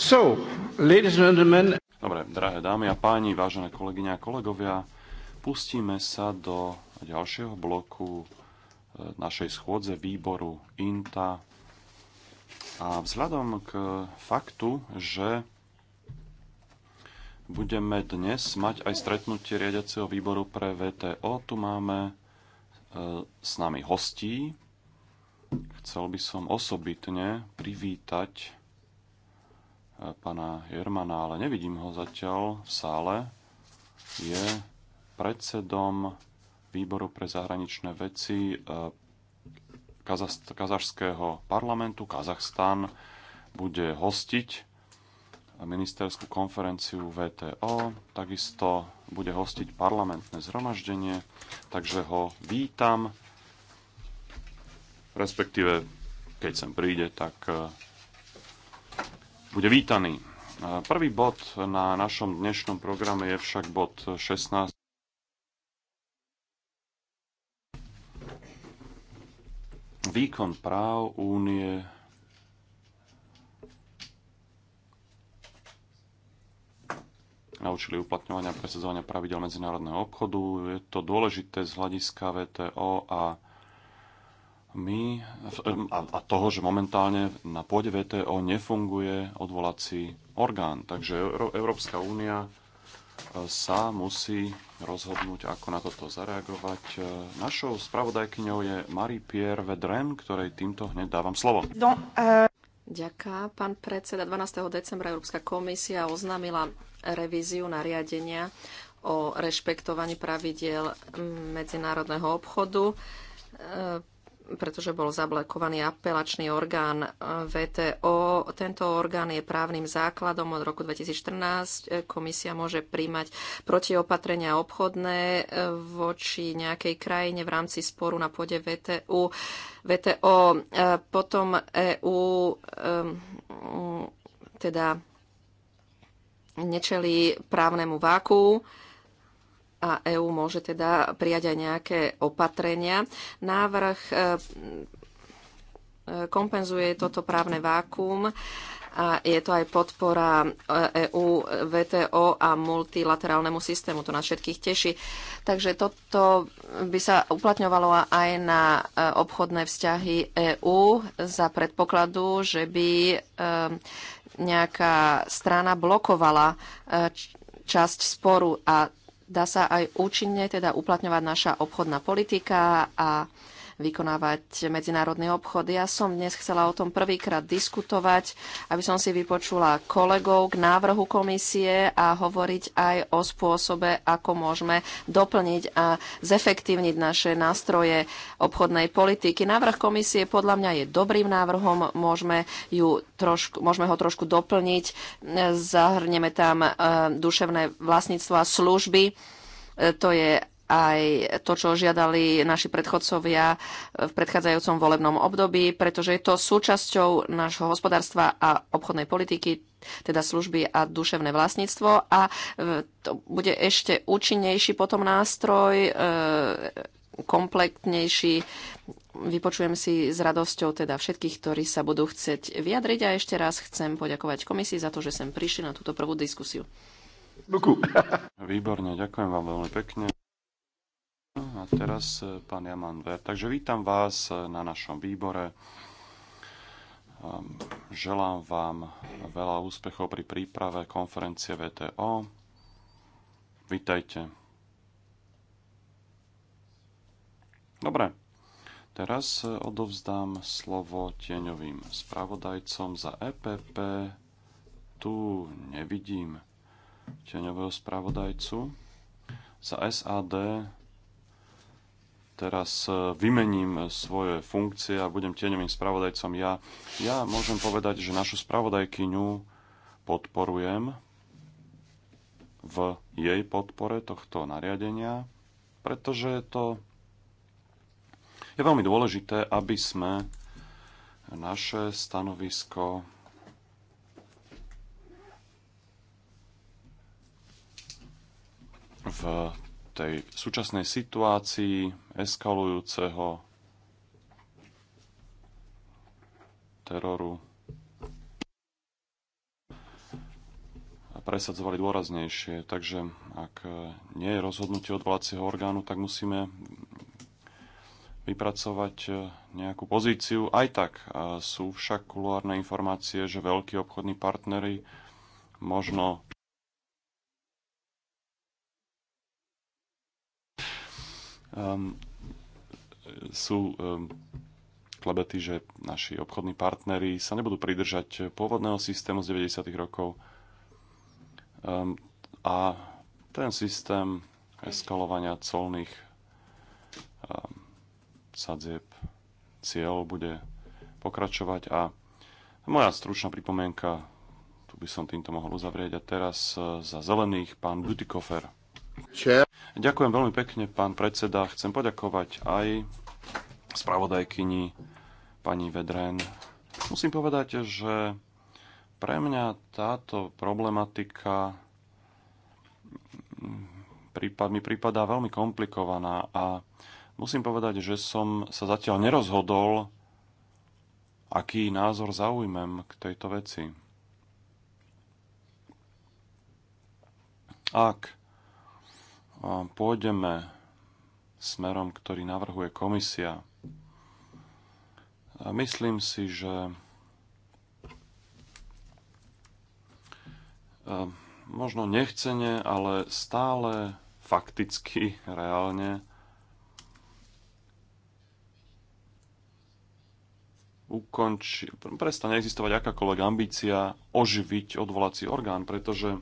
So, ladies and gentlemen... Dobre, drahé dámy a páni, vážené kolegyne a kolegovia, pustíme sa do ďalšieho bloku e, našej schôdze výboru INTA. A vzhľadom k faktu, že budeme dnes mať aj stretnutie riadiaceho výboru pre VTO, tu máme e, s nami hostí. Chcel by som osobitne privítať pána Jermana, ale nevidím ho zatiaľ v sále, je predsedom výboru pre zahraničné veci e, kazašského parlamentu. Kazachstan bude hostiť ministerskú konferenciu VTO, takisto bude hostiť parlamentné zhromaždenie, takže ho vítam, respektíve keď sem príde, tak e, bude vítaný. Prvý bod na našom dnešnom programe je však bod 16. Výkon práv únie naučili uplatňovania a presadzovania pravidel medzinárodného obchodu. Je to dôležité z hľadiska VTO a my, a toho, že momentálne na pôde VTO nefunguje odvolací orgán. Takže Európska únia e, sa musí rozhodnúť, ako na toto zareagovať. E, našou spravodajkyňou je Marie-Pierre Vedren, ktorej týmto hneď dávam slovo. No, uh... Ďaká, pán predseda. 12. decembra Európska komisia oznámila revíziu nariadenia o rešpektovaní pravidiel medzinárodného obchodu pretože bol zablokovaný apelačný orgán e, VTO. Tento orgán je právnym základom od roku 2014. E, komisia môže príjmať protiopatrenia obchodné e, voči nejakej krajine v rámci sporu na pôde VTU. VTO. Potom EU teda nečelí právnemu váku a EÚ môže teda prijať aj nejaké opatrenia. Návrh e, kompenzuje toto právne vákum a je to aj podpora EÚ, e VTO a multilaterálnemu systému. To nás všetkých teší. Takže toto by sa uplatňovalo aj na e, obchodné vzťahy EÚ za predpokladu, že by nejaká strana blokovala časť sporu a dá sa aj účinne teda uplatňovať naša obchodná politika a vykonávať medzinárodný obchod. Ja som dnes chcela o tom prvýkrát diskutovať, aby som si vypočula kolegov k návrhu komisie a hovoriť aj o spôsobe, ako môžeme doplniť a zefektívniť naše nástroje obchodnej politiky. Návrh komisie podľa mňa je dobrým návrhom, môžeme, ju trošku, môžeme ho trošku doplniť, zahrneme tam eh, duševné vlastníctvo a služby. Eh, to je aj to, čo žiadali naši predchodcovia eh, v predchádzajúcom volebnom období, pretože je to súčasťou nášho hospodárstva a obchodnej politiky, teda služby a duševné vlastníctvo. A eh, to bude ešte účinnejší potom nástroj, eh, komplektnejší. Vypočujem si s radosťou teda všetkých, ktorí sa budú chcieť vyjadriť a ešte raz chcem poďakovať komisii za to, že sem prišli na túto prvú diskusiu. Výborne, ďakujem vám veľmi pekne. A teraz e, pán Jaman Ver. Takže vítam vás e, na našom výbore. E, želám vám veľa úspechov pri príprave konferencie VTO. Vítajte. Dobre, teraz odovzdám slovo tieňovým spravodajcom za EPP. Tu nevidím tieňového spravodajcu. Za SAD teraz e, vymením e, svoje funkcie a budem tieňovým spravodajcom ja. Ja môžem povedať, že našu spravodajkyňu podporujem v jej podpore tohto nariadenia, pretože to je veľmi dôležité, aby sme naše stanovisko v tej súčasnej situácii eskalujúceho teroru presadzovali dôraznejšie. Takže ak nie je rozhodnutie odvolacieho orgánu, tak musíme vypracovať nejakú pozíciu. Aj tak sú však kuluárne informácie, že veľkí obchodní partnery možno um, sú um, ehm, klebety, že naši obchodní partneri sa nebudú pridržať pôvodného systému z 90. rokov um, a ten systém eskalovania colných um, sadzieb cieľ bude pokračovať a moja stručná pripomienka, tu by som týmto mohol uzavrieť a teraz eh, za zelených pán Butikofer. Čer. Ďakujem veľmi pekne, pán predseda. Chcem poďakovať aj spravodajkyni pani Vedren. Musím povedať, že pre mňa táto problematika prípad, mi prípadá veľmi komplikovaná a musím povedať, že som sa zatiaľ nerozhodol, aký názor zaujmem k tejto veci. Ak pôjdeme smerom, ktorý navrhuje komisia, myslím si, že e, možno nechcene, ale stále fakticky, reálne ukonči, prestane existovať akákoľvek ambícia oživiť odvolací orgán, pretože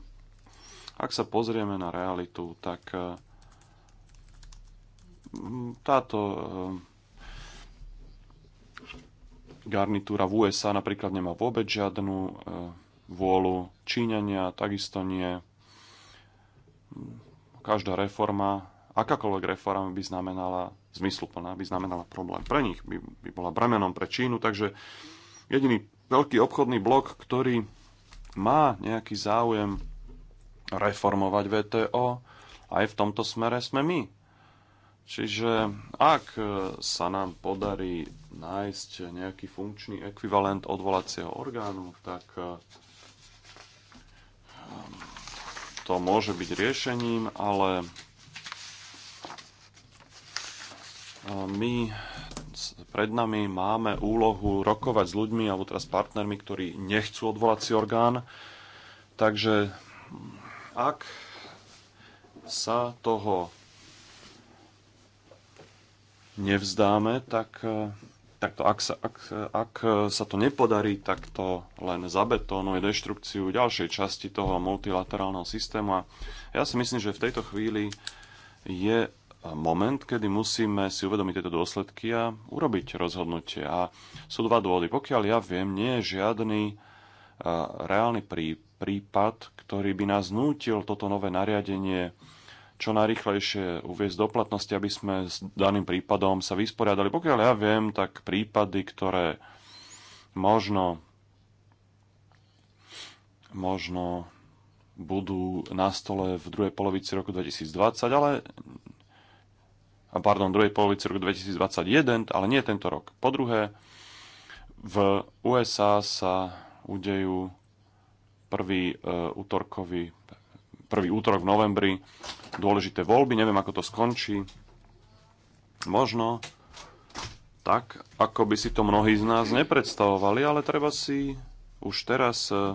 ak sa pozrieme na realitu, tak eh, táto eh, garnitúra v USA napríklad nemá vôbec žiadnu eh, vôľu, Číňania takisto nie. Každá reforma, akákoľvek reforma by znamenala, zmysluplná by znamenala problém pre nich, by, by bola bremenom pre Čínu, takže jediný veľký obchodný blok, ktorý má nejaký záujem reformovať VTO. Aj v tomto smere sme my. Čiže ak e, sa nám podarí nájsť nejaký funkčný ekvivalent odvolacieho orgánu, tak e, e, to môže byť riešením, ale my pred nami máme úlohu rokovať s ľuďmi alebo teraz partnermi, ktorí nechcú odvolací orgán. Takže ak sa toho nevzdáme, tak, e, tak to, ak, sa, ak, ak sa to nepodarí, tak to len zabetónuje deštrukciu ďalšej časti toho multilaterálneho systému. A ja si myslím, že v tejto chvíli je moment, kedy musíme si uvedomiť tieto dôsledky a urobiť rozhodnutie. A sú dva dôvody. Pokiaľ ja viem, nie je žiadny e, reálny prípad prípad, ktorý by nás nútil toto nové nariadenie čo najrychlejšie uviezť do platnosti, aby sme s daným prípadom sa vysporiadali. Pokiaľ ja viem, tak prípady, ktoré možno, možno budú na stole v druhej polovici roku 2020, ale a pardon, druhej polovici roku 2021, ale nie tento rok. Po druhé, v USA sa udejú prvý e, útorkový prvý útorok v novembri dôležité voľby. Neviem, ako to skončí. Možno tak, ako by si to mnohí z nás nepredstavovali, ale treba si už teraz e,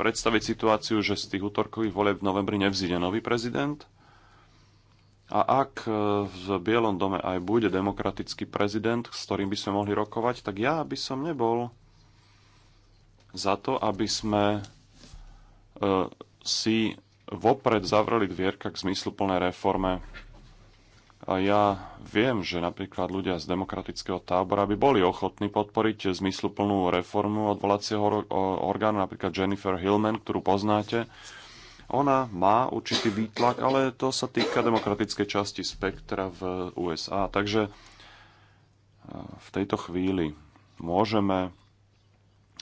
predstaviť situáciu, že z tých útorkových volieb v novembri nevzíde nový prezident. A ak e, v Bielom dome aj bude demokratický prezident, s ktorým by sme mohli rokovať, tak ja by som nebol za to, aby sme E, si vopred zavreli dvierka k zmysluplnej reforme. A ja viem, že napríklad ľudia z demokratického tábora by boli ochotní podporiť zmysluplnú reformu odvolacieho orgánu, napríklad Jennifer Hillman, ktorú poznáte. Ona má určitý výtlak, ale to sa týka demokratickej časti spektra v USA. Takže e, v tejto chvíli môžeme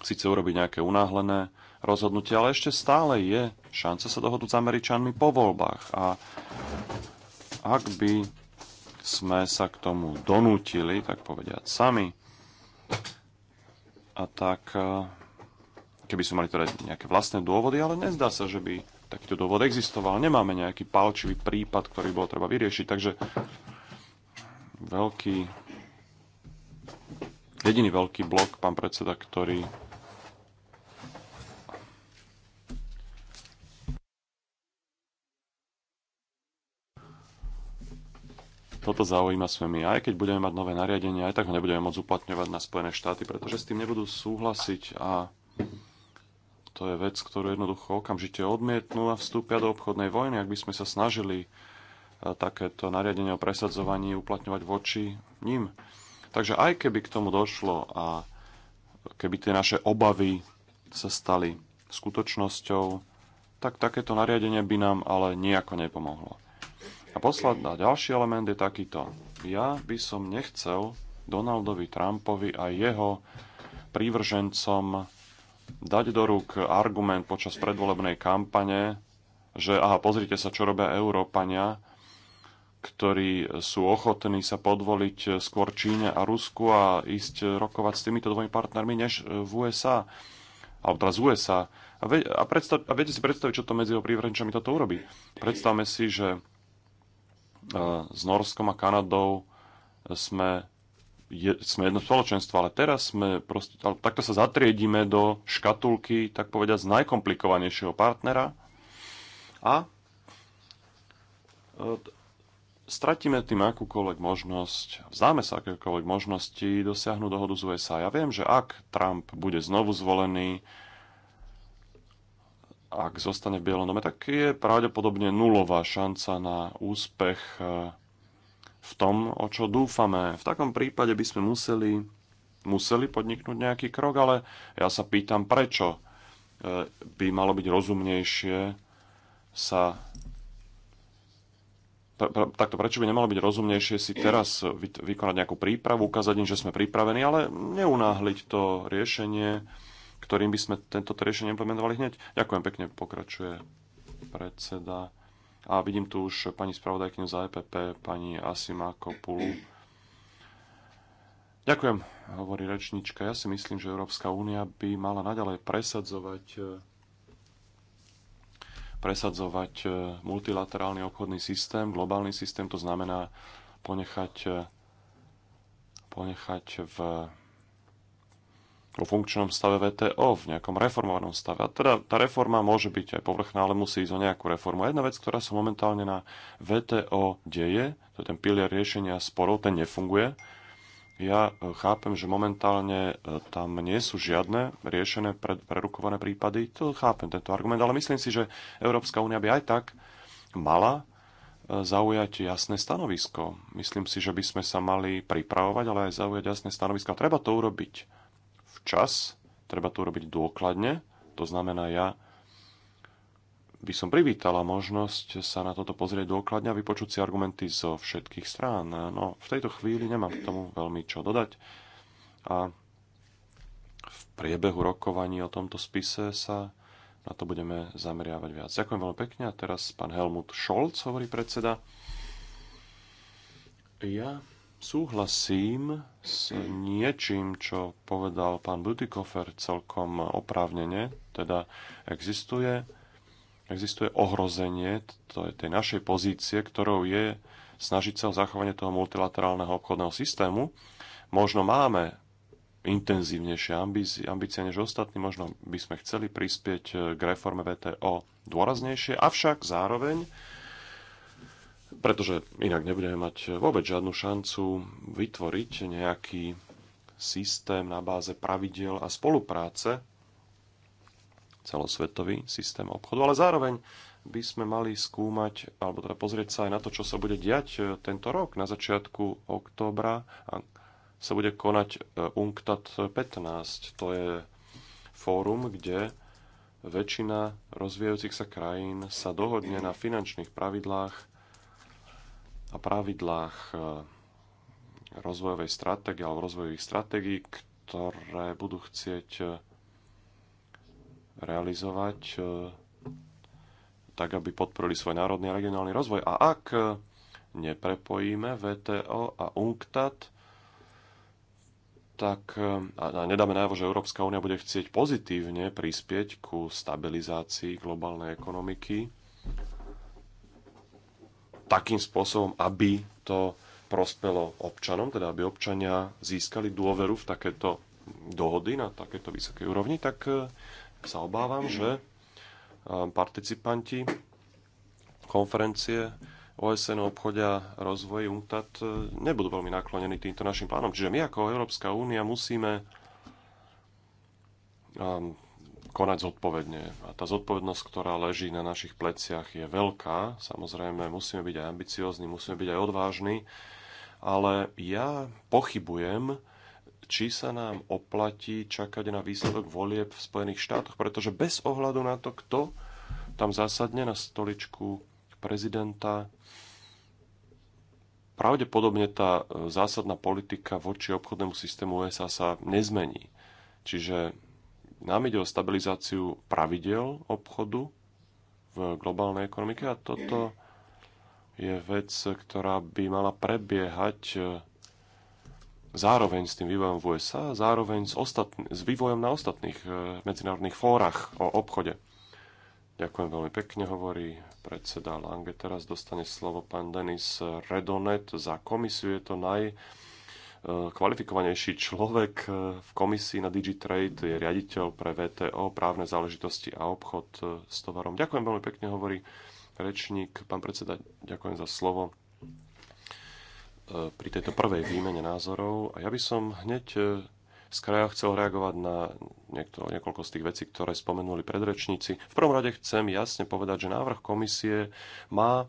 síce urobiť nejaké unáhlené rozhodnutie, ale ešte stále je šanca sa dohodnúť s Američanmi po voľbách. A ak by sme sa k tomu donútili, tak povediať sami, a tak e, keby sme mali teda nejaké vlastné dôvody, ale nezdá sa, že by takýto dôvod existoval. Nemáme nejaký palčivý prípad, ktorý bolo treba vyriešiť, takže veľký, jediný veľký blok, pán predseda, ktorý toto zaujíma sme my. Aj keď budeme mať nové nariadenie, aj tak ho nebudeme môcť uplatňovať na Spojené štáty, pretože s tým nebudú súhlasiť a to je vec, ktorú jednoducho okamžite odmietnú a vstúpia do obchodnej vojny, ak by sme sa snažili e, takéto nariadenie o presadzovaní uplatňovať voči ním. Takže aj keby k tomu došlo a keby tie naše obavy sa stali skutočnosťou, tak takéto nariadenie by nám ale nejako nepomohlo. A posledná, ďalší element je takýto. Ja by som nechcel Donaldovi Trumpovi a jeho prívržencom dať do rúk argument počas predvolebnej kampane, že aha, pozrite sa, čo robia Európania, ktorí sú ochotní sa podvoliť skôr Číne a Rusku a ísť rokovať s týmito dvomi partnermi než v USA, alebo teraz USA. A, ve, a, predstav, a viete si predstaviť, čo to medzi jeho prívržencami toto urobí. Predstavme si, že E, s Norskom a Kanadou sme, je, sme jedno spoločenstvo, ale teraz sme proste, ale takto sa zatriedíme do škatulky, tak povedať, z najkomplikovanejšieho partnera a e, stratíme tým akúkoľvek možnosť, vzdáme sa akékoľvek možnosti dosiahnuť dohodu z USA. Ja viem, že ak Trump bude znovu zvolený, ak zostane v bielom dome, tak je pravdepodobne nulová šanca na úspech e, v tom, o čo dúfame. V takom prípade by sme museli, museli podniknúť nejaký krok, ale ja sa pýtam, prečo e, by malo byť rozumnejšie sa takto prečo by nemalo byť rozumnejšie si teraz vykonať nejakú prípravu, ukázať im, že sme pripravení, ale neunáhliť to riešenie, ktorým by sme tento riešenie implementovali hneď. Ďakujem pekne, pokračuje predseda. A vidím tu už pani spravodajkyňu za EPP, pani Asima Kopulu. Ďakujem, hovorí rečnička. Ja si myslím, že Európska únia by mala naďalej presadzovať presadzovať eh, multilaterálny obchodný systém, globálny systém, to znamená ponechať, ponechať v vo funkčnom stave VTO, v nejakom reformovanom stave. A teda tá reforma môže byť aj povrchná, ale musí ísť o nejakú reformu. A jedna vec, ktorá sa momentálne na VTO deje, to je ten pilier riešenia sporov, ten nefunguje. Ja e, chápem, že momentálne e, tam nie sú žiadne riešené pred, prerukované prípady. To chápem, tento argument, ale myslím si, že Európska únia by aj tak mala e, zaujať jasné stanovisko. Myslím si, že by sme sa mali pripravovať, ale aj zaujať jasné stanovisko. treba to urobiť včas, treba to urobiť dôkladne. To znamená, ja by som privítala možnosť sa na toto pozrieť dôkladne a vypočuť si argumenty zo všetkých strán. No, v tejto chvíli nemám k tomu veľmi čo dodať. A v priebehu rokovaní o tomto spise sa na to budeme zameriavať viac. Ďakujem veľmi pekne. A teraz pán Helmut Scholz hovorí predseda. Ja súhlasím s niečím, čo povedal pán Butikofer celkom oprávnene, teda existuje, existuje ohrozenie to je tej našej pozície, ktorou je snažiť sa o zachovanie toho multilaterálneho obchodného systému. Možno máme intenzívnejšie ambície, ambície než ostatní, možno by sme chceli prispieť k reforme VTO dôraznejšie, avšak zároveň pretože inak nebudeme mať vôbec žiadnu šancu vytvoriť nejaký systém na báze pravidel a spolupráce, celosvetový systém obchodu, ale zároveň by sme mali skúmať, alebo teda pozrieť sa aj na to, čo sa bude diať e, tento rok. Na začiatku októbra a sa bude konať e, UNCTAD 15. To je fórum, kde väčšina rozvíjajúcich sa krajín sa dohodne na finančných pravidlách a pravidlách e, rozvojovej stratégie alebo rozvojových stratégií, ktoré budú chcieť e, realizovať e, tak, aby podporili svoj národný a regionálny rozvoj. A ak neprepojíme VTO a UNCTAD, tak a nedáme najavo, že Európska únia bude chcieť pozitívne prispieť ku stabilizácii globálnej ekonomiky takým spôsobom, aby to prospelo občanom, teda aby občania získali dôveru v takéto dohody na takéto vysokej úrovni, tak e, sa obávam, že e, participanti konferencie OSN o obchode a rozvoji UNTAT e, nebudú veľmi naklonení týmto našim plánom. Čiže my ako Európska únia musíme konať zodpovedne. A tá zodpovednosť, ktorá leží na našich pleciach, je veľká. Samozrejme, musíme byť aj ambiciózni, musíme byť aj odvážni, ale ja pochybujem, či sa nám oplatí čakať na výsledok volieb v Spojených štátoch, pretože bez ohľadu na to, kto tam zasadne na stoličku prezidenta, pravdepodobne tá e, zásadná politika voči obchodnému systému USA sa nezmení. Čiže nám ide o stabilizáciu pravidel obchodu v globálnej ekonomike a toto je vec, ktorá by mala prebiehať e, zároveň s tým vývojom v USA, a zároveň s, ostatný, s vývojom na ostatných e, medzinárodných fórach o obchode. Ďakujem veľmi pekne, hovorí predseda Lange. Teraz dostane slovo pán Denis Redonet za komisiu. Je to naj kvalifikovanejší človek e, v komisii na Digitrade, je riaditeľ pre VTO, právne záležitosti a obchod e, s tovarom. Ďakujem veľmi pekne, hovorí rečník. Pán predseda, ďakujem za slovo e, pri tejto prvej výmene názorov. A ja by som hneď z kraja chcel reagovať na niekto, niekoľko z tých vecí, ktoré spomenuli predrečníci. V prvom rade chcem jasne povedať, že návrh komisie má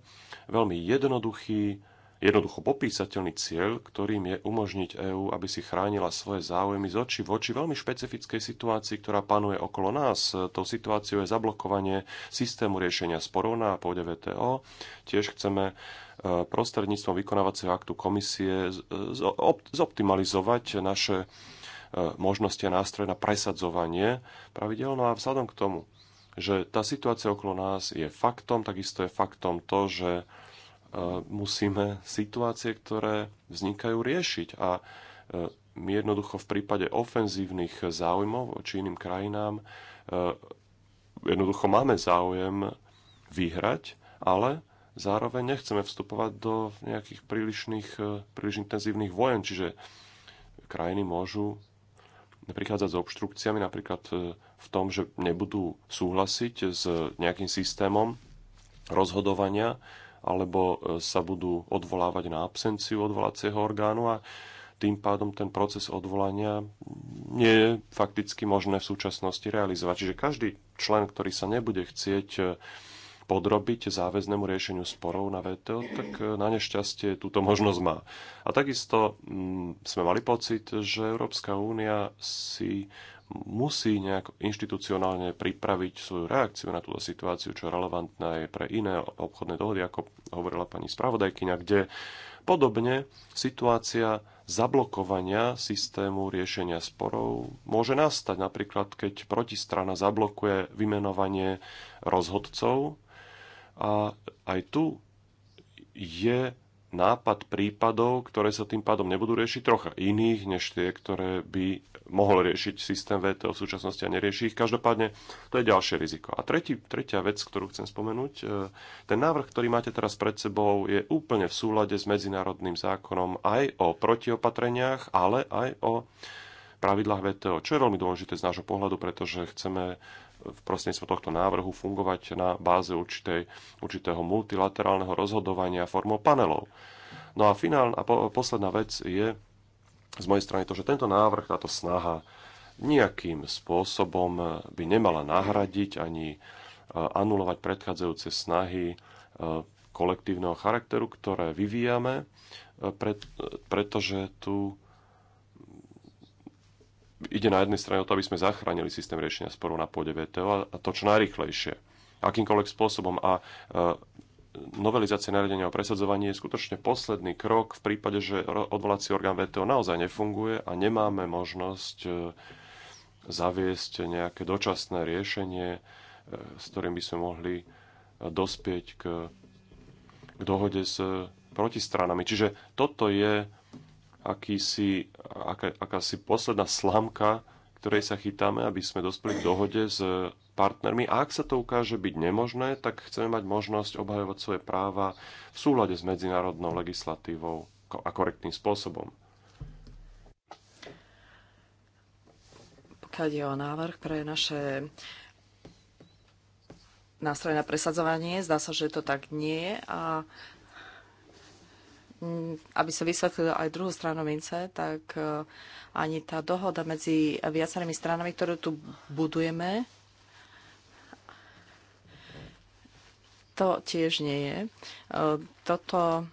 veľmi jednoduchý, jednoducho popísateľný cieľ, ktorým je umožniť EÚ, aby si chránila svoje záujmy z oči v oči veľmi špecifickej situácii, ktorá panuje okolo nás. Tou situáciou je zablokovanie systému riešenia sporov na pôde VTO. Tiež chceme e, prostredníctvom vykonávacieho aktu komisie zoptimalizovať naše e, možnosti a nástroje na presadzovanie pravidel. No a vzhľadom k tomu, že tá situácia okolo nás je faktom, takisto je faktom to, že musíme situácie, ktoré vznikajú, riešiť. A e, my jednoducho v prípade ofenzívnych záujmov voči iným krajinám e, jednoducho máme záujem vyhrať, ale zároveň nechceme vstupovať do nejakých prílišných, e, príliš intenzívnych vojen, čiže krajiny môžu prichádzať s obštrukciami napríklad v tom, že nebudú súhlasiť s nejakým systémom rozhodovania, alebo e, sa budú odvolávať na absenciu odvolacieho orgánu a tým pádom ten proces odvolania nie je fakticky možné v súčasnosti realizovať. Čiže každý člen, ktorý sa nebude chcieť e, podrobiť záväznému riešeniu sporov na VTO, tak e, na nešťastie túto možnosť má. A takisto mm, sme mali pocit, že Európska únia si musí nejak inštitucionálne pripraviť svoju reakciu na túto situáciu, čo relevantná je pre iné obchodné dohody, ako hovorila pani spravodajkyňa, kde podobne situácia zablokovania systému riešenia sporov môže nastať. Napríklad, keď protistrana zablokuje vymenovanie rozhodcov a aj tu je nápad prípadov, ktoré sa tým pádom nebudú riešiť, trocha iných než tie, ktoré by mohol riešiť systém VTO v súčasnosti a nerieši ich. Každopádne to je ďalšie riziko. A tretí, tretia vec, ktorú chcem spomenúť, e, ten návrh, ktorý máte teraz pred sebou, je úplne v súlade s medzinárodným zákonom aj o protiopatreniach, ale aj o pravidlách VTO, čo je veľmi dôležité z nášho pohľadu, pretože chceme v prostredníctvom tohto návrhu fungovať na báze určitej, určitého multilaterálneho rozhodovania formou panelov. No a finálna a po, posledná vec je z mojej strany to, že tento návrh, táto snaha nejakým spôsobom by nemala nahradiť ani e, anulovať predchádzajúce snahy e, kolektívneho charakteru, ktoré vyvíjame, e, pretože tu ide na jednej strane o to, aby sme zachránili systém riešenia sporov na pôde VTO a to čo najrychlejšie, akýmkoľvek spôsobom. A e, novelizácia nariadenia o presadzovaní je skutočne posledný krok v prípade, že odvolací orgán VTO naozaj nefunguje a nemáme možnosť e, zaviesť nejaké dočasné riešenie, e, s ktorým by sme mohli dospieť k, k dohode s protistranami. Čiže toto je akýsi, aká, akási posledná slamka, ktorej sa chytáme, aby sme dospeli k dohode s partnermi. A ak sa to ukáže byť nemožné, tak chceme mať možnosť obhajovať svoje práva v súlade s medzinárodnou legislatívou a korektným spôsobom. Pokiaľ je o návrh pre naše nástroje na presadzovanie, zdá sa, že to tak nie je a Mm, aby sa vysvetlil aj druhú stranu mince, tak e, ani tá dohoda medzi viacerými stranami, ktorú tu budujeme, to tiež nie je. E, toto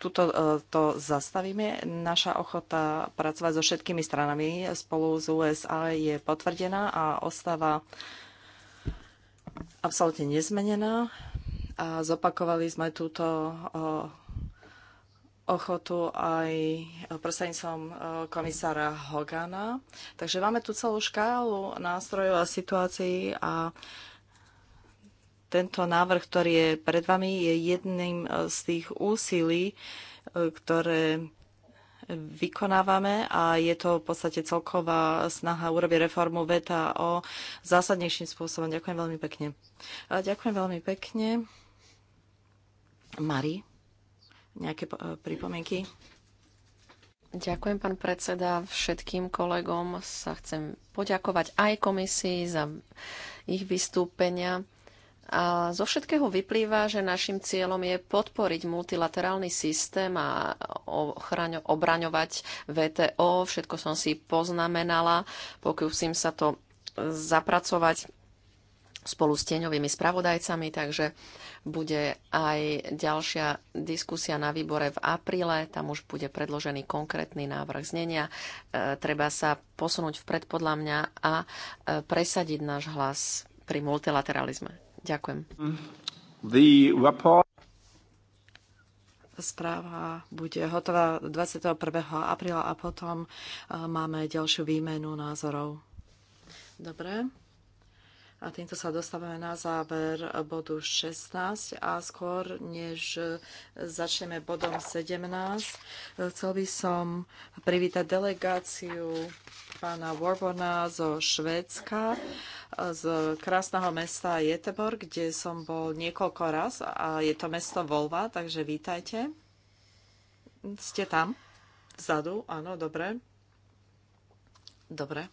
tuto e, to zastavíme. Naša ochota pracovať so všetkými stranami spolu s USA je potvrdená a ostáva absolútne nezmenená. A zopakovali sme túto ochotu aj prostredníctvom komisára Hogana. Takže máme tu celú škálu nástrojov a situácií a tento návrh, ktorý je pred vami, je jedným e, z tých úsilí, e, ktoré vykonávame a je to v podstate celková snaha urobiť reformu VTO zásadnejším spôsobom. Ďakujem veľmi pekne. Ďakujem veľmi pekne. Mari, nejaké pripomienky? Ďakujem, pán predseda. Všetkým kolegom sa chcem poďakovať aj komisii za ich vystúpenia. A zo všetkého vyplýva, že našim cieľom je podporiť multilaterálny systém a ochraň, obraňovať VTO. Všetko som si poznamenala, pokúsim sa to zapracovať spolu s tieňovými spravodajcami, takže bude aj ďalšia diskusia na výbore v apríle, tam už bude predložený konkrétny návrh znenia. E, treba sa posunúť vpred podľa mňa a e, presadiť náš hlas pri multilateralizme. Ďakujem. The report... Správa bude hotová 21. apríla a potom e, máme ďalšiu výmenu názorov. Dobre. A týmto sa dostávame na záver bodu 16 a skôr, než začneme bodom 17, chcel by som privítať delegáciu pána Warbona zo Švédska, z krásneho mesta Jeteborg, kde som bol niekoľko raz a je to mesto Volva, takže vítajte. Ste tam? Vzadu? Áno, dobre. Dobre.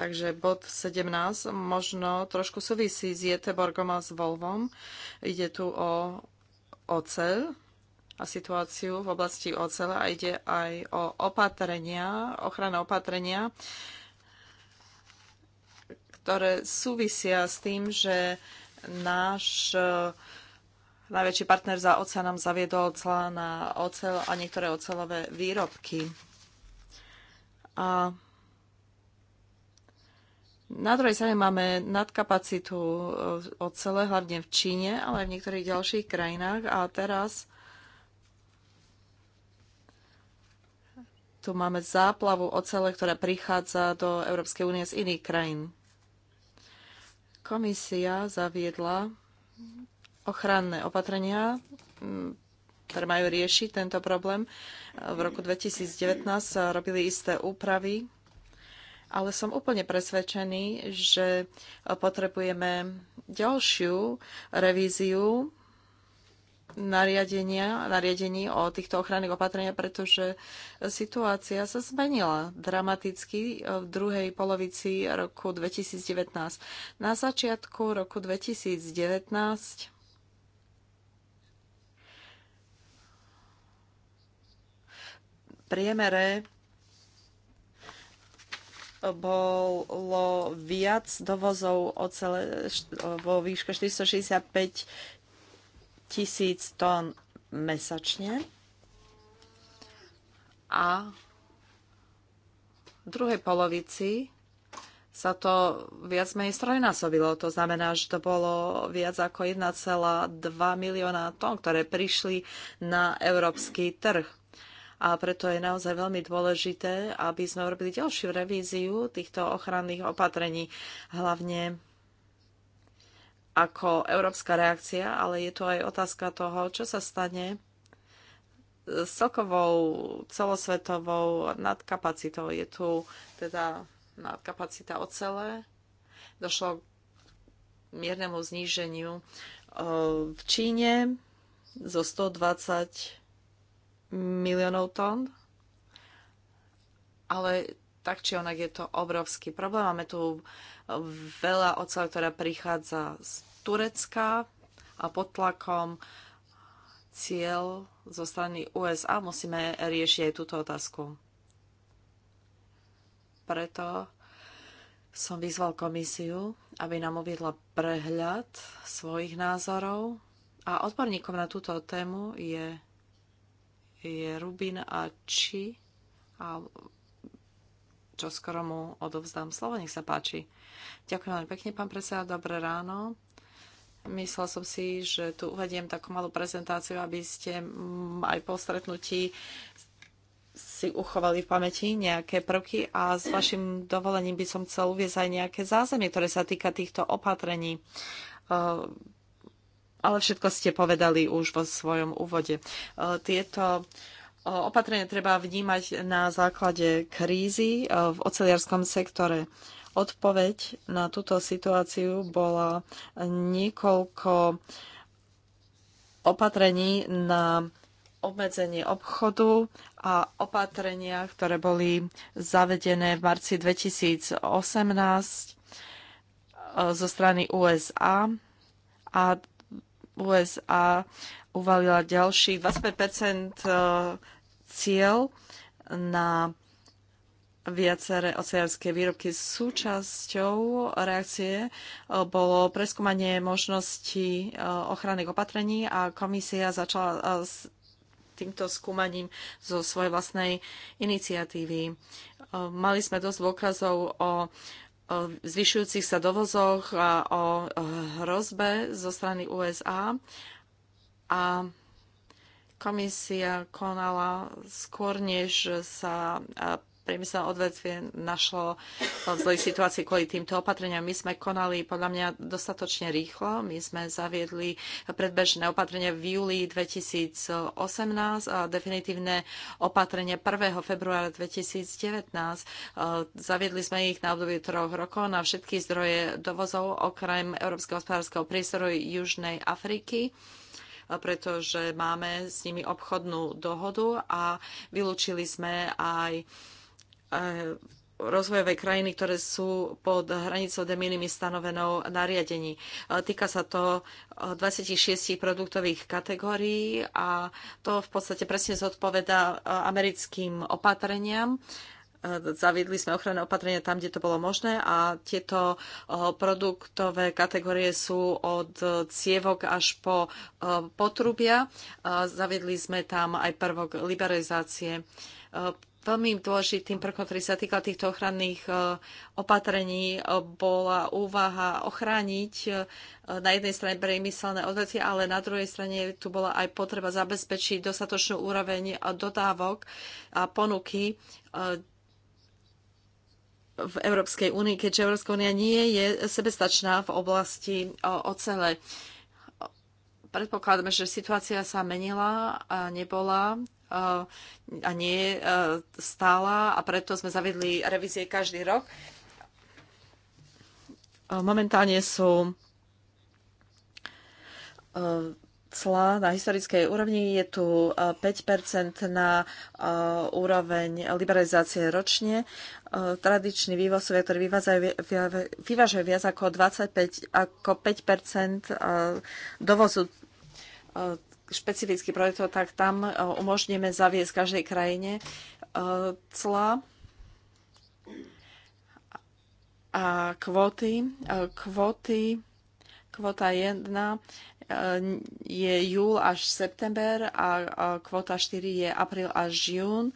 Takže bod 17 možno trošku súvisí s Jeteborgom a s Volvom. Ide tu o oceľ a situáciu v oblasti ocele a ide aj o opatrenia, ochrana opatrenia, ktoré súvisia s tým, že náš eh, najväčší partner za nám zaviedol clá na oceľ a niektoré oceľové výrobky. A na druhej strane máme nadkapacitu eh, ocele, hlavne v Číne, ale aj v niektorých ďalších krajinách. A teraz tu máme záplavu ocele, ktorá prichádza do Európskej únie z iných krajín. Komisia zaviedla ochranné opatrenia, hm, ktoré majú riešiť tento problém. V roku 2019 sa robili isté úpravy ale som úplne presvedčený, že potrebujeme ďalšiu revíziu nariadenia, nariadení o týchto ochranných opatreniach, pretože situácia sa zmenila dramaticky v druhej polovici roku 2019. Na začiatku roku 2019 priemere bolo viac dovozov ocele vo výške 465 tisíc tón mesačne. A v druhej polovici sa to viac menej strojnásobilo. To znamená, že to bolo viac ako 1,2 milióna tón, ktoré prišli na európsky trh a preto je naozaj veľmi dôležité, aby sme urobili ďalšiu revíziu týchto ochranných opatrení, hlavne ako európska reakcia, ale je tu aj otázka toho, čo sa stane s celkovou celosvetovou nadkapacitou. Je tu teda nadkapacita ocele. Došlo k miernemu zníženiu e, v Číne zo 120 miliónov tón, ale tak či onak je to obrovský problém. Máme tu veľa ocele, ktorá prichádza z Turecka a pod tlakom cieľ zo strany USA musíme riešiť aj túto otázku. Preto som vyzval komisiu, aby nám uviedla prehľad svojich názorov a odborníkom na túto tému je je Rubin a Či a čo skoro mu odovzdám slovo, nech sa páči. Ďakujem veľmi pekne, pán predseda, dobré ráno. Myslel som si, že tu uvediem takú malú prezentáciu, aby ste aj po stretnutí si uchovali v pamäti nejaké prvky a s vašim dovolením by som chcel uvieť aj nejaké zázemie, ktoré sa týka týchto opatrení ehm, ale všetko ste povedali už vo svojom úvode. E, tieto e, opatrenia treba vnímať na základe krízy e, v oceliarskom sektore. Odpoveď na túto situáciu bola niekoľko opatrení na obmedzenie obchodu a opatrenia, ktoré boli zavedené v marci 2018 zo strany USA a USA uvalila ďalší 25 e, cieľ na viaceré oceánske výrobky. Súčasťou reakcie e, bolo preskúmanie možností e, ochranných opatrení a komisia začala s týmto skúmaním zo svojej vlastnej iniciatívy. Mali sme dosť dôkazov o o zvyšujúcich sa dovozoch a o hrozbe zo strany USA a komisia konala skôr, než sa priemyselné odvetvie našlo v zlej situácii kvôli týmto opatreniam. My sme konali podľa mňa dostatočne rýchlo. My sme zaviedli predbežné opatrenie v júli 2018 a definitívne opatrenie 1. februára 2019. Zaviedli sme ich na obdobie troch rokov na všetky zdroje dovozov okrem Európskeho hospodárskeho priestoru Južnej Afriky pretože máme s nimi obchodnú dohodu a vylúčili sme aj rozvojové krajiny, ktoré sú pod hranicou de minimis stanovenou nariadení. Týka sa to 26 produktových kategórií a to v podstate presne zodpoveda e, americkým opatreniam. E, zaviedli sme ochranné opatrenia tam, kde to bolo možné a tieto e, produktové kategórie sú od cievok až po potrubia. Zaviedli sme tam aj prvok liberalizácie veľmi dôležitým prvkom, ktorý sa týka týchto ochranných e, opatrení, e, bola úvaha ochrániť e, na jednej strane priemyselné odvety, ale na druhej strane tu bola aj potreba zabezpečiť dostatočnú úroveň dodávok a ponuky v Európskej únii, keďže Európska únia nie je sebestačná v oblasti ocele. Predpokladáme, že situácia sa menila a nebola a nie e, stála a preto sme zaviedli revízie každý rok. E, momentálne sú e, cla na historickej úrovni. Je tu 5 na úroveň liberalizácie ročne. Tradiční vývozovia, ktorí vyvážajú, vyvážajú viac ako 25, ako 5 dovozu špecifických projektov, tak tam e, umožníme zaviesť každej krajine e, cla a kvóty. E, kvóty, kvóta 1 je júl až september a kvóta 4 je apríl až jún.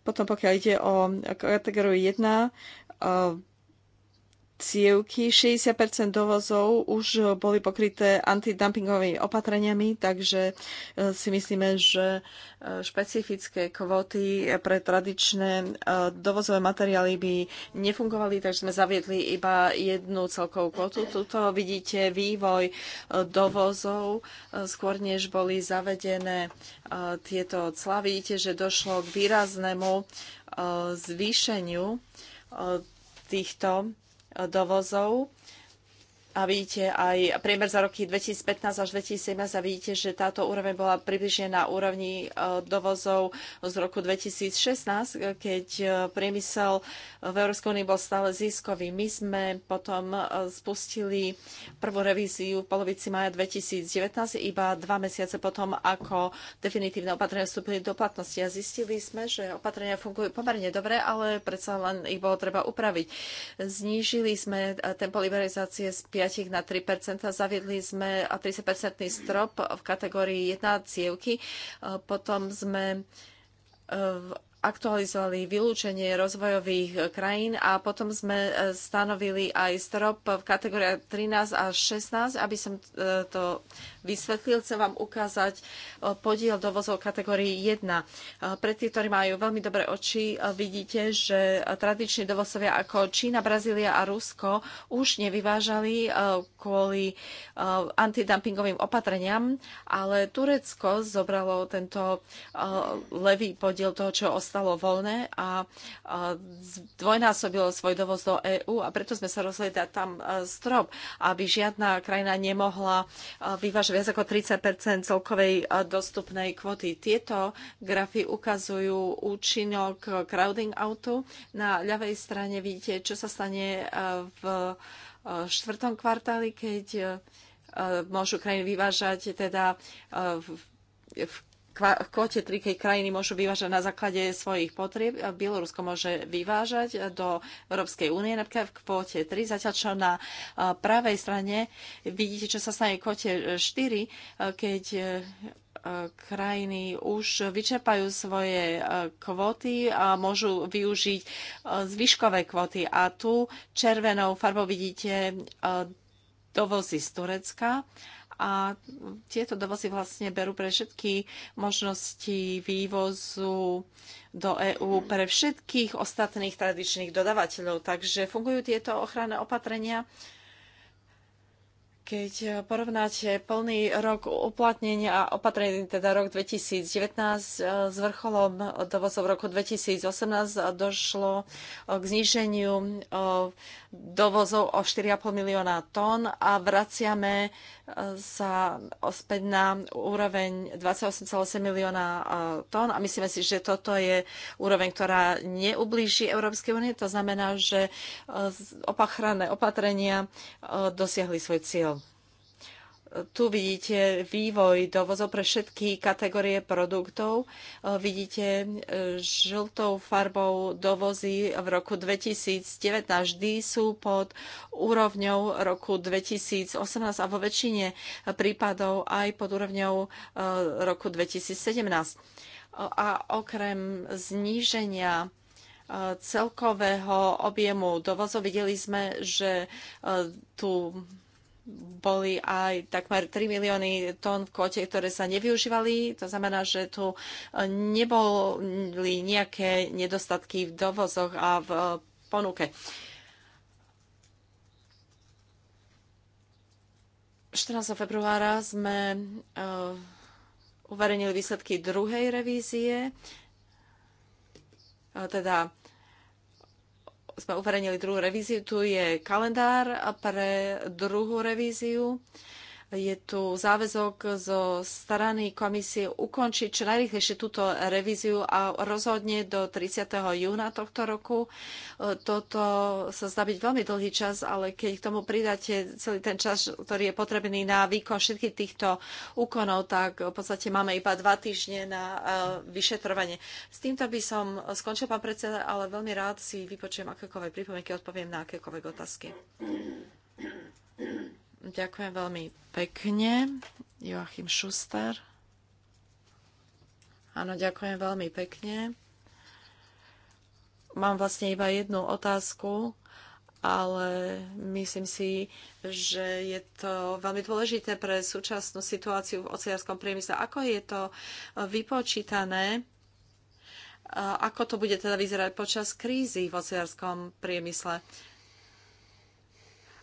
Potom pokiaľ ide o kategóriu 1, cievky. 60 dovozov už boli pokryté antidumpingovými opatreniami, takže e, si myslíme, že e, špecifické kvóty pre tradičné e, dovozové materiály by nefungovali, takže sme zaviedli iba jednu celkovú kvotu. Tuto vidíte vývoj dovozov, skôr než boli zavedené tieto clá. Vidíte, že došlo k výraznému zvýšeniu týchto dovozov a vidíte aj priemer za roky 2015 až 2017 a vidíte, že táto úroveň bola približne na úrovni e, dovozov z roku 2016, e, keď e, priemysel v Európskej únii bol stále ziskový. My sme potom spustili prvú revíziu v polovici maja 2019, iba dva mesiace potom, ako definitívne opatrenia vstúpili do platnosti a zistili sme, že opatrenia fungujú pomerne dobre, ale predsa len ich bolo treba upraviť. Znížili sme tempo liberalizácie z 5 5 na 3 Zaviedli sme 30 strop v kategórii 1 cievky. E, potom sme e, aktualizovali vylúčenie rozvojových krajín a potom sme e, stanovili aj strop v kategóriách 13 až 16, aby som to vysvetlil, chcem vám ukázať e, podiel dovozov kategórii 1. E, pre tých, ktorí majú veľmi dobré oči, e, vidíte, že tradiční dovozovia ako Čína, Brazília a Rusko už nevyvážali kvôli antidumpingovým opatreniam, ale Turecko zobralo tento levý podiel toho, čo ostalo voľné a dvojnásobilo svoj dovoz do EÚ a preto sme sa rozhodli dať tam strop, aby žiadna krajina nemohla vyvážať viac ako 30 celkovej dostupnej kvoty. Tieto grafy ukazujú účinok crowding outu. Na ľavej strane vidíte, čo sa stane v štvrtom kvartáli, keď môžu krajiny vyvážať teda v kvote trikej krajiny môžu vyvážať na základe svojich potrieb. Bielorusko môže vyvážať do Európskej únie napríklad v kvote 3, zatiaľ čo na pravej strane vidíte, čo sa stane v kvote 4, keď e, krajiny už vyčerpajú svoje e, kvóty a môžu využiť e, zvyškové kvóty. A tu červenou farbou vidíte dovozy z Turecka a tieto dovozy vlastne berú pre všetky možnosti vývozu do EÚ pre všetkých ostatných tradičných dodavateľov. Takže fungujú tieto ochranné opatrenia. Keď porovnáte plný rok uplatnenia a opatrení, teda rok 2019 s vrcholom dovozov roku 2018, došlo k zníženiu eh, dovozov o 4,5 milióna tón a vraciame sa ospäť na úroveň 28,8 milióna e, tón a myslíme si, že toto je úroveň, ktorá neublíži Európskej únie. To znamená, že e, opachranné opatrenia e, dosiahli svoj cieľ. Tu vidíte vývoj dovozov pre všetky kategórie produktov. Eh, vidíte eh, žltou farbou dovozy v roku 2019. Vždy sú pod úrovňou roku 2018 a vo väčšine prípadov aj pod úrovňou eh, roku 2017. A okrem zníženia celkového objemu dovozu videli sme, že tu boli aj takmer 3 milióny tón v kvote, ktoré sa nevyužívali. To znamená, že tu neboli nejaké nedostatky v dovozoch a v ponuke. 14. februára sme e, uverejnili výsledky druhej revízie, e, teda sme uverejnili druhú revíziu, tu je kalendár pre druhú revíziu je tu záväzok zo strany komisie ukončiť čo najrychlejšie túto revíziu a rozhodne do 30. júna tohto roku. E, toto sa zdá byť veľmi dlhý čas, ale keď k tomu pridáte celý ten čas, ktorý je potrebný na výkon všetkých týchto úkonov, tak v podstate máme iba dva týždne na e, vyšetrovanie. S týmto by som skončil, pán predseda, ale veľmi rád si vypočujem akékoľvek pripomienky, odpoviem na akékoľvek otázky. Ďakujem veľmi pekne. Joachim Šuster. Áno, ďakujem veľmi pekne. Mám vlastne iba jednu otázku, ale myslím si, že je to veľmi dôležité pre súčasnú situáciu v oceliarskom priemysle. Ako je to vypočítané? Ako to bude teda vyzerať počas krízy v oceliarskom priemysle?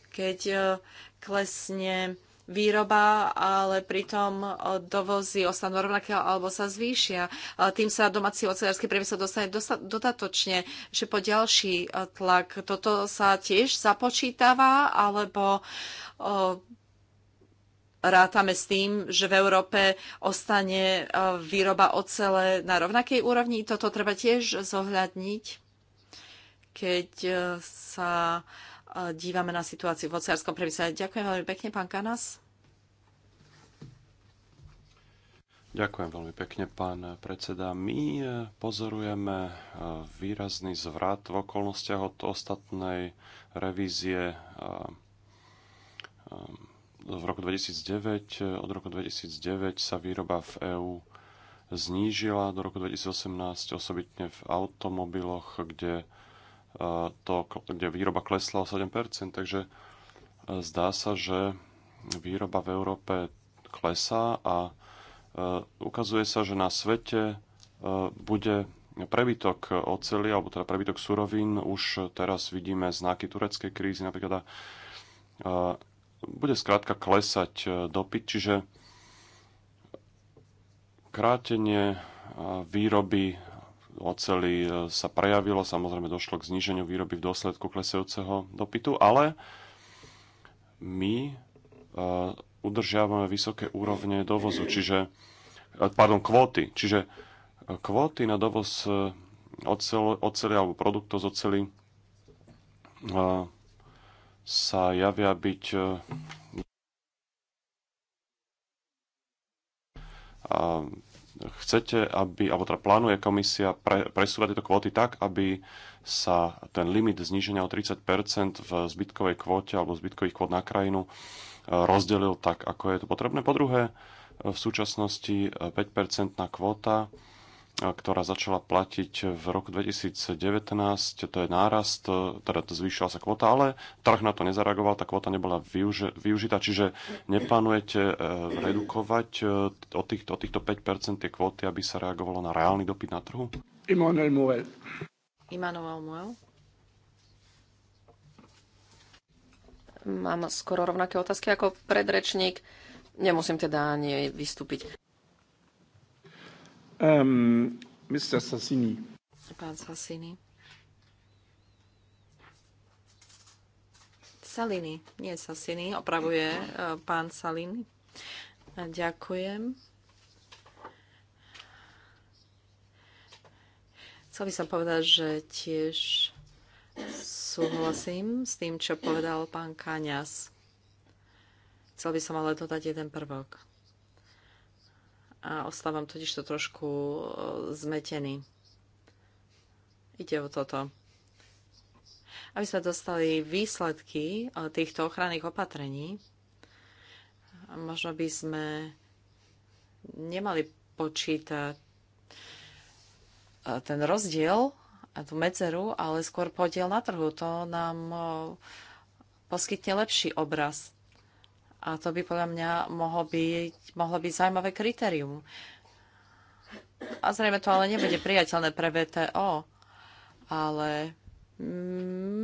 Keď klesne výroba, ale pritom e, dovozy ostanú rovnaké alebo sa zvýšia. E, tým sa domáci ocelársky priemysel dostane dodatočne že po ďalší e, tlak. Toto sa tiež započítava alebo rátame s tým, že v Európe ostane výroba ocele na rovnakej úrovni. Toto treba tiež zohľadniť, keď sa dívame na situáciu v oceárskom priemysle. Ďakujem veľmi pekne, pán Kanas. Ďakujem veľmi pekne, pán predseda. My e, pozorujeme e, výrazný zvrat v okolnostiach od ostatnej revízie e, v roku 2009. Od roku 2009 sa výroba v EÚ znížila do roku 2018, osobitne v automobiloch, kde to, kde výroba klesla o 7%, takže e, zdá sa, že výroba v Európe klesá a e, ukazuje sa, že na svete e, bude prebytok oceli, alebo teda prebytok surovín. Už teraz vidíme znaky tureckej krízy napríklad a bude skrátka klesať dopyt, čiže krátenie výroby oceli e, sa prejavilo. Samozrejme došlo k zníženiu výroby v dôsledku klesajúceho dopytu, ale my e, udržiavame vysoké úrovne dovozu, čiže, e, pardon, kvóty. Čiže kvóty na dovoz oceli alebo produktov z oceli sa javia byť a chcete, aby, alebo teda plánuje komisia pre, presúvať tieto kvóty tak, aby sa ten limit zníženia o 30 v zbytkovej kvóte alebo zbytkových kvót na krajinu e, rozdelil tak, ako je to potrebné. Po druhé, e, v súčasnosti 5-percentná e, kvóta ktorá začala platiť v roku 2019. To je nárast, teda zvýšila sa kvota, ale trh na to nezareagoval, tá kvota nebola využi- využitá, čiže neplánujete e, redukovať e, od týchto, od týchto 5% tie kvóty, aby sa reagovalo na reálny dopyt na trhu? Immanuel Muel. Immanuel Muel. Mám skoro rovnaké otázky ako predrečník. Nemusím teda ani vystúpiť. Um, Mr. Sassini. Pán Sassini. Salini, nie Sassini, opravuje e, pán Salini. E, ďakujem. Chcel by som povedať, že tiež súhlasím s tým, čo povedal pán Kaňas. Chcel by som ale dodať jeden prvok a ostávam totiž to trošku e, zmetený. Ide o toto. Aby sme dostali výsledky e, týchto ochranných opatrení, možno by sme nemali počítať e, ten rozdiel a tú medzeru, ale skôr podiel na trhu. To nám poskytne lepší obraz. A to by podľa mňa mohlo byť, mohlo byť zaujímavé kritérium. A zrejme to ale nebude priateľné pre VTO, ale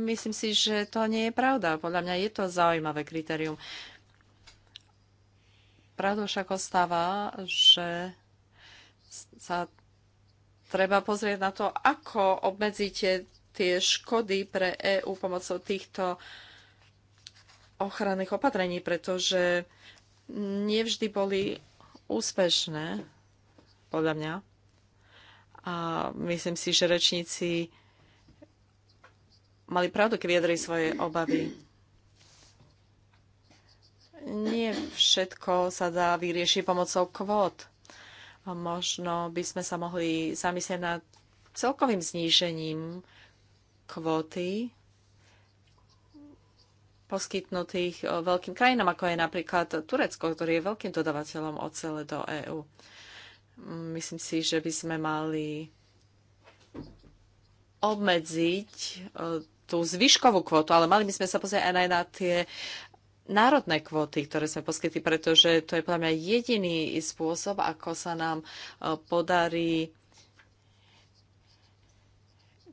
myslím si, že to nie je pravda. Podľa mňa je to zaujímavé kritérium. Pravdou však ostáva, že sa treba pozrieť na to, ako obmedzíte tie škody pre EÚ pomocou týchto uh, ochranných opatrení, pretože nevždy boli úspešné, podľa mňa. A myslím si, že rečníci mali pravdu, keď vyjadrili svoje obavy. Nie všetko sa dá vyriešiť pomocou kvót. A možno by sme sa mohli zamyslieť nad celkovým znížením kvóty poskytnutých eh, veľkým krajinám, ako je napríklad Turecko, ktorý je veľkým dodavateľom ocele do EÚ. Myslím si, že by sme mali obmedziť eh, tú zvyškovú kvotu, ale mali by sme sa pozrieť aj na tie národné kvóty, ktoré sme poskytli, pretože to je podľa mňa jediný spôsob, ako sa nám eh, podarí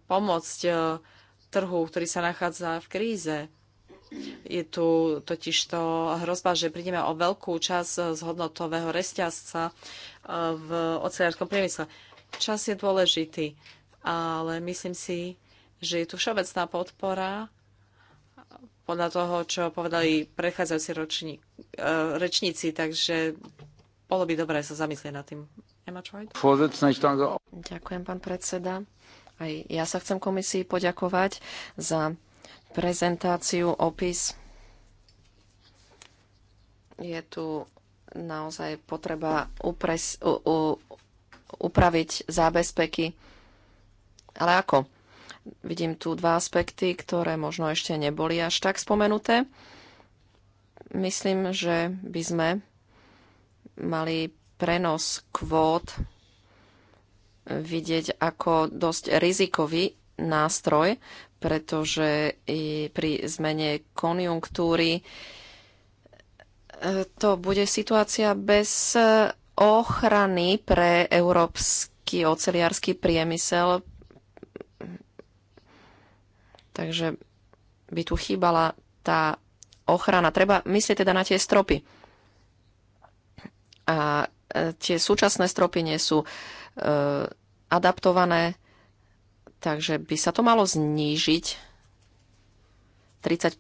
pomôcť trhu, ktorý sa nachádza v kríze je tu totiž to hrozba, že prídeme o veľkú časť z hodnotového resťazca e, v oceľárskom priemysle. Čas je dôležitý, ale myslím si, že je tu všeobecná podpora podľa toho, čo povedali prechádzajúci ročník, e, rečníci, takže bolo by dobré sa zamyslieť nad tým. Emma Ďakujem, pán predseda. Aj ja sa chcem komisii poďakovať za prezentáciu, opis. Je tu naozaj potreba upres, u, u, upraviť zábezpeky. Ale ako? Vidím tu dva aspekty, ktoré možno ešte neboli až tak spomenuté. Myslím, že by sme mali prenos kvót vidieť ako dosť rizikový nástroj, pretože i pri zmene konjunktúry e, to bude situácia bez ochrany pre európsky oceliársky priemysel. Takže by tu chýbala tá ochrana. Treba myslieť teda na tie stropy. A tie súčasné stropy nie sú e, adaptované Takže by sa to malo znížiť 30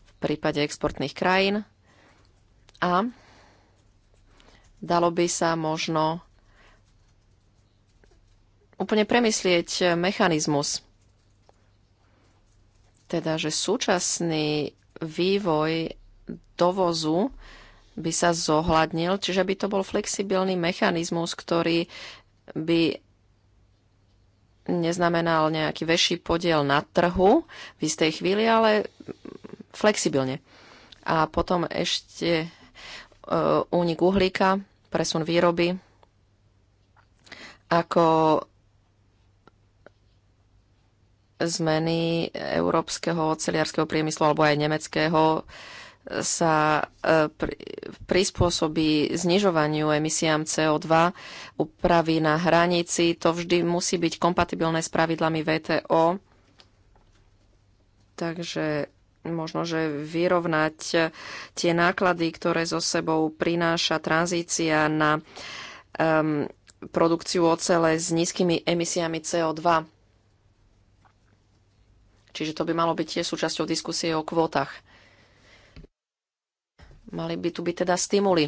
v prípade exportných krajín a dalo by sa možno úplne premyslieť mechanizmus. Teda, že súčasný vývoj dovozu by sa zohľadnil, čiže by to bol flexibilný mechanizmus, ktorý by neznamenal nejaký väčší podiel na trhu v istej chvíli, ale flexibilne. A potom ešte e, únik uhlíka, presun výroby, ako zmeny európskeho oceliarského priemyslu alebo aj nemeckého sa e, prispôsobí znižovaniu emisiám CO2, upraví na hranici. To vždy musí byť kompatibilné s pravidlami VTO. Takže možno, že vyrovnať e, tie náklady, ktoré so sebou prináša tranzícia na um, produkciu ocele s nízkymi emisiami CO2. Čiže to by malo byť tiež súčasťou diskusie o kvótach. Mali by tu byť teda stimuly,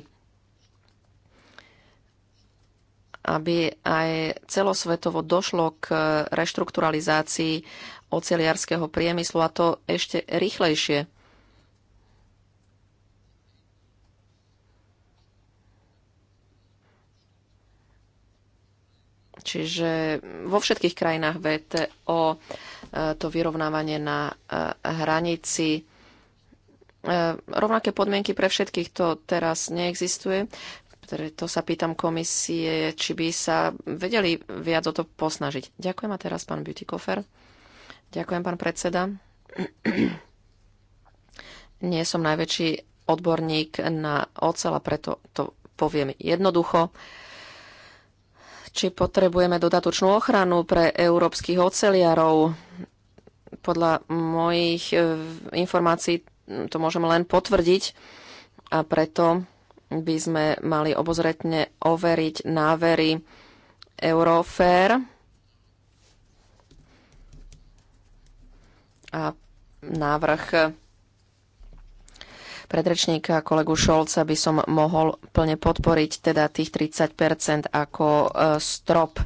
aby aj celosvetovo došlo k reštrukturalizácii oceliarského priemyslu a to ešte rýchlejšie. Čiže vo všetkých krajinách VTO e, to vyrovnávanie na e, hranici E, rovnaké podmienky pre všetkých to teraz neexistuje. To sa pýtam komisie, či by sa vedeli viac o to posnažiť. Ďakujem a teraz pán Beautykofer. Ďakujem, pán predseda. Nie som najväčší odborník na ocel a preto to poviem jednoducho či potrebujeme dodatočnú ochranu pre európskych oceliarov. Podľa mojich e, informácií to môžem len potvrdiť a preto by sme mali obozretne overiť návery Eurofair a návrh predrečníka kolegu Šolca by som mohol plne podporiť, teda tých 30 ako e, strop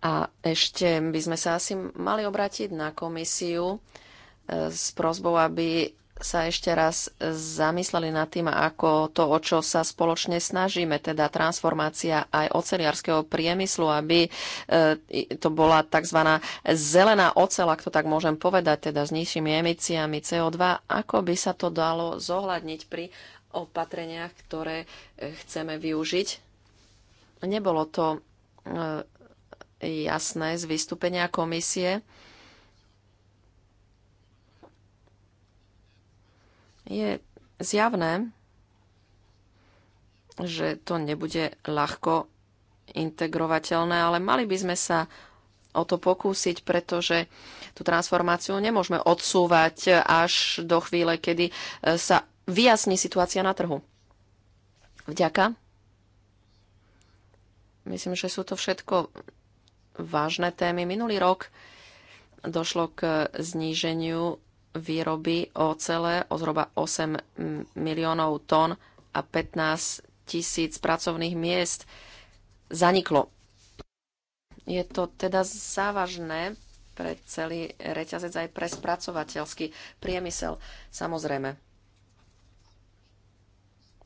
A ešte by sme sa asi mali obrátiť na komisiu e, s prozbou, aby sa ešte raz zamysleli nad tým, ako to, o čo sa spoločne snažíme, teda transformácia aj oceliarského priemyslu, aby e, to bola tzv. zelená ocel, ak to tak môžem povedať, teda s nižšími emisiami CO2, ako by sa to dalo zohľadniť pri opatreniach, ktoré e, chceme využiť. Nebolo to jasné z vystúpenia komisie. Je zjavné, že to nebude ľahko integrovateľné, ale mali by sme sa o to pokúsiť, pretože tú transformáciu nemôžeme odsúvať až do chvíle, kedy e, sa vyjasní situácia na trhu. Vďaka. Myslím, že sú to všetko vážne témy. Minulý rok došlo k zníženiu výroby ocele o zhruba 8 miliónov tón a 15 tisíc pracovných miest zaniklo. Je to teda závažné pre celý reťazec aj pre spracovateľský priemysel, samozrejme.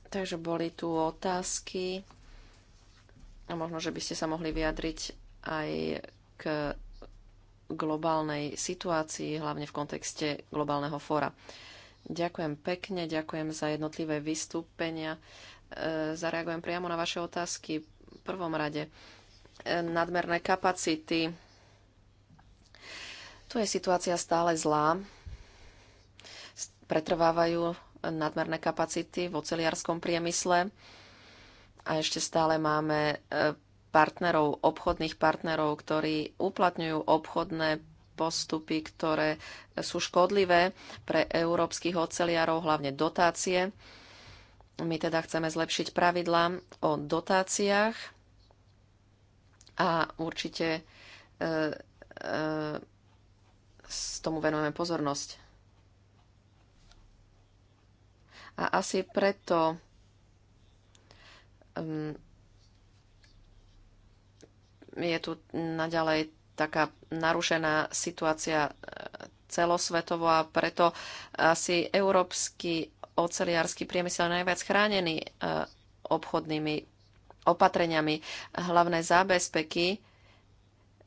Takže boli tu otázky a možno, že by ste sa mohli vyjadriť aj k globálnej situácii, hlavne v kontexte globálneho fóra. Ďakujem pekne, ďakujem za jednotlivé vystúpenia. E, zareagujem priamo na vaše otázky. V prvom rade e, nadmerné kapacity. Tu je situácia stále zlá. Pretrvávajú nadmerné kapacity v oceliarskom priemysle a ešte stále máme e, partnerov, obchodných partnerov, ktorí uplatňujú obchodné postupy, ktoré sú škodlivé pre európskych oceliarov, hlavne dotácie. My teda chceme zlepšiť pravidlá o dotáciách a určite e, e, s tomu venujeme pozornosť. A asi preto mm, je tu naďalej taká narušená situácia e, celosvetovo a preto asi európsky oceliársky priemysel je najviac chránený e, obchodnými opatreniami. Hlavné zábezpeky,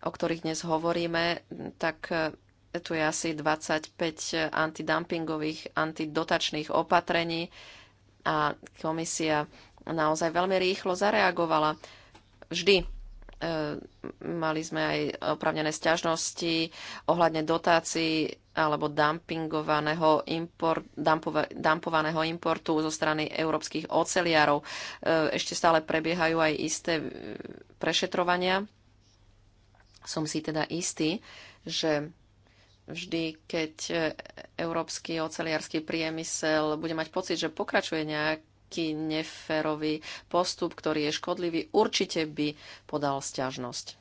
o ktorých dnes hovoríme, tak e, tu je asi 25 antidumpingových, antidotačných opatrení a komisia naozaj veľmi rýchlo zareagovala. Vždy Ehm, mali sme aj opravnené stiažnosti ohľadne dotácií alebo dumpingovaného import, dumpova, dumpovaného importu zo strany európskych oceliarov. Ehm, ešte stále prebiehajú aj isté ehm, prešetrovania. Som si teda istý, že vždy, keď európsky oceliarský priemysel bude mať pocit, že pokračuje nejak taký neférový postup, ktorý je škodlivý, určite by podal stiažnosť.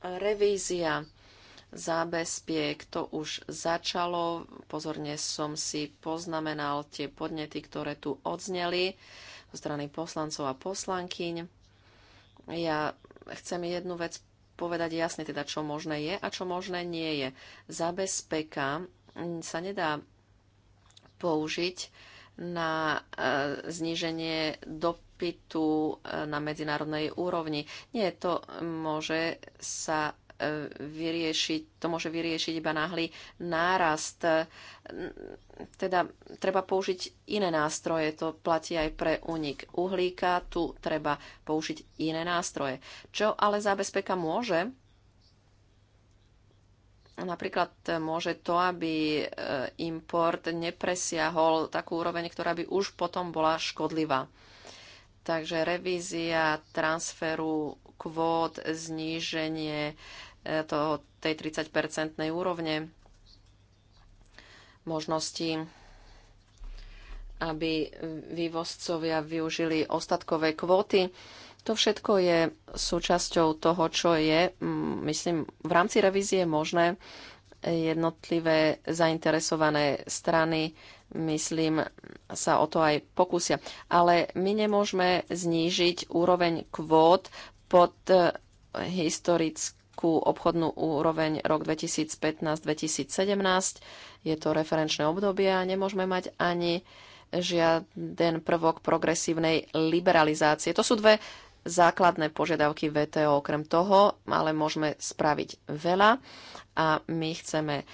Revízia zábezpiek, to už začalo. Pozorne som si poznamenal tie podnety, ktoré tu odzneli zo strany poslancov a poslankyň. Ja chcem jednu vec povedať jasne, teda čo možné je a čo možné nie je. Zabezpeka sa nedá použiť na e, zníženie dopytu e, na medzinárodnej úrovni. Nie, to môže sa e, vyriešiť, to môže vyriešiť iba náhly nárast. Teda treba použiť iné nástroje, to platí aj pre únik uhlíka, tu treba použiť iné nástroje. Čo ale zábezpeka môže, Napríklad e, môže to, aby e, import nepresiahol takú úroveň, ktorá by už potom bola škodlivá. Takže revízia transferu kvót, zníženie e, toho, tej 30-percentnej úrovne, možnosti, aby vývozcovia využili ostatkové kvóty. To všetko je súčasťou toho, čo je, mm, myslím, v rámci revízie možné jednotlivé zainteresované strany, myslím, sa o to aj pokúsia. Ale my nemôžeme znížiť úroveň kvót pod eh, historickú obchodnú úroveň rok 2015-2017. Je to referenčné obdobie a nemôžeme mať ani žiaden prvok progresívnej liberalizácie. To sú dve základné požiadavky VTO. Okrem toho, ale môžeme spraviť veľa a my chceme e,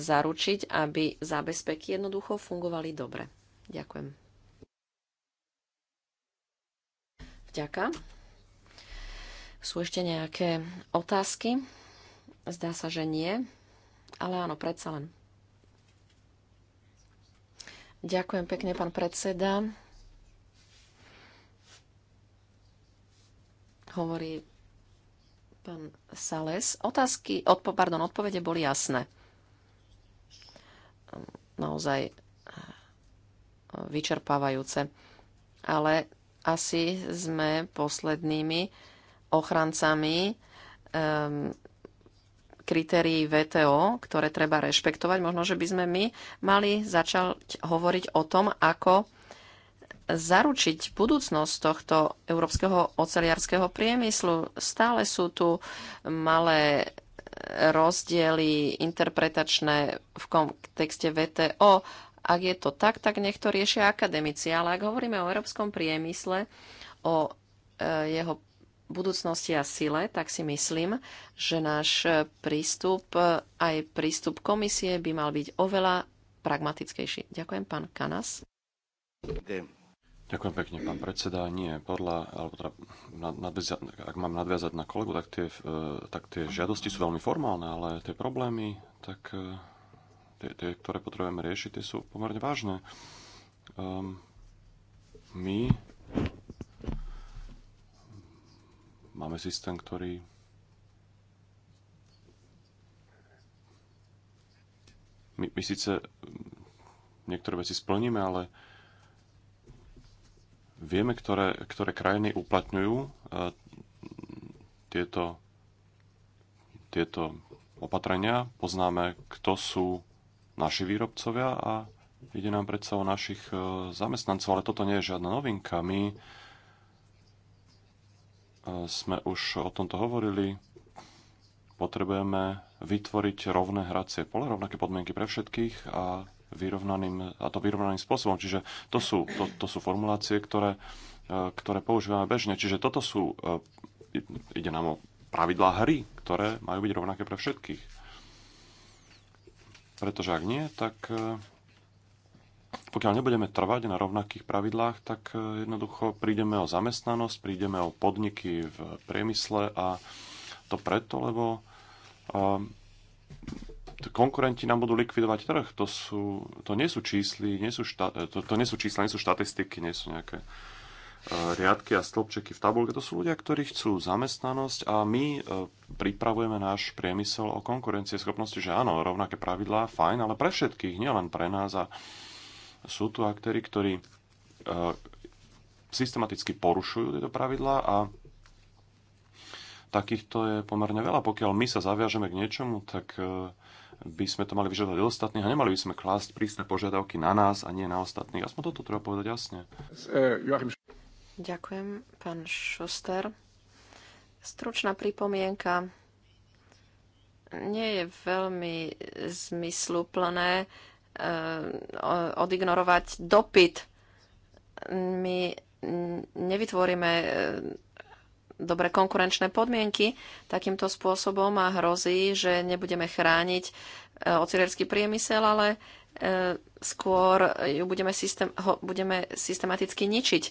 zaručiť, aby zábezpeky jednoducho fungovali dobre. Ďakujem. Vďaka. Sú ešte nejaké otázky? Zdá sa, že nie, ale áno, predsa len. Ďakujem pekne, pán predseda. hovorí pán Sales. Otázky, odpo, pardon, odpovede boli jasné. Naozaj eh, vyčerpávajúce. Ale asi sme poslednými ochrancami um, kritérií VTO, ktoré treba rešpektovať. Možno, že by sme my mali začať hovoriť o tom, ako zaručiť budúcnosť tohto európskeho oceliarského priemyslu. Stále sú tu malé rozdiely interpretačné v kontexte VTO. Ak je to tak, tak nech to riešia akademici. Ale ak hovoríme o európskom priemysle, o e, jeho budúcnosti a sile, tak si myslím, že náš prístup, e, aj prístup komisie by mal byť oveľa pragmatickejší. Ďakujem, pán Kanas. Ďakujem pekne, pán predseda. Nie, podľa, alebo teda nadviazať, ak mám nadviazať na kolegu, tak tie, e, tak tie žiadosti sú veľmi formálne, ale tie problémy, tak e, tie, tie ktoré potrebujeme riešiť, tie sú pomerne vážne. Um, my máme systém, ktorý my, my síce niektoré veci splníme, ale Vieme, ktoré, ktoré krajiny uplatňujú e, tieto, tieto opatrenia, poznáme, kto sú naši výrobcovia a ide nám predsa o našich e, zamestnancov, ale toto nie je žiadna novinka. My e, sme už o tomto hovorili. Potrebujeme vytvoriť rovné hracie pole, rovnaké podmienky pre všetkých a vyrovnaným, a to vyrovnaným spôsobom. Čiže to sú, to, to sú formulácie, ktoré, e, ktoré používame bežne. Čiže toto sú, e, ide nám o pravidlá hry, ktoré majú byť rovnaké pre všetkých. Pretože ak nie, tak e, pokiaľ nebudeme trvať na rovnakých pravidlách, tak jednoducho prídeme o zamestnanosť, prídeme o podniky v priemysle a to preto, lebo konkurenti nám budú likvidovať trh. To, sú, to nie sú čísly, nie sú šta, to, to nie sú čísla, nie sú štatistiky, nie sú nejaké e, riadky a stĺpčeky v tabulke. To sú ľudia, ktorí chcú zamestnanosť a my e, pripravujeme náš priemysel o schopnosti, že áno, rovnaké pravidlá, fajn, ale pre všetkých, nielen pre nás. A sú tu aktéry, ktorí e, systematicky porušujú tieto pravidlá a takýchto je pomerne veľa. Pokiaľ my sa zaviažeme k niečomu, tak by sme to mali vyžadovať od ostatných a nemali by sme klásť prísne požiadavky na nás a nie na ostatných. Aspoň toto treba povedať jasne. Ďakujem, pán Šuster. Stručná pripomienka. Nie je veľmi zmysluplné e, odignorovať dopyt. My nevytvoríme e, dobré konkurenčné podmienky takýmto spôsobom a hrozí, že nebudeme chrániť e, oceliarský priemysel, ale e, skôr ju budeme, systém, ho budeme systematicky ničiť.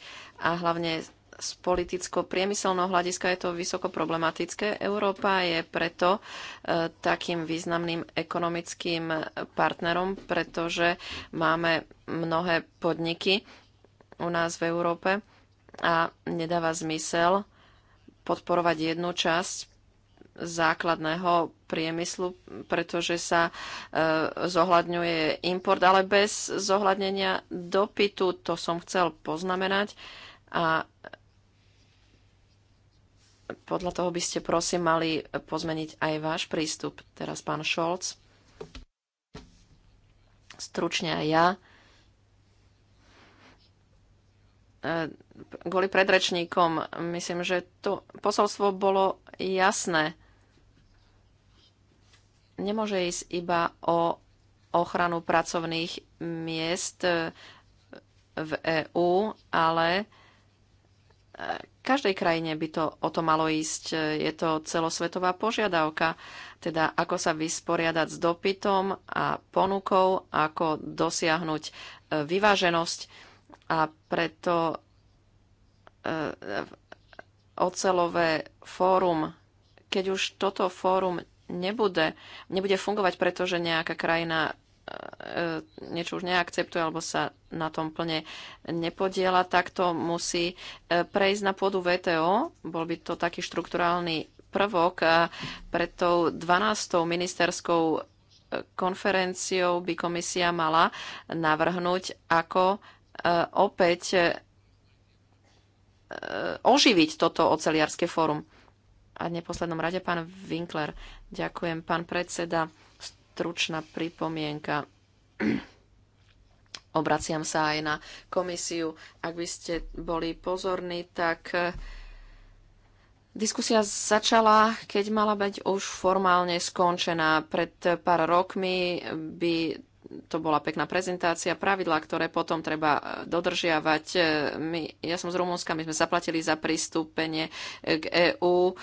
A hlavne z politicko-priemyselného hľadiska je to vysoko problematické. Európa je preto e, takým významným ekonomickým partnerom, pretože máme mnohé podniky u nás v Európe a nedáva zmysel podporovať jednu časť základného priemyslu, pretože sa e, zohľadňuje import, ale bez zohľadnenia dopytu, to som chcel poznamenať. A podľa toho by ste prosím mali pozmeniť aj váš prístup. Teraz pán Šolc. Stručne aj ja. E, kvôli predrečníkom. Myslím, že to posolstvo bolo jasné. Nemôže ísť iba o ochranu pracovných miest e, v EÚ, ale e, každej krajine by to o to malo ísť. Je to celosvetová požiadavka, teda ako sa vysporiadať s dopytom a ponukou, ako dosiahnuť vyváženosť a preto e, ocelové fórum, keď už toto fórum nebude, nebude fungovať, pretože nejaká krajina e, e, niečo už neakceptuje alebo sa na tom plne nepodiela, tak to musí prejsť na pôdu VTO. Bol by to taký štrukturálny prvok a pred tou 12. ministerskou konferenciou by komisia mala navrhnúť, ako E, opäť e, e, oživiť toto oceliarské fórum. A v neposlednom rade pán Winkler. Ďakujem, pán predseda. Stručná pripomienka. Obraciam sa aj na komisiu. Ak by ste boli pozorní, tak Diskusia začala, keď mala byť už formálne skončená. Pred pár rokmi by to bola pekná prezentácia, pravidlá, ktoré potom treba e, dodržiavať. E, my, ja som z Rumúnska, my sme zaplatili za pristúpenie k EÚ e,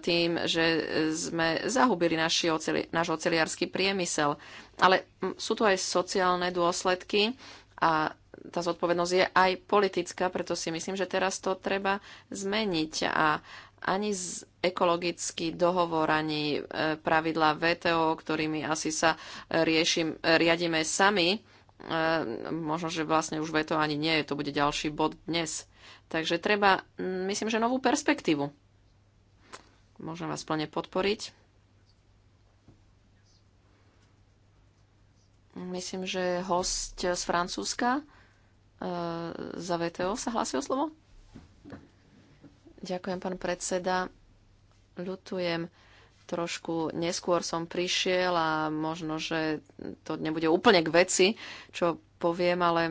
tým, že sme zahubili naši oceli, náš oceliarský priemysel. Ale sú tu aj sociálne dôsledky a tá zodpovednosť je aj politická, preto si myslím, že teraz to treba zmeniť a ani z ekologický dohovor, ani e, pravidla VTO, ktorými asi sa riešim, riadime sami. E, možno, že vlastne už VTO ani nie je, to bude ďalší bod dnes. Takže treba, myslím, že novú perspektívu. Môžem vás plne podporiť. Myslím, že host z Francúzska e, za VTO sa hlasí o slovo. Ďakujem, pán predseda. Ľutujem trošku neskôr som prišiel a možno, že to nebude úplne k veci, čo poviem, ale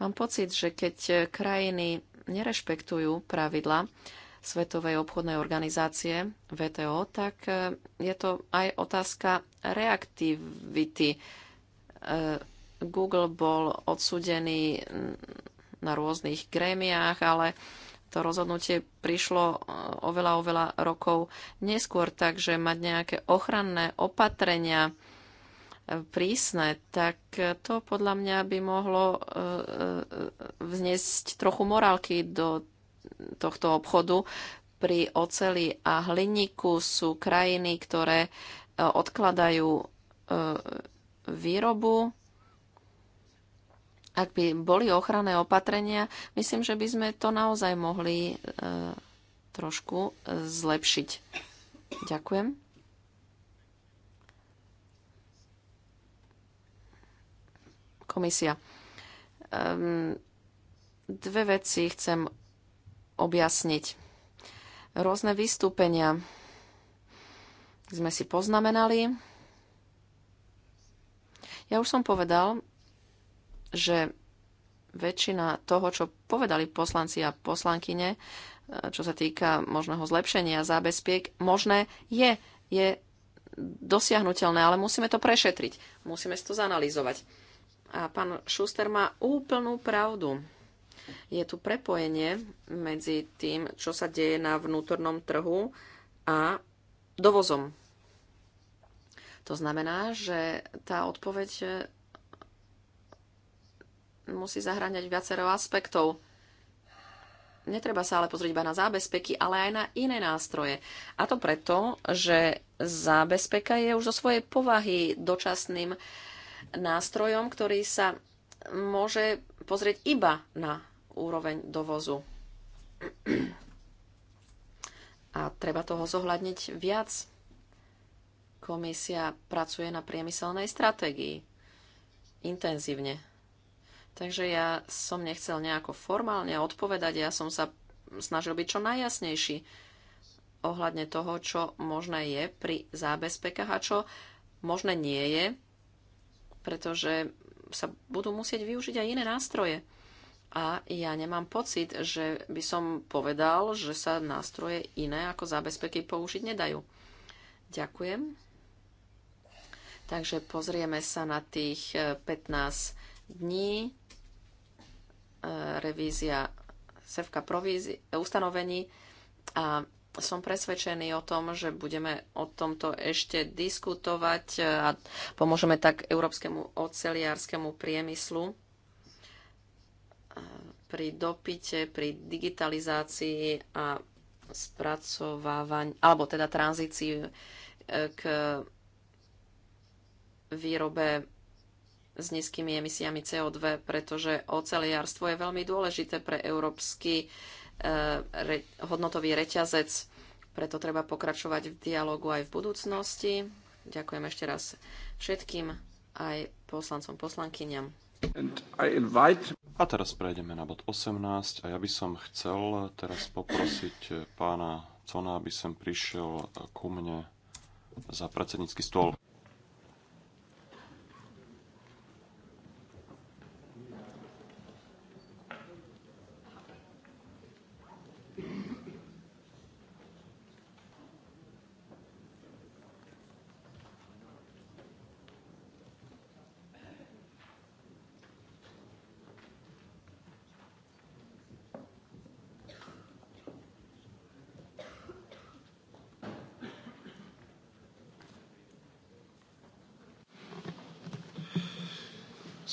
mám pocit, že keď krajiny nerešpektujú pravidla Svetovej obchodnej organizácie VTO, tak e, je to aj otázka reaktivity. E, Google bol odsudený mm, na rôznych grémiách, ale to rozhodnutie prišlo e, oveľa, oveľa rokov neskôr, takže mať nejaké ochranné opatrenia e, prísne, tak e, to podľa mňa by mohlo vzniesť trochu morálky do tohto obchodu. Pri oceli a hliníku sú krajiny, ktoré odkladajú výrobu ak by boli ochranné opatrenia, myslím, že by sme to naozaj mohli e, trošku e, zlepšiť. Ďakujem. Komisia. Um, dve veci chcem objasniť. Rôzne vystúpenia sme si poznamenali. Ja už som povedal, že väčšina toho, čo povedali poslanci a poslankyne, e, čo sa týka možného zlepšenia zábezpiek, možné je, je dosiahnutelné, ale musíme to prešetriť, musíme si to zanalizovať. A pán Šuster má úplnú pravdu. Je tu prepojenie medzi tým, čo sa deje na vnútornom trhu a dovozom. To znamená, že tá odpoveď musí zahraňať viacero aspektov. Netreba sa ale pozrieť iba na zábezpeky, ale aj na iné nástroje. A to preto, že zábezpeka je už zo svojej povahy dočasným nástrojom, ktorý sa môže pozrieť iba na úroveň dovozu. A treba toho zohľadniť viac. Komisia pracuje na priemyselnej stratégii. Intenzívne. Takže ja som nechcel nejako formálne odpovedať, ja som sa snažil byť čo najjasnejší ohľadne toho, čo možné je pri zábezpekách a čo možné nie je, pretože sa budú musieť využiť aj iné nástroje. A ja nemám pocit, že by som povedal, že sa nástroje iné ako zábezpeky použiť nedajú. Ďakujem. Takže pozrieme sa na tých 15 eh, dní E, revízia sevka provízi, ustanovení a som presvedčený o tom, že budeme o tomto ešte diskutovať e, a pomôžeme tak európskemu oceliárskému priemyslu e, pri dopite, pri digitalizácii a spracovávaní, alebo teda tranzícii k výrobe s nízkymi emisiami CO2, pretože oceliarstvo je veľmi dôležité pre európsky e, re, hodnotový reťazec. Preto treba pokračovať v dialogu aj v budúcnosti. Ďakujem ešte raz všetkým, aj poslancom, poslankyňam. Invite... A teraz prejdeme na bod 18 a ja by som chcel teraz poprosiť pána Cona, aby sem prišiel ku mne za predsednícky stôl.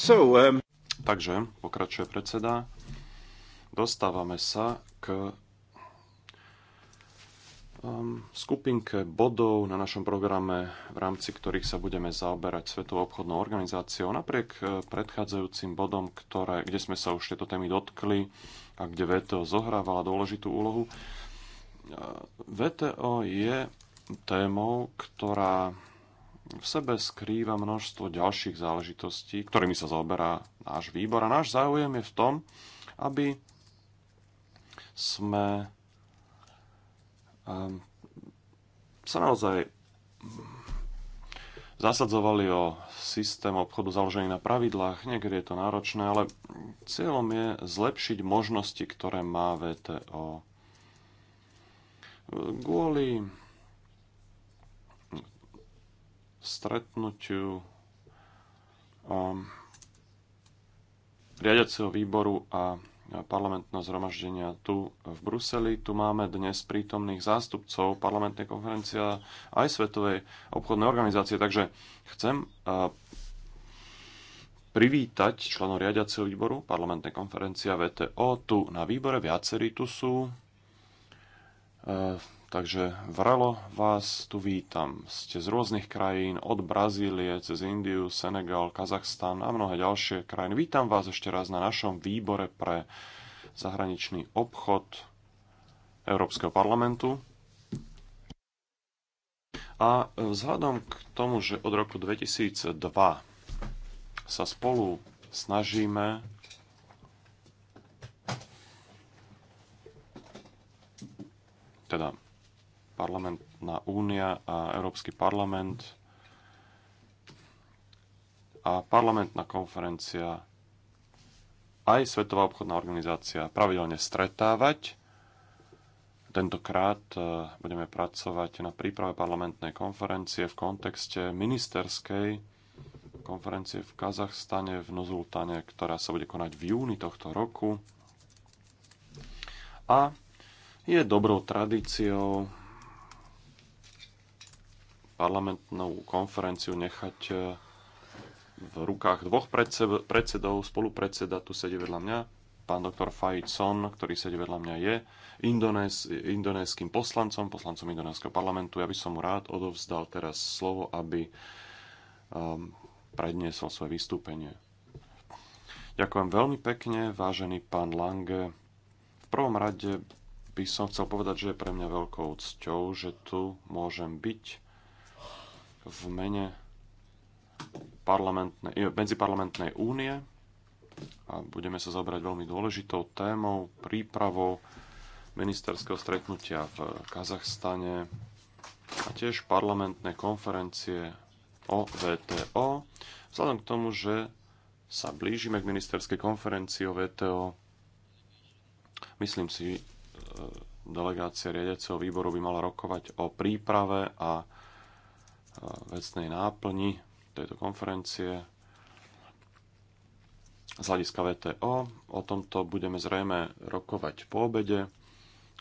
So, um... Takže, pokračuje predseda, dostávame sa k um, skupinke bodov na našom programe, v rámci ktorých sa budeme zaoberať Svetovou obchodnou organizáciou. Napriek eh, predchádzajúcim bodom, ktoré, kde sme sa už tieto témy dotkli a kde VTO zohrávala dôležitú úlohu, eh, VTO je témou, ktorá v sebe skrýva množstvo ďalších záležitostí, ktorými sa zaoberá náš výbor. A náš záujem je v tom, aby sme ehm, sa naozaj zasadzovali o systém obchodu založený na pravidlách. Niekedy je to náročné, ale cieľom je zlepšiť možnosti, ktoré má VTO. Kvôli stretnutiu um, riadiaceho výboru a parlamentného zhromaždenia tu v Bruseli. Tu máme dnes prítomných zástupcov parlamentnej konferencie a aj Svetovej obchodnej organizácie. Takže chcem uh, privítať členov riadiaceho výboru parlamentnej konferencie VTO. Tu na výbore viacerí tu sú. Uh, Takže vrelo vás tu vítam. Ste z rôznych krajín, od Brazílie, cez Indiu, Senegal, Kazachstan a mnohé ďalšie krajiny. Vítam vás ešte raz na našom výbore pre zahraničný obchod Európskeho parlamentu. A vzhľadom k tomu, že od roku 2002 sa spolu snažíme teda parlamentná únia a Európsky parlament a parlamentná konferencia aj Svetová obchodná organizácia pravidelne stretávať. Tentokrát e, budeme pracovať na príprave parlamentnej konferencie v kontexte ministerskej konferencie v Kazachstane v Nozultane, ktorá sa bude konať v júni tohto roku. A je dobrou tradíciou parlamentnú konferenciu nechať e, v rukách dvoch predsedov, spolupredseda, tu sedí vedľa mňa, pán doktor Fajid Son, ktorý sedí vedľa mňa, je indonés, indonéským poslancom, poslancom indonéskeho parlamentu. Ja by som mu rád odovzdal teraz slovo, aby um, predniesol svoje vystúpenie. Ďakujem veľmi pekne, vážený pán Lange. V prvom rade by som chcel povedať, že je pre mňa veľkou cťou, že tu môžem byť v mene parlamentnej, eh, medziparlamentnej únie a budeme sa zobrať veľmi dôležitou témou, prípravou ministerského stretnutia v Kazachstane a tiež parlamentné konferencie o VTO. Vzhľadom k tomu, že sa blížime k ministerskej konferencii o VTO, myslím si, eh, delegácia riadiaceho výboru by mala rokovať o príprave a vecnej náplni tejto konferencie z hľadiska VTO. O tomto budeme zrejme rokovať po obede.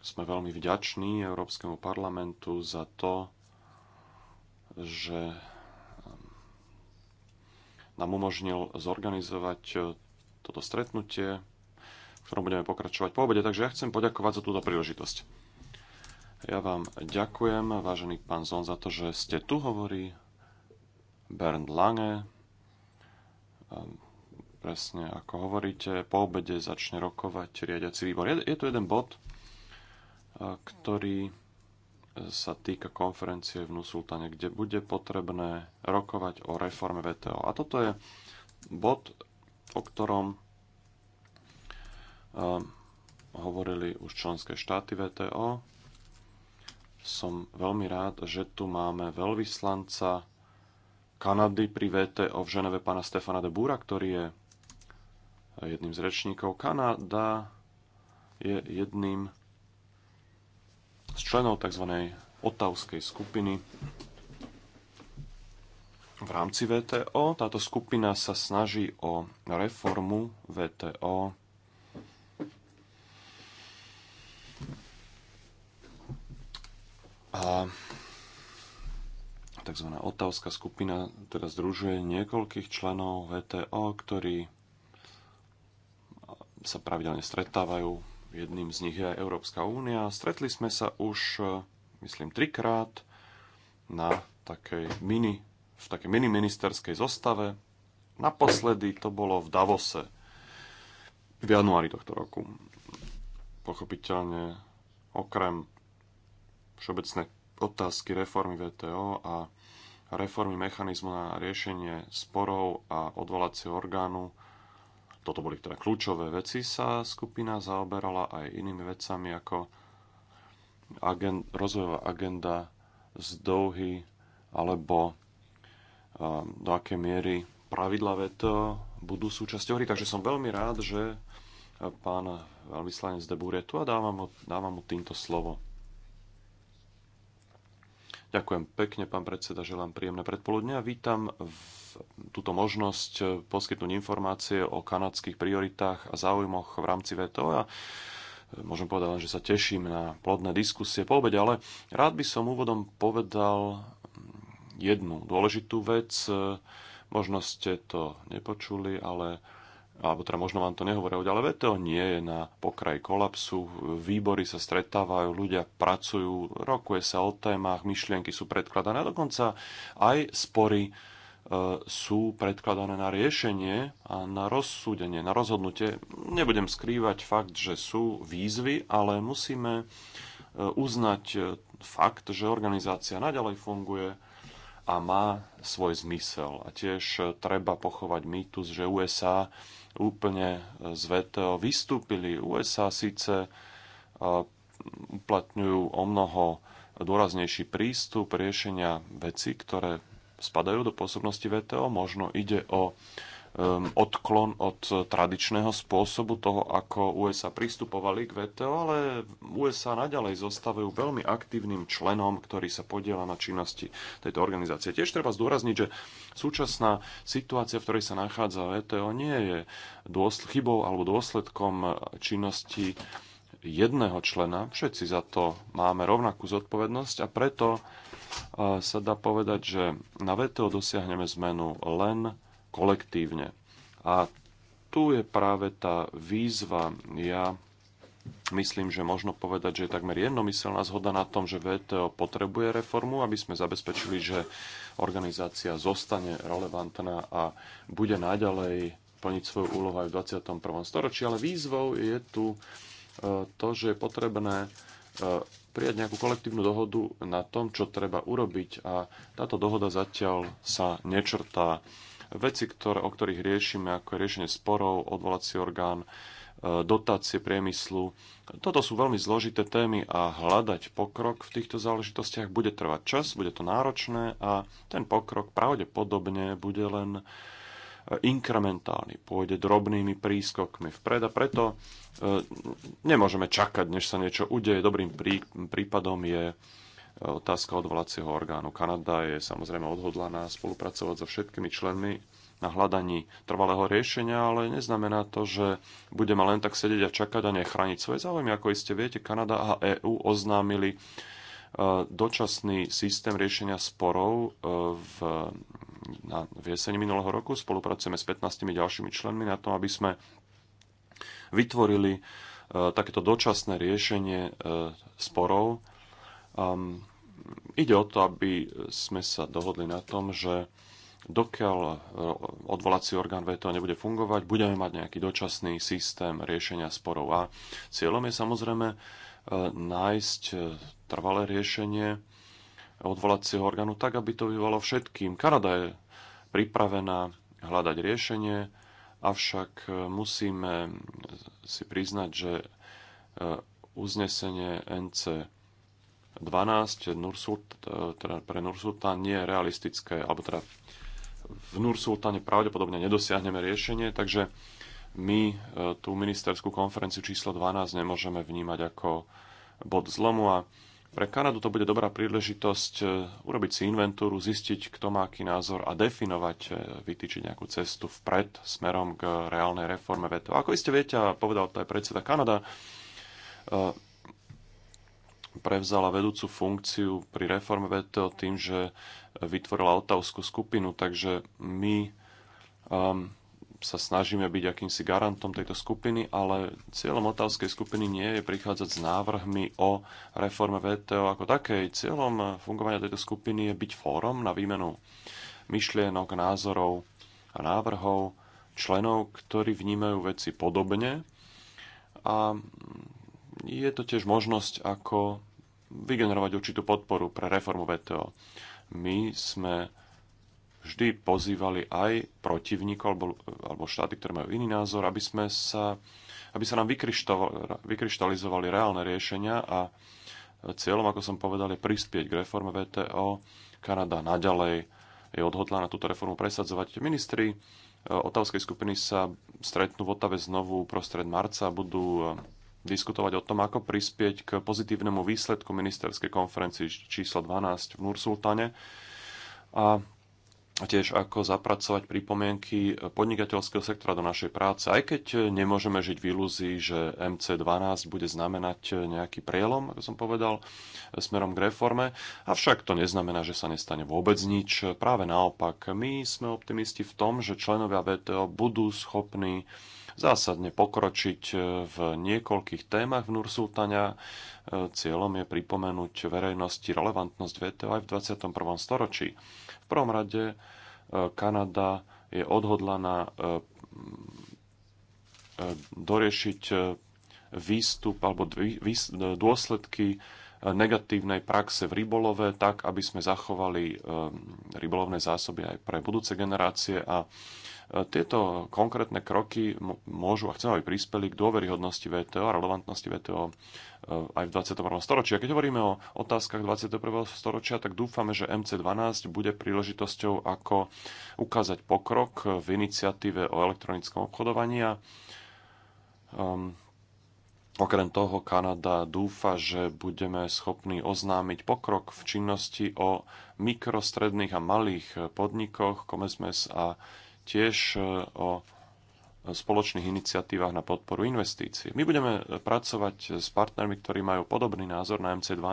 Sme veľmi vďační Európskemu parlamentu za to, že ehm, nám umožnil zorganizovať e, toto stretnutie, v ktorom budeme pokračovať po obede. Takže ja chcem poďakovať za túto príležitosť. Ja vám ďakujem, vážený pán Zon, za to, že ste tu, hovorí Bernd Lange. Ehm, presne ako hovoríte, po obede začne rokovať riadiaci výbor. Je, je tu jeden bod, e, ktorý sa týka konferencie v Nusultane, kde bude potrebné rokovať o reforme VTO. A toto je bod, o ktorom ehm, hovorili už členské štáty VTO som veľmi rád, že tu máme veľvyslanca Kanady pri VTO v Ženeve pána Stefana de Búra, ktorý je jedným z rečníkov. Kanada je jedným z členov tzv. otavskej skupiny v rámci VTO. Táto skupina sa snaží o reformu VTO A tzv. otávska skupina teda združuje niekoľkých členov VTO, ktorí sa pravidelne stretávajú. Jedným z nich je aj Európska únia. Stretli sme sa už, myslím, trikrát na takej mini, v takej mini ministerskej zostave. Naposledy to bolo v Davose v januári tohto roku. Pochopiteľne, okrem všeobecné otázky reformy VTO a reformy mechanizmu na riešenie sporov a odvolacieho orgánu. Toto boli teda kľúčové veci. Sa skupina zaoberala aj inými vecami ako agen- rozvojová agenda z Dohy alebo um, do akej miery pravidla VTO budú súčasťou hry. Takže som veľmi rád, že pán veľvyslanec Debúr je tu a dávam mu, dávam mu týmto slovo. Ďakujem pekne, pán predseda, želám príjemné predpoludne a vítam v túto možnosť eh, poskytnúť informácie o kanadských prioritách a záujmoch v rámci VTO a eh, môžem povedať len, že sa teším na plodné diskusie po obede, ale rád by som úvodom povedal mm, jednu dôležitú vec. Eh, možno ste to nepočuli, ale alebo teda možno vám to nehovoria, ale VTO nie je na pokraji kolapsu, výbory sa stretávajú, ľudia pracujú, rokuje sa o témach, myšlienky sú predkladané a dokonca aj spory e, sú predkladané na riešenie a na rozsúdenie, na rozhodnutie. Nebudem skrývať fakt, že sú výzvy, ale musíme e, uznať e, fakt, že organizácia naďalej funguje, a má svoj zmysel. A tiež e, treba pochovať mýtus, že USA úplne z VTO vystúpili. USA síce e, uplatňujú o mnoho dôraznejší prístup riešenia veci, ktoré spadajú do pôsobnosti VTO. Možno ide o Ehm, odklon od tradičného spôsobu toho, ako USA pristupovali k VTO, ale USA naďalej zostávajú veľmi aktívnym členom, ktorý sa podiela na činnosti tejto organizácie. Tiež treba zdôrazniť, že súčasná situácia, v ktorej sa nachádza VTO, nie je chybou alebo dôsledkom činnosti jedného člena. Všetci za to máme rovnakú zodpovednosť a preto eh, sa dá povedať, že na VTO dosiahneme zmenu len kolektívne. A tu je práve tá výzva. Ja myslím, že možno povedať, že je takmer jednomyselná zhoda na tom, že VTO potrebuje reformu, aby sme zabezpečili, že organizácia zostane relevantná a bude naďalej plniť svoju úlohu aj v 21. storočí. Ale výzvou je tu e, to, že je potrebné e, prijať nejakú kolektívnu dohodu na tom, čo treba urobiť a táto dohoda zatiaľ sa nečrtá veci, ktoré, o ktorých riešime, ako je riešenie sporov, odvolací orgán, e, dotácie priemyslu. Toto sú veľmi zložité témy a hľadať pokrok v týchto záležitostiach bude trvať čas, bude to náročné a ten pokrok pravdepodobne bude len e, inkrementálny, pôjde drobnými prískokmi vpred a preto e, nemôžeme čakať, než sa niečo udeje. Dobrým prípadom je otázka odvolacieho orgánu. Kanada je samozrejme odhodlaná spolupracovať so všetkými členmi na hľadaní trvalého riešenia, ale neznamená to, že budeme len tak sedieť a čakať a nechrániť svoje záujmy. Ako iste viete, Kanada a EÚ oznámili e, dočasný systém riešenia sporov e, v, na, v jeseni minulého roku. Spolupracujeme s 15 ďalšími členmi na tom, aby sme vytvorili e, takéto dočasné riešenie sporov Um, ide o to, aby sme sa dohodli na tom, že dokiaľ e, odvolací orgán VTO nebude fungovať, budeme mať nejaký dočasný systém riešenia sporov. A cieľom je samozrejme e, nájsť e, trvalé riešenie odvolacieho orgánu tak, aby to vyvalo všetkým. Kanada je pripravená hľadať riešenie, avšak musíme si priznať, že uznesenie NC 12 Nursult, e, teda pre Nursultán nie je realistické, alebo teda v Nursultáne pravdepodobne nedosiahneme riešenie, takže my e, tú ministerskú konferenciu číslo 12 nemôžeme vnímať ako bod zlomu a pre Kanadu to bude dobrá príležitosť e, urobiť si inventúru, zistiť, kto má aký názor a definovať, vytýčiť nejakú cestu vpred smerom k reálnej reforme VTO. Ako iste viete, a povedal to aj predseda Kanada, prevzala vedúcu funkciu pri reforme VTO tým, že vytvorila otavskú skupinu, takže my um, sa snažíme byť akýmsi garantom tejto skupiny, ale cieľom otavskej skupiny nie je prichádzať s návrhmi o reforme VTO ako takej. Cieľom fungovania tejto skupiny je byť fórom na výmenu myšlienok, názorov a návrhov členov, ktorí vnímajú veci podobne a je to tiež možnosť, ako vygenerovať určitú podporu pre reformu VTO. My sme vždy pozývali aj protivníkov alebo, alebo štáty, ktoré majú iný názor, aby, sme sa, aby sa nám vykryštalizovali reálne riešenia a cieľom, ako som povedal, je prispieť k reforme VTO. Kanada naďalej je na túto reformu presadzovať. Ministri e, otavskej skupiny sa stretnú v Otave znovu prostred marca a budú e, diskutovať o tom, ako prispieť k pozitívnemu výsledku ministerskej konferencii číslo 12 v Nursultane a tiež ako zapracovať pripomienky podnikateľského sektora do našej práce. Aj keď nemôžeme žiť v ilúzii, že MC12 bude znamenať nejaký prielom, ako som povedal, smerom k reforme, avšak to neznamená, že sa nestane vôbec nič. Práve naopak, my sme optimisti v tom, že členovia VTO budú schopní zásadne pokročiť e, v niekoľkých témach v Nursultania. E, cieľom je pripomenúť verejnosti relevantnosť VTO aj v 21. storočí. V prvom rade e, Kanada je odhodlaná doriešiť výstup alebo dôsledky negatívnej praxe v rybolove, tak aby sme zachovali rybolovné zásoby aj pre budúce generácie a E, tieto konkrétne kroky môžu a chcem, aby prispeli k dôveryhodnosti VTO a relevantnosti VTO e, aj v 21. storočí. A keď hovoríme o otázkach 21. storočia, tak dúfame, že MC12 bude príležitosťou, ako ukázať pokrok v iniciatíve o elektronickom obchodovaní. Um, Okrem toho Kanada dúfa, že budeme schopní oznámiť pokrok v činnosti o mikrostredných a malých podnikoch, Comesmes a tiež e, o spoločných iniciatívach na podporu investícií. My budeme e, pracovať e, s partnermi, ktorí majú podobný názor na MC12,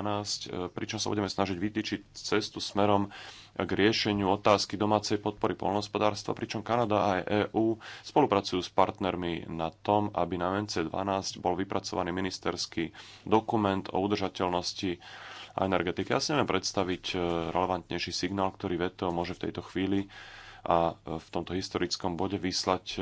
pričom sa budeme snažiť vytýčiť cestu smerom k riešeniu otázky domácej podpory polnohospodárstva, pričom Kanada a EÚ spolupracujú s partnermi na tom, aby na MC12 bol vypracovaný ministerský dokument o udržateľnosti a energetiky Ja si neviem predstaviť relevantnejší signál, ktorý VTO môže v tejto chvíli a e, v tomto historickom bode vyslať e,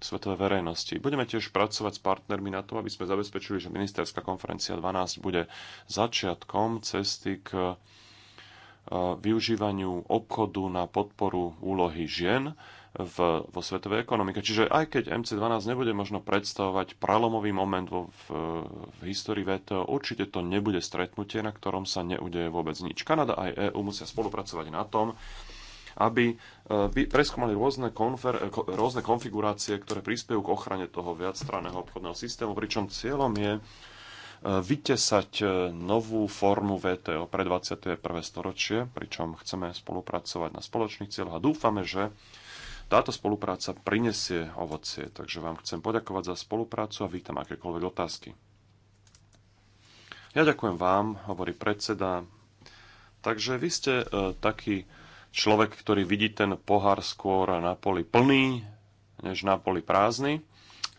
svetovej verejnosti. Budeme tiež pracovať s partnermi na tom, aby sme zabezpečili, že ministerská konferencia 12 bude začiatkom cesty k e, využívaniu obchodu na podporu úlohy žien v, vo svetovej ekonomike. Čiže aj keď MC12 nebude možno predstavovať pralomový moment vo, v, v histórii VTO, určite to nebude stretnutie, na ktorom sa neudeje vôbec nič. Kanada aj EÚ musia spolupracovať na tom, aby e, preskúmali rôzne, konfer, e, rôzne konfigurácie, ktoré prispejú k ochrane toho viacstranného obchodného systému, pričom cieľom je e, vytesať novú formu VTO pre 21. storočie, pričom chceme spolupracovať na spoločných cieľoch a dúfame, že táto spolupráca prinesie ovocie. Takže vám chcem poďakovať za spoluprácu a vítam akékoľvek otázky. Ja ďakujem vám, hovorí predseda. Takže vy ste e, taký človek, ktorý vidí ten pohár skôr na poli plný, než na poli prázdny.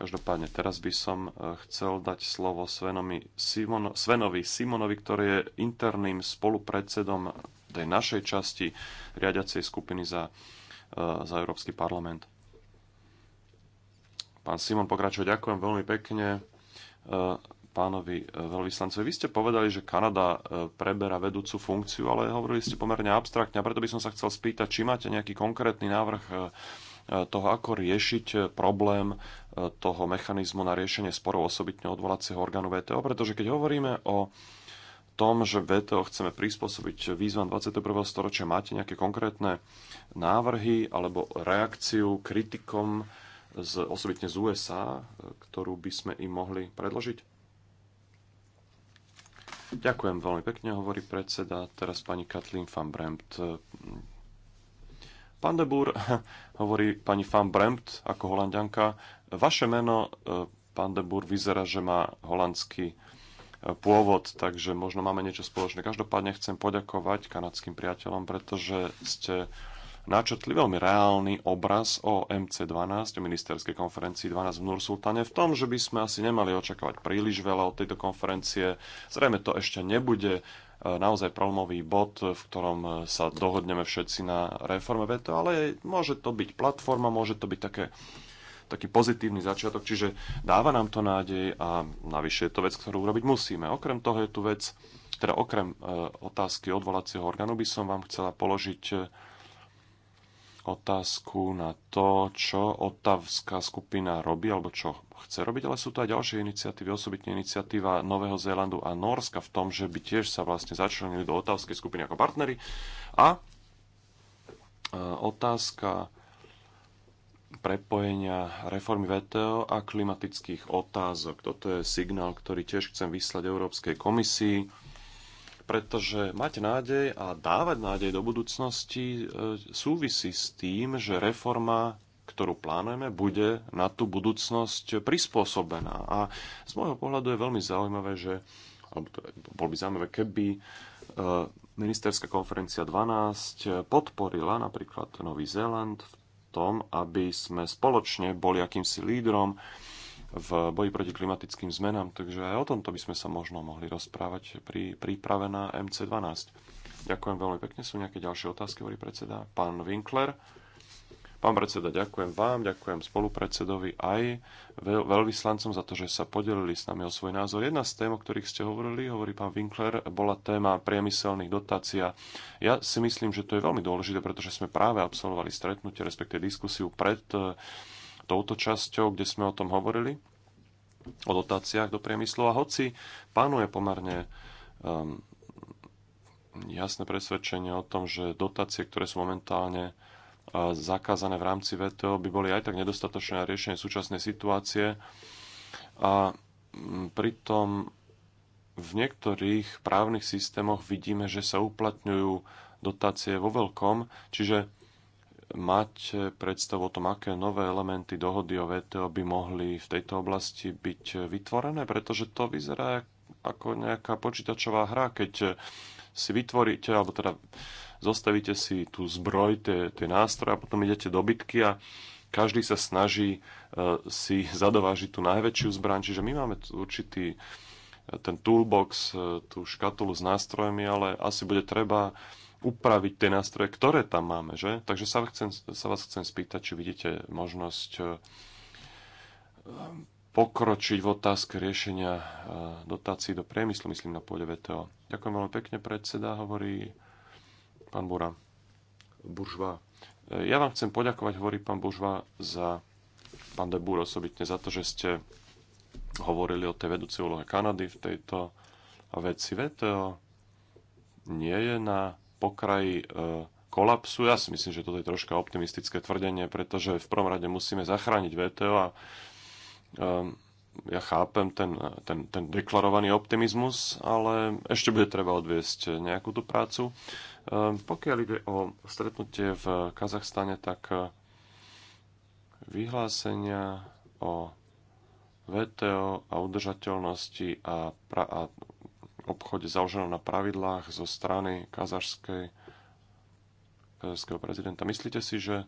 Každopádne teraz by som e, chcel dať slovo Svenovi, Simon, Svenovi Simonovi, ktorý je interným spolupredsedom tej našej časti riadiacej skupiny za, e, za Európsky parlament. Pán Simon pokračuje, ďakujem veľmi pekne. E, pánovi e, veľvyslancovi. Vy ste povedali, že Kanada e, preberá vedúcu funkciu, ale hovorili ste pomerne abstraktne a preto by som sa chcel spýtať, či máte nejaký konkrétny návrh e, toho, ako riešiť problém toho mechanizmu na riešenie sporov osobitne odvolacieho orgánu VTO, pretože keď hovoríme o tom, že VTO chceme prispôsobiť výzvam 21. storočia, máte nejaké konkrétne návrhy alebo reakciu kritikom z, osobitne z USA, ktorú by sme im mohli predložiť? Ďakujem veľmi pekne, hovorí predseda. Teraz pani Katlín van Bremt. Pán de Boer, hovorí pani van Bremt ako holandianka. Vaše meno, e, pán de Boer, vyzerá, že má holandský e, pôvod, takže možno máme niečo spoločné. Každopádne chcem poďakovať kanadským priateľom, pretože ste načrtli veľmi reálny obraz o MC12, o ministerskej konferencii 12 v Nursultane, v tom, že by sme asi nemali očakávať príliš veľa od tejto konferencie. Zrejme to ešte nebude e, naozaj problémový bod, v ktorom e, sa dohodneme všetci na reforme veto, ale môže to byť platforma, môže to byť také, taký pozitívny začiatok, čiže dáva nám to nádej a navyše je to vec, ktorú urobiť musíme. Okrem toho je tu vec, teda okrem e, otázky odvolacieho orgánu by som vám chcela položiť otázku na to, čo Otavská skupina robí alebo čo chce robiť, ale sú to aj ďalšie iniciatívy, osobitne iniciatíva Nového Zélandu a Norska v tom, že by tiež sa vlastne začlenili do Otavskej skupiny ako partnery. A e, otázka prepojenia reformy VTO a klimatických otázok. Toto je signál, ktorý tiež chcem vyslať Európskej komisii pretože mať nádej a dávať nádej do budúcnosti e, súvisí s tým, že reforma, ktorú plánujeme, bude na tú budúcnosť prispôsobená. A z môjho pohľadu je veľmi zaujímavé, že alebo to, bol by zaujímavé, keby e, ministerská konferencia 12 podporila napríklad Nový Zéland v tom, aby sme spoločne boli akýmsi lídrom v boji proti klimatickým zmenám, takže aj o tomto by sme sa možno mohli rozprávať pri príprave na MC12. Ďakujem veľmi pekne. Sú nejaké ďalšie otázky, hovorí predseda? Pán Winkler. Pán predseda, ďakujem vám, ďakujem spolupredsedovi aj veľvyslancom za to, že sa podelili s nami o svoj názor. Jedna z tém, o ktorých ste hovorili, hovorí pán Winkler, bola téma priemyselných dotácií. Ja si myslím, že to je veľmi dôležité, pretože sme práve absolvovali stretnutie, respektive diskusiu pred eh, touto časťou, kde sme o tom hovorili, o dotáciách do priemyslu. A hoci panuje pomerne um, jasné presvedčenie o tom, že dotácie, ktoré sú momentálne uh, zakázané v rámci VTO, by boli aj tak nedostatočné na riešenie súčasnej situácie. A um, pritom v niektorých právnych systémoch vidíme, že sa uplatňujú dotácie vo veľkom, čiže mať predstavu o tom, aké nové elementy dohody o VTO by mohli v tejto oblasti byť vytvorené, pretože to vyzerá ako nejaká počítačová hra, keď si vytvoríte, alebo teda zostavíte si tú zbroj, tie, tie nástroje a potom idete do bitky a každý sa snaží e, si zadovážiť tú najväčšiu zbraň, čiže my máme určitý e, ten toolbox, e, tú škatulu s nástrojmi, ale asi bude treba upraviť tie nástroje, ktoré tam máme, že? Takže sa, chcem, sa vás chcem spýtať, či vidíte možnosť e, pokročiť v otázke riešenia e, dotácií do priemyslu, myslím na pôde VTO. Ďakujem veľmi pekne, predseda, hovorí pán Bura. Buržva. E, ja vám chcem poďakovať, hovorí pán Buržva, za pán Debúr osobitne za to, že ste hovorili o tej vedúcej úlohe Kanady v tejto veci. VTO nie je na pokraji e, kolapsu. Ja si myslím, že toto je troška optimistické tvrdenie, pretože v prvom rade musíme zachrániť VTO a e, ja chápem ten, ten, ten deklarovaný optimizmus, ale ešte bude treba odviesť nejakú tú prácu. E, pokiaľ ide o stretnutie v Kazachstane, tak vyhlásenia o VTO a udržateľnosti a, pra- a obchode založenom na pravidlách zo strany kazašskej kazašského prezidenta. Myslíte si, že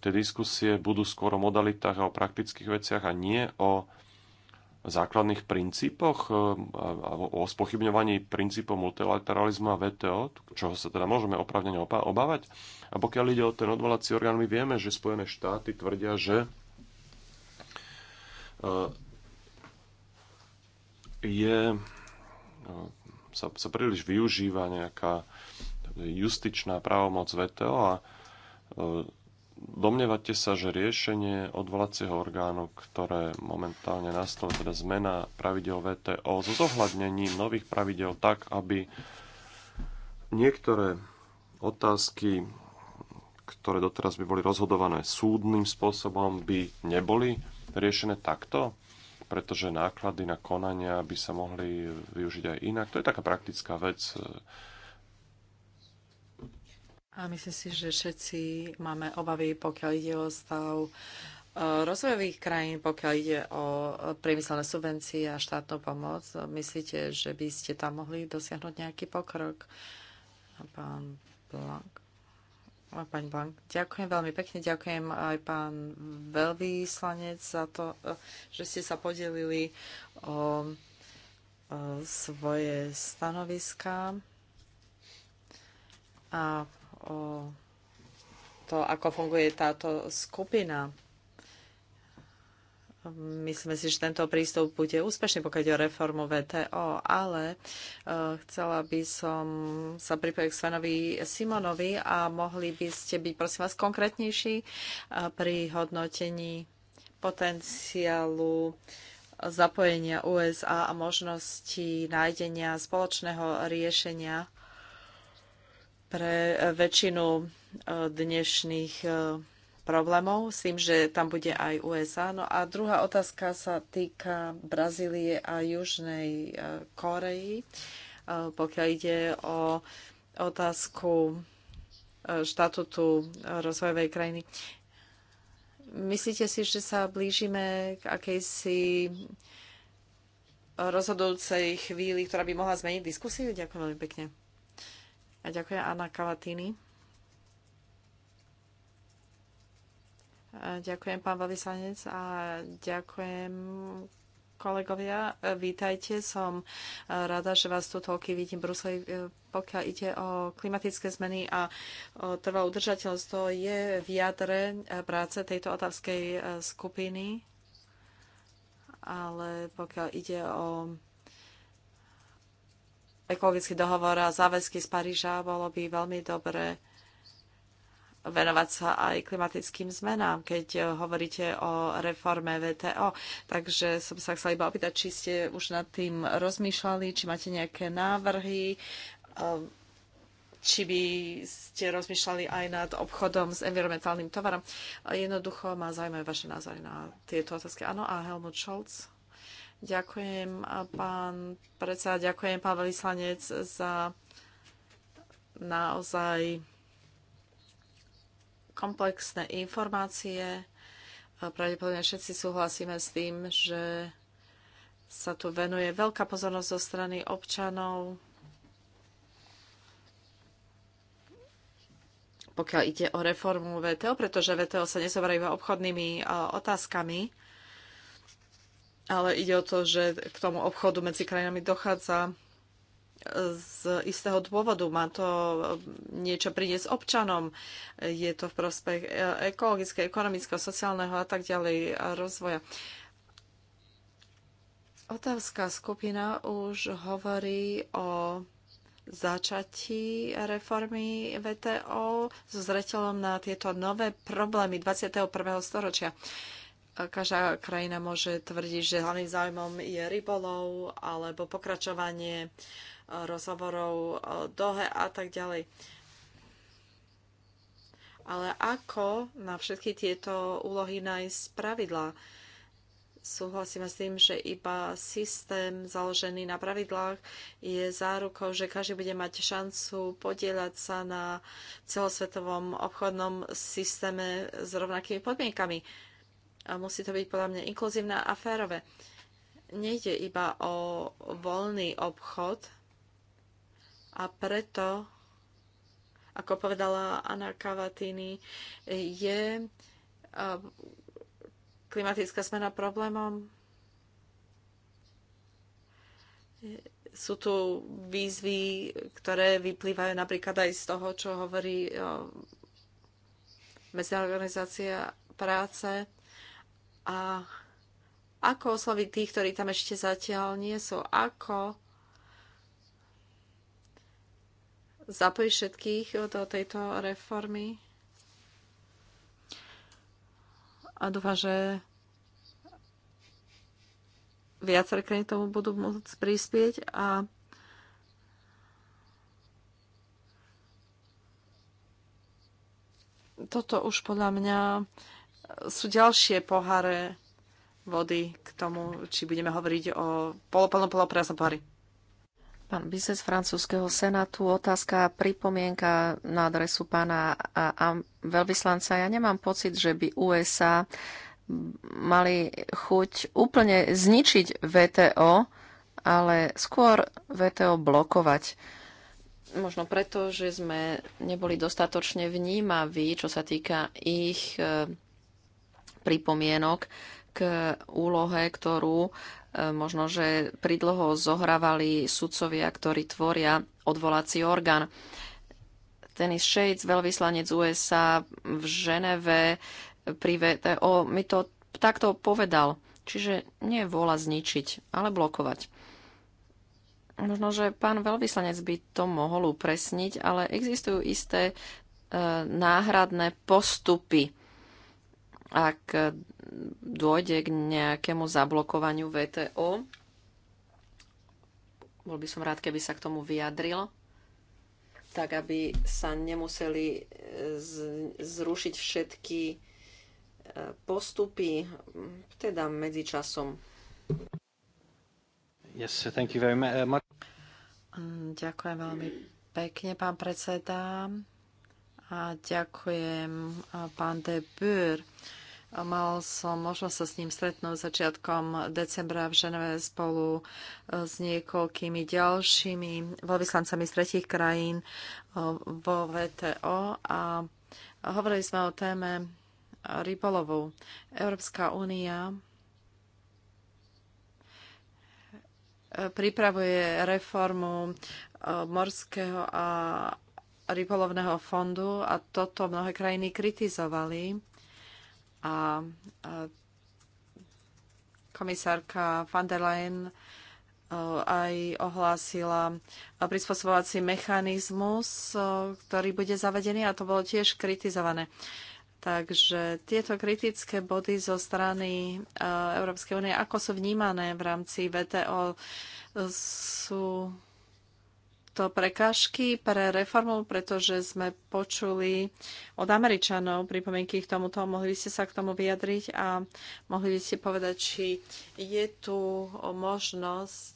tie diskusie budú skôr o modalitách a o praktických veciach a nie o základných princípoch e, a o spochybňovaní princípov multilateralizmu a VTO, čoho sa teda môžeme opravnene obávať. A pokiaľ ide o ten odvolací orgán, my vieme, že Spojené štáty tvrdia, že e, je sa, sa príliš využíva nejaká justičná právomoc VTO a e, domnievate sa, že riešenie odvolacieho orgánu, ktoré momentálne nastalo, teda zmena pravidel VTO so zohľadnením nových pravidel tak, aby niektoré otázky, ktoré doteraz by boli rozhodované súdnym spôsobom, by neboli riešené takto? pretože náklady na konania by sa mohli využiť aj inak. To je taká praktická vec. A myslím si, že všetci máme obavy, pokiaľ ide o stav e, rozvojových krajín, pokiaľ ide o priemyselné subvencie a štátnu pomoc. Myslíte, že by ste tam mohli dosiahnuť nejaký pokrok? Pán Blank. Pani Blank, ďakujem veľmi pekne, ďakujem aj pán veľvyslanec za to, eh, že ste sa podelili o, o eh, svoje stanoviská a o to, ako funguje táto skupina. Myslíme si, že tento prístup bude úspešný, pokiaľ ide o reformu VTO, ale e, chcela by som sa pripojiť k Svenovi Simonovi a mohli by ste byť, prosím vás, konkrétnejší e, pri hodnotení potenciálu zapojenia USA a možnosti nájdenia spoločného riešenia pre väčšinu e, dnešných problémov, s tým, že tam bude aj USA. No a druhá otázka sa týka Brazílie a Južnej e, Koreji, e, pokiaľ ide o otázku e, štatutu rozvojovej krajiny. Myslíte si, že sa blížime k akejsi rozhodujúcej chvíli, ktorá by mohla zmeniť diskusiu? Ďakujem veľmi pekne. A ďakujem Anna Kavatini. Ďakujem, pán veľvyslanec, a ďakujem kolegovia. Vítajte, som rada, že vás tu toľky vidím v Bruseli, pokiaľ ide o klimatické zmeny a trvalú udržateľnosť. To je v jadre práce tejto otávskej eh, skupiny, ale pokiaľ ide o ekologický dohovor a záväzky z Paríža, bolo by veľmi dobré venovať sa aj klimatickým zmenám, keď eh, hovoríte o reforme VTO. Takže som sa chcela iba opýtať, či ste už nad tým rozmýšľali, či máte nejaké návrhy, eh, či by ste rozmýšľali aj nad obchodom s environmentálnym tovarom. Jednoducho ma zaujímajú vaše názory na tieto otázky. Áno, a Helmut Scholz. Ďakujem, pán predseda, ďakujem, pán Velislanec, za naozaj komplexné informácie. Pravdepodobne všetci súhlasíme s tým, že sa tu venuje veľká pozornosť zo strany občanov, pokiaľ ide o reformu VTO, pretože VTO sa nezoberá iba obchodnými e, otázkami, ale ide o to, že k tomu obchodu medzi krajinami dochádza z istého dôvodu. Má to niečo priniesť občanom, je to v prospech ekologického, ekonomického, sociálneho a tak ďalej rozvoja. Otávská skupina už hovorí o začatí reformy VTO so zreteľom na tieto nové problémy 21. storočia. Každá krajina môže tvrdiť, že hlavným záujmom je rybolov alebo pokračovanie uh, rozhovorov e, Dohe a tak ďalej. Ale ako na všetky tieto úlohy nájsť pravidlá? Súhlasíme s tým, že iba systém založený na pravidlách je zárukou, že každý bude mať šancu podielať sa na celosvetovom obchodnom systéme s rovnakými podmienkami. A musí to byť podľa mňa inkluzívne a férové. Nejde iba o voľný obchod, a preto, ako povedala Anna Cavatini, je klimatická zmena problémom. Sú tu výzvy, ktoré vyplývajú napríklad aj z toho, čo hovorí medziorganizácia organizácia práce. A ako osloviť tých, ktorí tam ešte zatiaľ nie sú? Ako zapojiť všetkých do tejto reformy. A dúfam, že viaceré krajiny tomu budú môcť prispieť a toto už podľa mňa sú ďalšie poháre vody k tomu, či budeme hovoriť o poloplnom poloprázdnom pohári. Pán Bises francúzského senátu, otázka, pripomienka na adresu pána a, a veľvyslanca. Ja nemám pocit, že by USA mali chuť úplne zničiť VTO, ale skôr VTO blokovať. Možno preto, že sme neboli dostatočne vnímaví, čo sa týka ich e, pripomienok k úlohe, ktorú E, možno, že pridloho zohrávali sudcovia, ktorí tvoria odvolací orgán. Dennis Shades, veľvyslanec USA v Ženeve pri VTO, mi to takto povedal. Čiže nie vola zničiť, ale blokovať. Možno, že pán veľvyslanec by to mohol upresniť, ale existujú isté e, náhradné postupy ak dôjde k nejakému zablokovaniu VTO. Bol by som rád, keby sa k tomu vyjadril, tak aby sa nemuseli e, zrušiť všetky e, postupy, teda medzičasom. Yes, thank you very uh, much. Ďakujem veľmi pekne, pán predseda. A ďakujem, pán de Bure. Mal som možnosť sa s ním stretnúť začiatkom decembra v Ženeve spolu e, s niekoľkými ďalšími veľvyslancami z tretich krajín e, vo VTO a hovorili sme o téme rybolovu. Európska únia e, pripravuje reformu morského a rybolovného fondu a toto mnohé krajiny kritizovali a, a komisárka van der Leyen e, aj ohlásila prispôsobovací mechanizmus, e, ktorý bude zavedený a to bolo tiež kritizované. Takže tieto kritické body zo strany e, Európskej únie, ako sú vnímané v rámci VTO, sú to prekážky pre reformu, pretože sme počuli od Američanov pripomienky k tomuto. Mohli by ste sa k tomu vyjadriť a mohli by ste povedať, či je tu možnosť,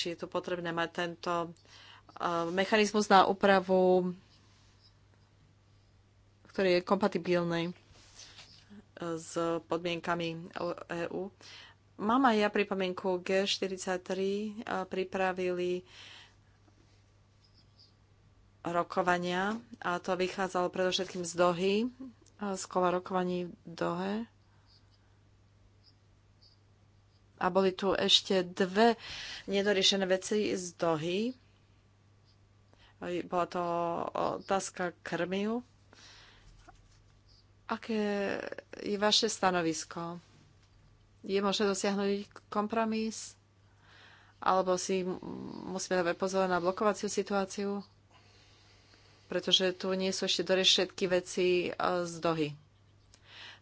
či je tu potrebné mať tento mechanizmus na úpravu, ktorý je kompatibilný s podmienkami EÚ. Mama a ja pripomienku G43, e, pripravili rokovania a to vychádzalo predovšetkým z Dohy, e, z kola rokovaní v Dohe. A boli tu ešte dve nedoriešené veci z Dohy. E, bola to otázka krmiu. Aké je vaše stanovisko? je možné dosiahnuť kompromis? Alebo si musíme dávať pozor na blokovaciu situáciu? Pretože tu nie sú ešte dore všetky veci e, z dohy.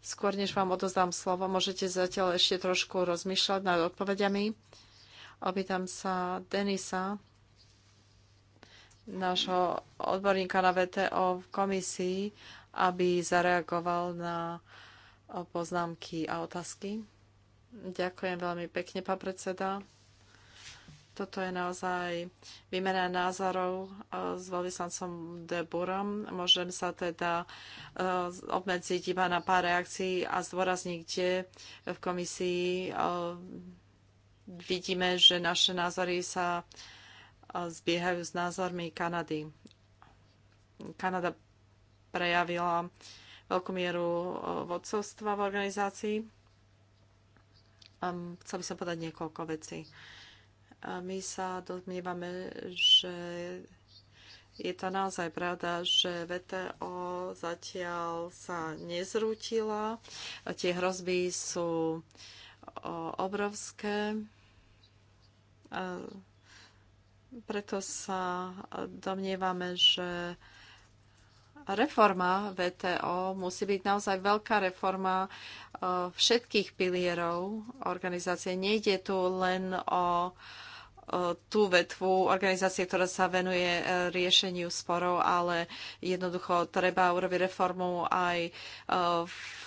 Skôr než vám odozdám slovo, môžete zatiaľ ešte trošku rozmýšľať nad odpovediami. Obytám sa Denisa, nášho odborníka na VTO v komisii, aby zareagoval na e, poznámky a otázky. Ďakujem veľmi pekne, pán predseda. Toto je naozaj výmena názorov e, s veľvyslancom Deborom. Môžem sa teda e, obmedziť iba na pár reakcií a zdôrazniť, kde v komisii e, vidíme, že naše názory sa zbiehajú s názormi Kanady. Kanada prejavila veľkú mieru vodcovstva v organizácii Um, chcel by som povedať niekoľko vecí. A my sa domnievame, že je to naozaj pravda, že VTO zatiaľ sa nezrútila. Tie hrozby sú obrovské. A Preto sa domnievame, že reforma VTO musí byť naozaj veľká reforma eh, všetkých pilierov organizácie. Nejde tu len o eh, tú vetvu organizácie, ktorá sa venuje eh, riešeniu sporov, ale jednoducho treba urobiť reformu aj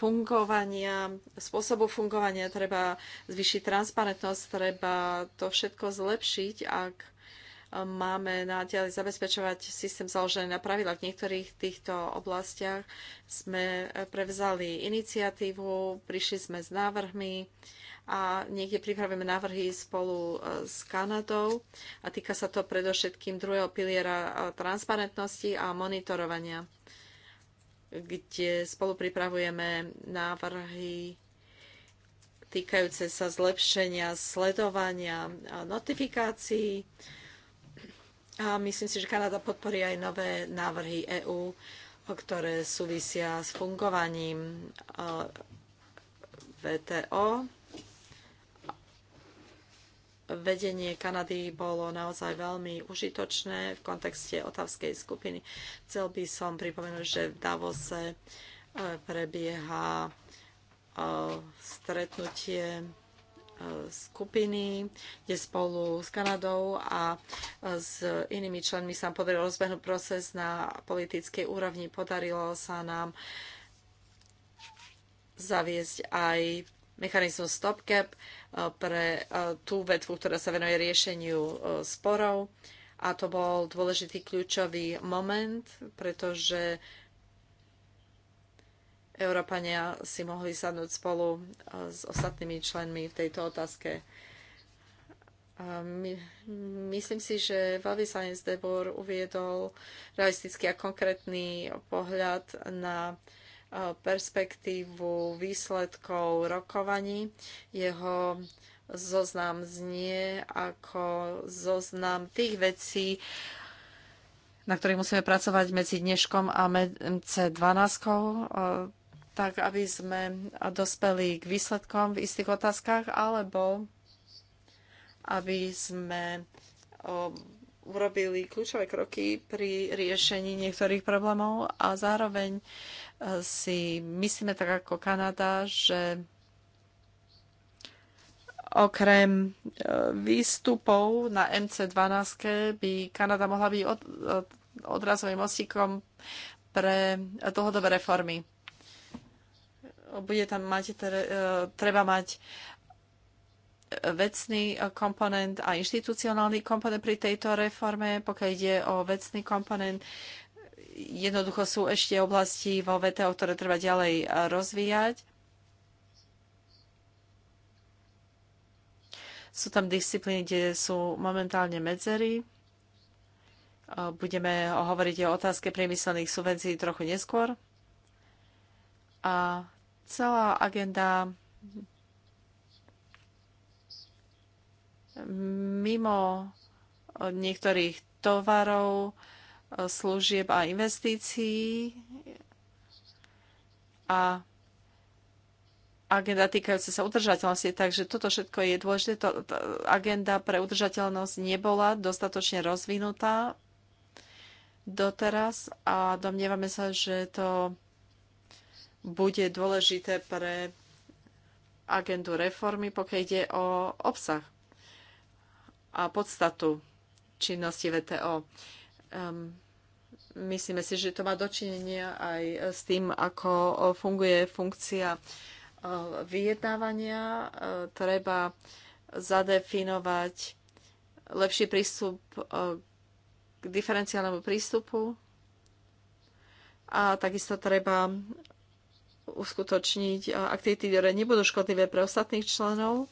fungovania, spôsobu fungovania, treba zvyšiť transparentnosť, treba to všetko zlepšiť, ak máme naďalej zabezpečovať systém založený na pravidlách. V niektorých týchto oblastiach sme prevzali iniciatívu, prišli sme s návrhmi a niekde pripravíme návrhy spolu e, s Kanadou a týka sa to predovšetkým druhého piliera e, transparentnosti a monitorovania kde spolu pripravujeme návrhy týkajúce sa zlepšenia sledovania notifikácií a myslím si, že Kanada podporí aj nové návrhy EÚ, ktoré súvisia s fungovaním VTO. Vedenie Kanady bolo naozaj veľmi užitočné v kontexte otavskej skupiny. Chcel by som pripomenúť, že v Davose e, prebieha e, stretnutie skupiny, kde spolu s Kanadou a s inými členmi sa podarilo rozbehnúť proces na politickej úrovni. Podarilo sa nám zaviesť aj mechanizmus StopCap eh, pre eh, tú vetvu, ktorá sa venuje riešeniu eh, sporov. A to bol dôležitý kľúčový moment, pretože Európania si mohli sadnúť spolu e, s ostatnými členmi v tejto otázke. A my, myslím si, že veľvyslanec Debor uviedol realistický a konkrétny pohľad na e, perspektívu výsledkov rokovaní. Jeho zoznam znie ako zoznam tých vecí, na ktorých musíme pracovať medzi dneškom a MC12 tak aby sme dospeli k výsledkom v istých otázkach, alebo aby sme urobili kľúčové kroky pri riešení niektorých problémov a zároveň e, si myslíme tak ako Kanada, že okrem e, výstupov na MC12 by Kanada mohla byť odrazovým osíkom pre e, dlhodobé reformy bude tam mať, e, treba mať vecný komponent a inštitucionálny komponent pri tejto reforme. Pokiaľ ide o vecný komponent, jednoducho sú ešte oblasti vo VTO, ktoré treba ďalej rozvíjať. Sú tam disciplíny, kde sú momentálne medzery. E, budeme hovoriť o otázke priemyselných subvencií trochu neskôr. A Celá agenda mimo niektorých tovarov, služieb a investícií a agenda týkajúce sa udržateľnosti. Takže toto všetko je dôležité. To, to, agenda pre udržateľnosť nebola dostatočne rozvinutá doteraz a domnievame sa, že to bude dôležité pre agendu reformy, pokiaľ ide o obsah a podstatu činnosti VTO. Um, myslíme si, že to má dočinenie aj s tým, ako funguje funkcia e, vyjednávania. E, treba zadefinovať lepší prístup e, k diferenciálnemu prístupu a takisto treba uskutočniť aktivity, ktoré nebudú škodlivé pre ostatných členov.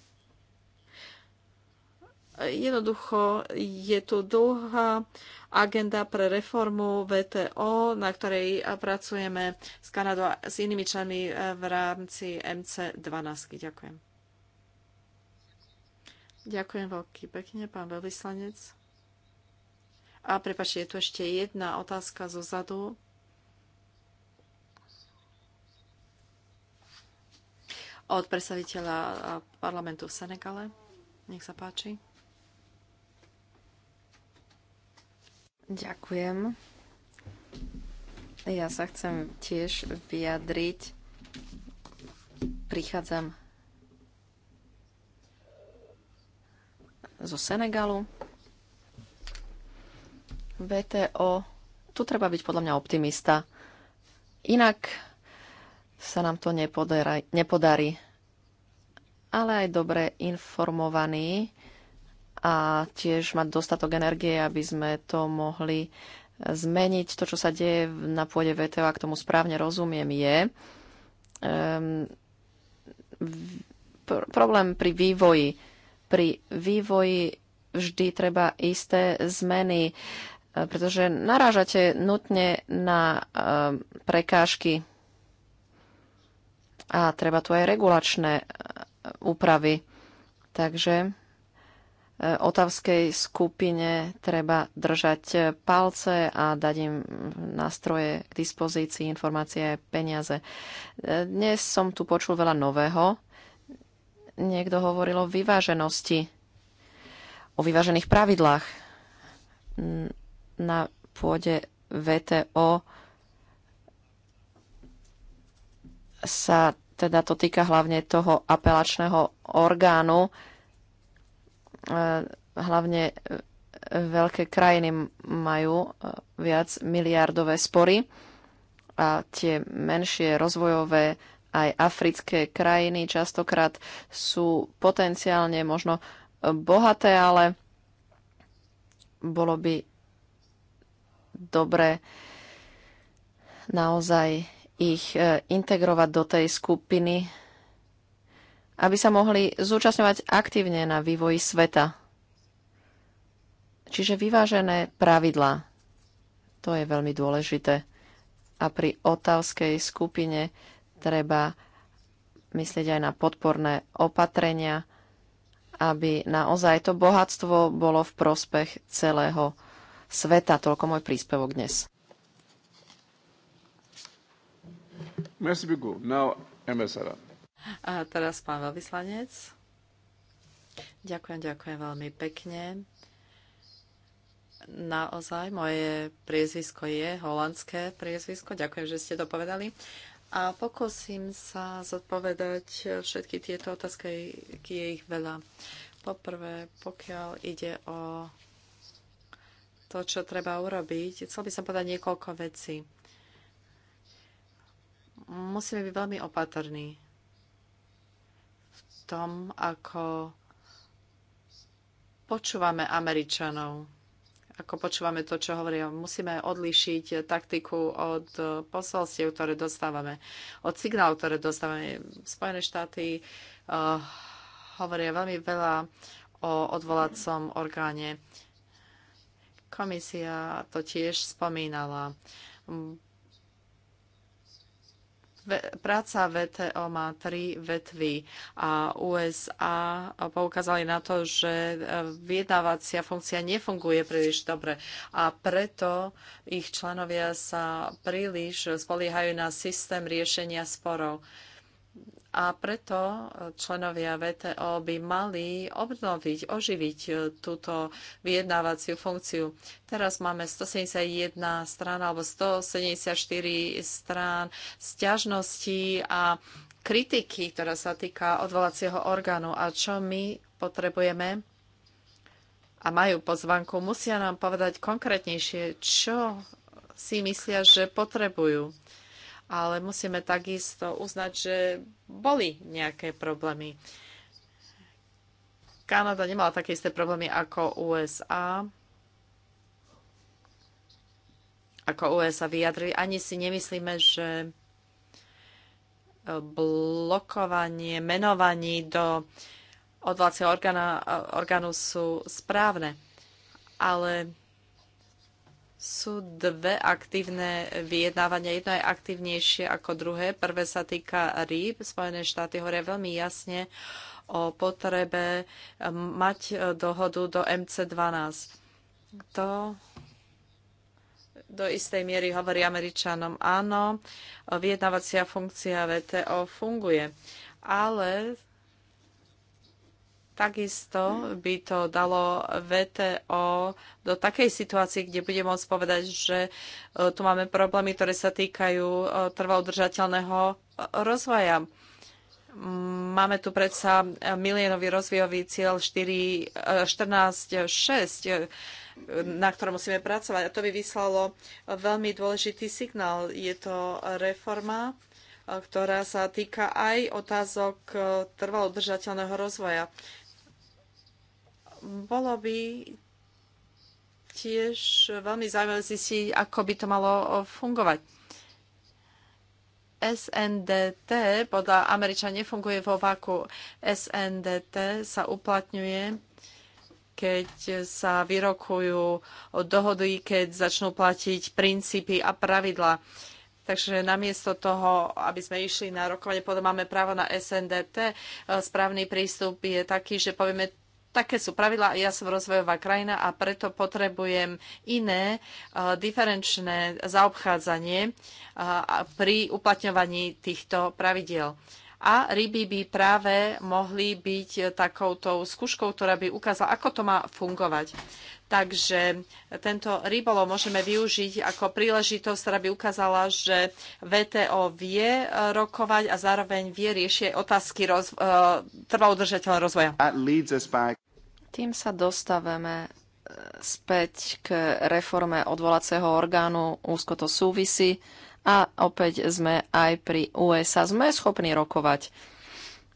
Jednoducho je tu dlhá agenda pre reformu VTO, na ktorej pracujeme s Kanadou a s inými členmi e, v rámci MC12. Ďakujem. Ďakujem veľký pekne, pán veľvyslanec. A prepačte, je tu ešte jedna otázka zo zadu. od predstaviteľa parlamentu v Senegale. Nech sa páči. Ďakujem. Ja sa chcem tiež vyjadriť. Prichádzam zo Senegalu. VTO. Tu treba byť podľa mňa optimista. Inak sa nám to nepodarí, nepodarí. Ale aj dobre informovaní a tiež mať dostatok energie, aby sme to mohli zmeniť. To, čo sa deje na pôde VTO, ak tomu správne rozumiem, je um, pr- problém pri vývoji. Pri vývoji vždy treba isté zmeny, eh, pretože narážate nutne na um, prekážky a treba tu aj regulačné e, úpravy. Takže e, otavskej skupine treba držať e, palce a dať im nástroje k dispozícii, informácie a peniaze. Dnes som tu počul veľa nového. Niekto hovoril o vyváženosti, o vyvážených pravidlách. Na pôde VTO sa teda to týka hlavne toho apelačného orgánu. E, hlavne e, veľké krajiny majú e, viac miliardové spory a tie menšie rozvojové aj africké krajiny častokrát sú potenciálne možno bohaté, ale bolo by dobre naozaj ich e, integrovať do tej skupiny, aby sa mohli zúčastňovať aktívne na vývoji sveta. Čiže vyvážené pravidlá. To je veľmi dôležité. A pri otavskej skupine treba myslieť aj na podporné opatrenia, aby naozaj to bohatstvo bolo v prospech celého sveta. Toľko môj príspevok dnes. Merci beaucoup. Now, MSR. A teraz pán veľvyslanec. Ďakujem, ďakujem veľmi pekne. Naozaj, moje priezvisko je holandské priezvisko. Ďakujem, že ste to povedali. A pokúsim sa zodpovedať všetky tieto otázky, je ich veľa. Poprvé, pokiaľ ide o to, čo treba urobiť, chcel by som povedať niekoľko vecí musíme byť veľmi opatrní v tom, ako počúvame Američanov, ako počúvame to, čo hovoria. Musíme odlíšiť taktiku od posolstiev, ktoré dostávame, od signálov, ktoré dostávame. Spojené štáty uh, hovoria veľmi veľa o odvolacom orgáne. Komisia to tiež spomínala práca VTO má tri vetvy a USA poukázali na to, že e, vyjednávacia funkcia nefunguje príliš dobre a preto ich členovia sa príliš spoliehajú na systém riešenia sporov. A preto e, členovia VTO by mali obnoviť, oživiť e, túto vyjednávaciu funkciu. Teraz máme 171 strán alebo 174 strán sťažností a kritiky, ktorá sa týka odvolacieho orgánu. A čo my potrebujeme? A majú pozvanku, musia nám povedať konkrétnejšie, čo si myslia, že potrebujú ale musíme takisto uznať, že boli nejaké problémy. Kanada nemala také isté problémy ako USA. Ako USA vyjadrili. Ani si nemyslíme, že blokovanie, menovanie do odvolacieho orgánu sú správne. Ale sú dve aktívne vyjednávania. Jedno je aktívnejšie ako druhé. Prvé sa týka rýb. Spojené štáty hovoria veľmi jasne o potrebe um, mať uh, dohodu do MC12. To do istej miery hovorí Američanom áno, vyjednávacia funkcia VTO funguje. Ale Takisto by to dalo VTO do takej situácii, kde bude môcť povedať, že e, tu máme problémy, ktoré sa týkajú e, trvoudržateľného e, rozvoja. Máme tu predsa miliónový rozvojový cieľ 14.6, na ktorom musíme pracovať. A to by vyslalo veľmi dôležitý signál. Je to reforma, ktorá sa týka aj otázok trvalo udržateľného rozvoja. Bolo by tiež veľmi zaujímavé zistiť, ako by to malo fungovať. SNDT podľa Američa nefunguje vo vaku. SNDT sa uplatňuje, keď sa vyrokujú dohody, keď začnú platiť princípy a pravidla. Takže namiesto toho, aby sme išli na rokovanie, potom máme právo na SNDT. Správny prístup je taký, že povieme, Také sú pravidlá ja som rozvojová krajina a preto potrebujem iné e, diferenčné zaobchádzanie e, pri uplatňovaní týchto pravidiel a ryby by práve mohli byť takouto skúškou, ktorá by ukázala, ako to má fungovať. Takže tento rybolov môžeme využiť ako príležitosť, ktorá by ukázala, že VTO vie e, rokovať a zároveň vie riešiť otázky roz- trvalo udržateľného rozvoja. Tým sa dostávame e, späť k reforme odvolacieho orgánu, úzko to súvisí a opäť sme aj pri USA. Sme schopní rokovať.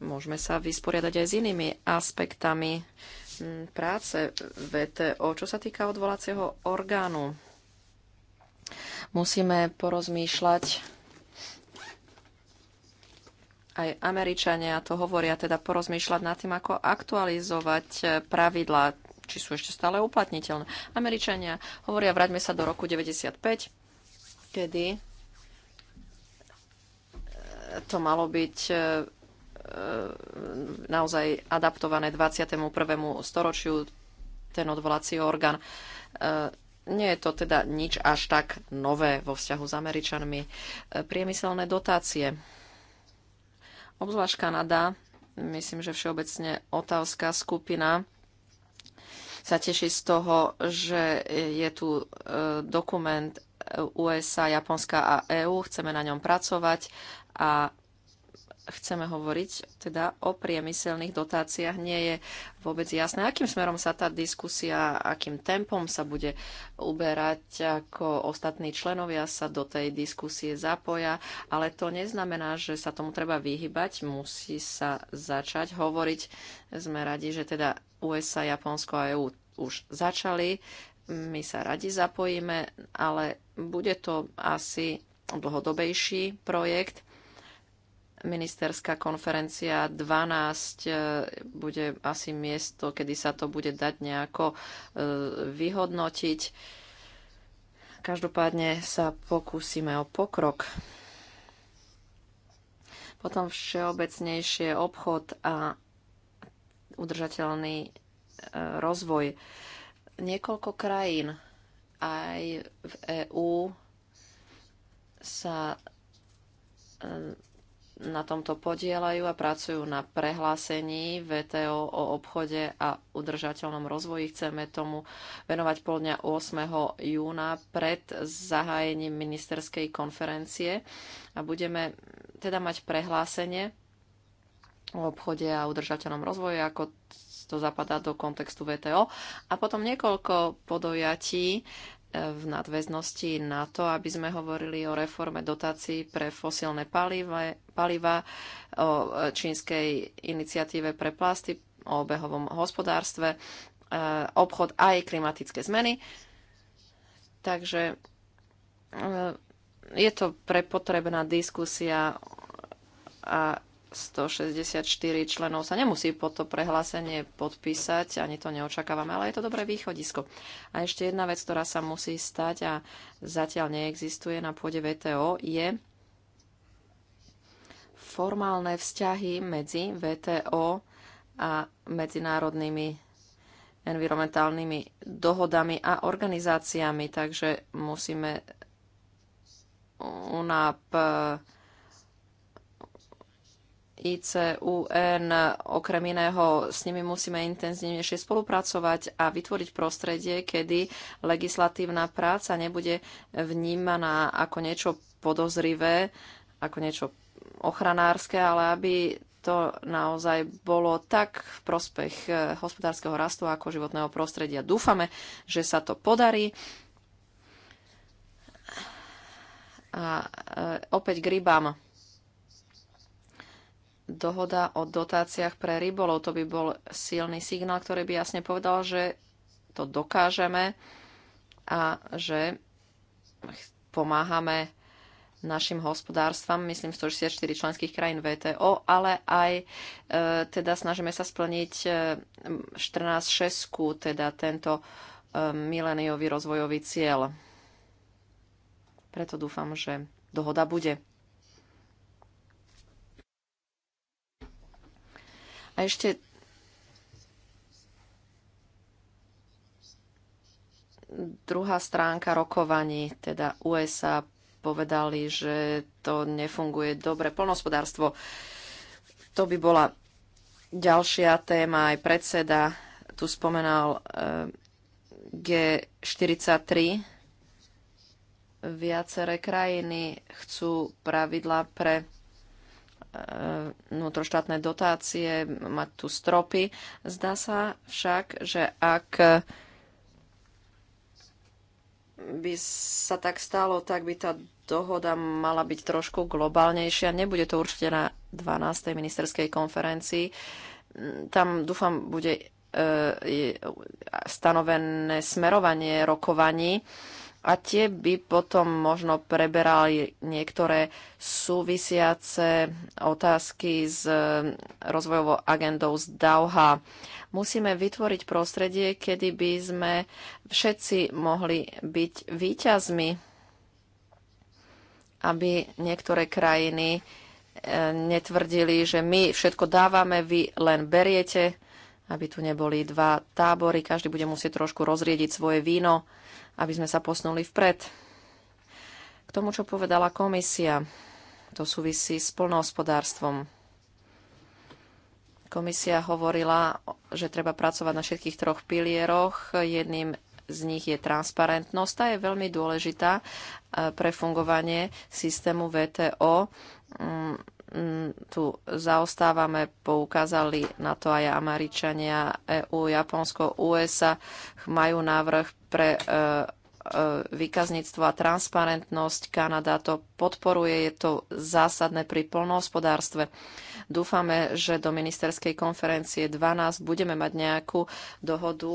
Môžeme sa vysporiadať aj s inými aspektami mm, práce VTO, čo sa týka odvolacieho orgánu. Musíme porozmýšľať aj Američania to hovoria, teda porozmýšľať nad tým, ako aktualizovať eh, pravidlá, či sú ešte stále uplatniteľné. Američania hovoria, vráťme sa do roku 95, kedy eh, to malo byť eh, naozaj adaptované 21. storočiu, ten odvolací orgán. Nie je to teda nič až tak nové vo vzťahu s Američanmi. Priemyselné dotácie obzvlášť Kanada. Myslím, že všeobecne otávská skupina sa teší z toho, že je tu e, dokument e, USA, Japonska a EÚ. Chceme na ňom pracovať a chceme hovoriť, teda o priemyselných dotáciách, nie je vôbec jasné, akým smerom sa tá diskusia, akým tempom sa bude uberať, ako ostatní členovia sa do tej diskusie zapoja, ale to neznamená, že sa tomu treba vyhybať, musí sa začať hovoriť. Sme radi, že teda USA, Japonsko a EU už začali, my sa radi zapojíme, ale bude to asi dlhodobejší projekt ministerská konferencia 12 e, bude asi miesto, kedy sa to bude dať nejako e, vyhodnotiť. Každopádne sa pokúsime o pokrok. Potom všeobecnejšie obchod a udržateľný e, rozvoj. Niekoľko krajín aj v EÚ sa na tomto podielajú a pracujú na prehlásení VTO o obchode a udržateľnom rozvoji. Chceme tomu venovať pol dňa 8. júna pred zahájením ministerskej konferencie a budeme teda mať prehlásenie o obchode a udržateľnom rozvoji, ako to zapadá do kontextu VTO. A potom niekoľko podojatí v nadväznosti na to, aby sme hovorili o reforme dotácií pre fosílne paliva, o čínskej iniciatíve pre plasty, o obehovom hospodárstve, e, obchod a aj klimatické zmeny. Takže e, je to prepotrebná diskusia a 164 členov sa nemusí pod to prehlásenie podpísať, ani to neočakávame, ale je to dobré východisko. A ešte jedna vec, ktorá sa musí stať a zatiaľ neexistuje na pôde VTO, je formálne vzťahy medzi VTO a medzinárodnými environmentálnymi dohodami a organizáciami, takže musíme UNAP ICUN okrem iného s nimi musíme intenzívnejšie spolupracovať a vytvoriť prostredie, kedy legislatívna práca nebude vnímaná ako niečo podozrivé, ako niečo ochranárske, ale aby to naozaj bolo tak v prospech eh, hospodárskeho rastu ako životného prostredia. Dúfame, že sa to podarí. A eh, opäť k rybám dohoda o dotáciách pre rybolov. To by bol silný signál, ktorý by jasne povedal, že to dokážeme a že pomáhame našim hospodárstvam, myslím 164 členských krajín VTO, ale aj e, teda snažíme sa splniť e, 14.6, teda tento e, mileniový rozvojový cieľ. Preto dúfam, že dohoda bude. A ešte druhá stránka rokovaní, teda USA povedali, že to nefunguje dobre. Polnospodárstvo, to by bola ďalšia téma. Aj predseda tu spomenal eh, G43. Viaceré krajiny chcú pravidla pre E, vnútroštátne dotácie, mať tu stropy. Zdá sa však, že ak by sa tak stalo, tak by tá dohoda mala byť trošku globálnejšia. Nebude to určite na 12. ministerskej konferencii. Tam, dúfam, bude e, stanovené smerovanie rokovaní a tie by potom možno preberali niektoré súvisiace otázky s e, rozvojovou agendou z Dauha. Musíme vytvoriť prostredie, kedy by sme všetci mohli byť výťazmi, aby niektoré krajiny e, netvrdili, že my všetko dávame, vy len beriete aby tu neboli dva tábory, každý bude musieť trošku rozriediť svoje víno, aby sme sa posunuli vpred. K tomu, čo povedala komisia, to súvisí s plnohospodárstvom. Komisia hovorila, že treba pracovať na všetkých troch pilieroch. Jedným z nich je transparentnosť. Tá je veľmi dôležitá eh, pre fungovanie systému VTO mm, Mm, tu zaostávame, poukázali na to aj Američania, EU, Japonsko, USA majú návrh pre e, e, výkazníctvo a transparentnosť. Kanada to podporuje, je to zásadné pri plnohospodárstve. Dúfame, že do ministerskej konferencie 12 budeme mať nejakú dohodu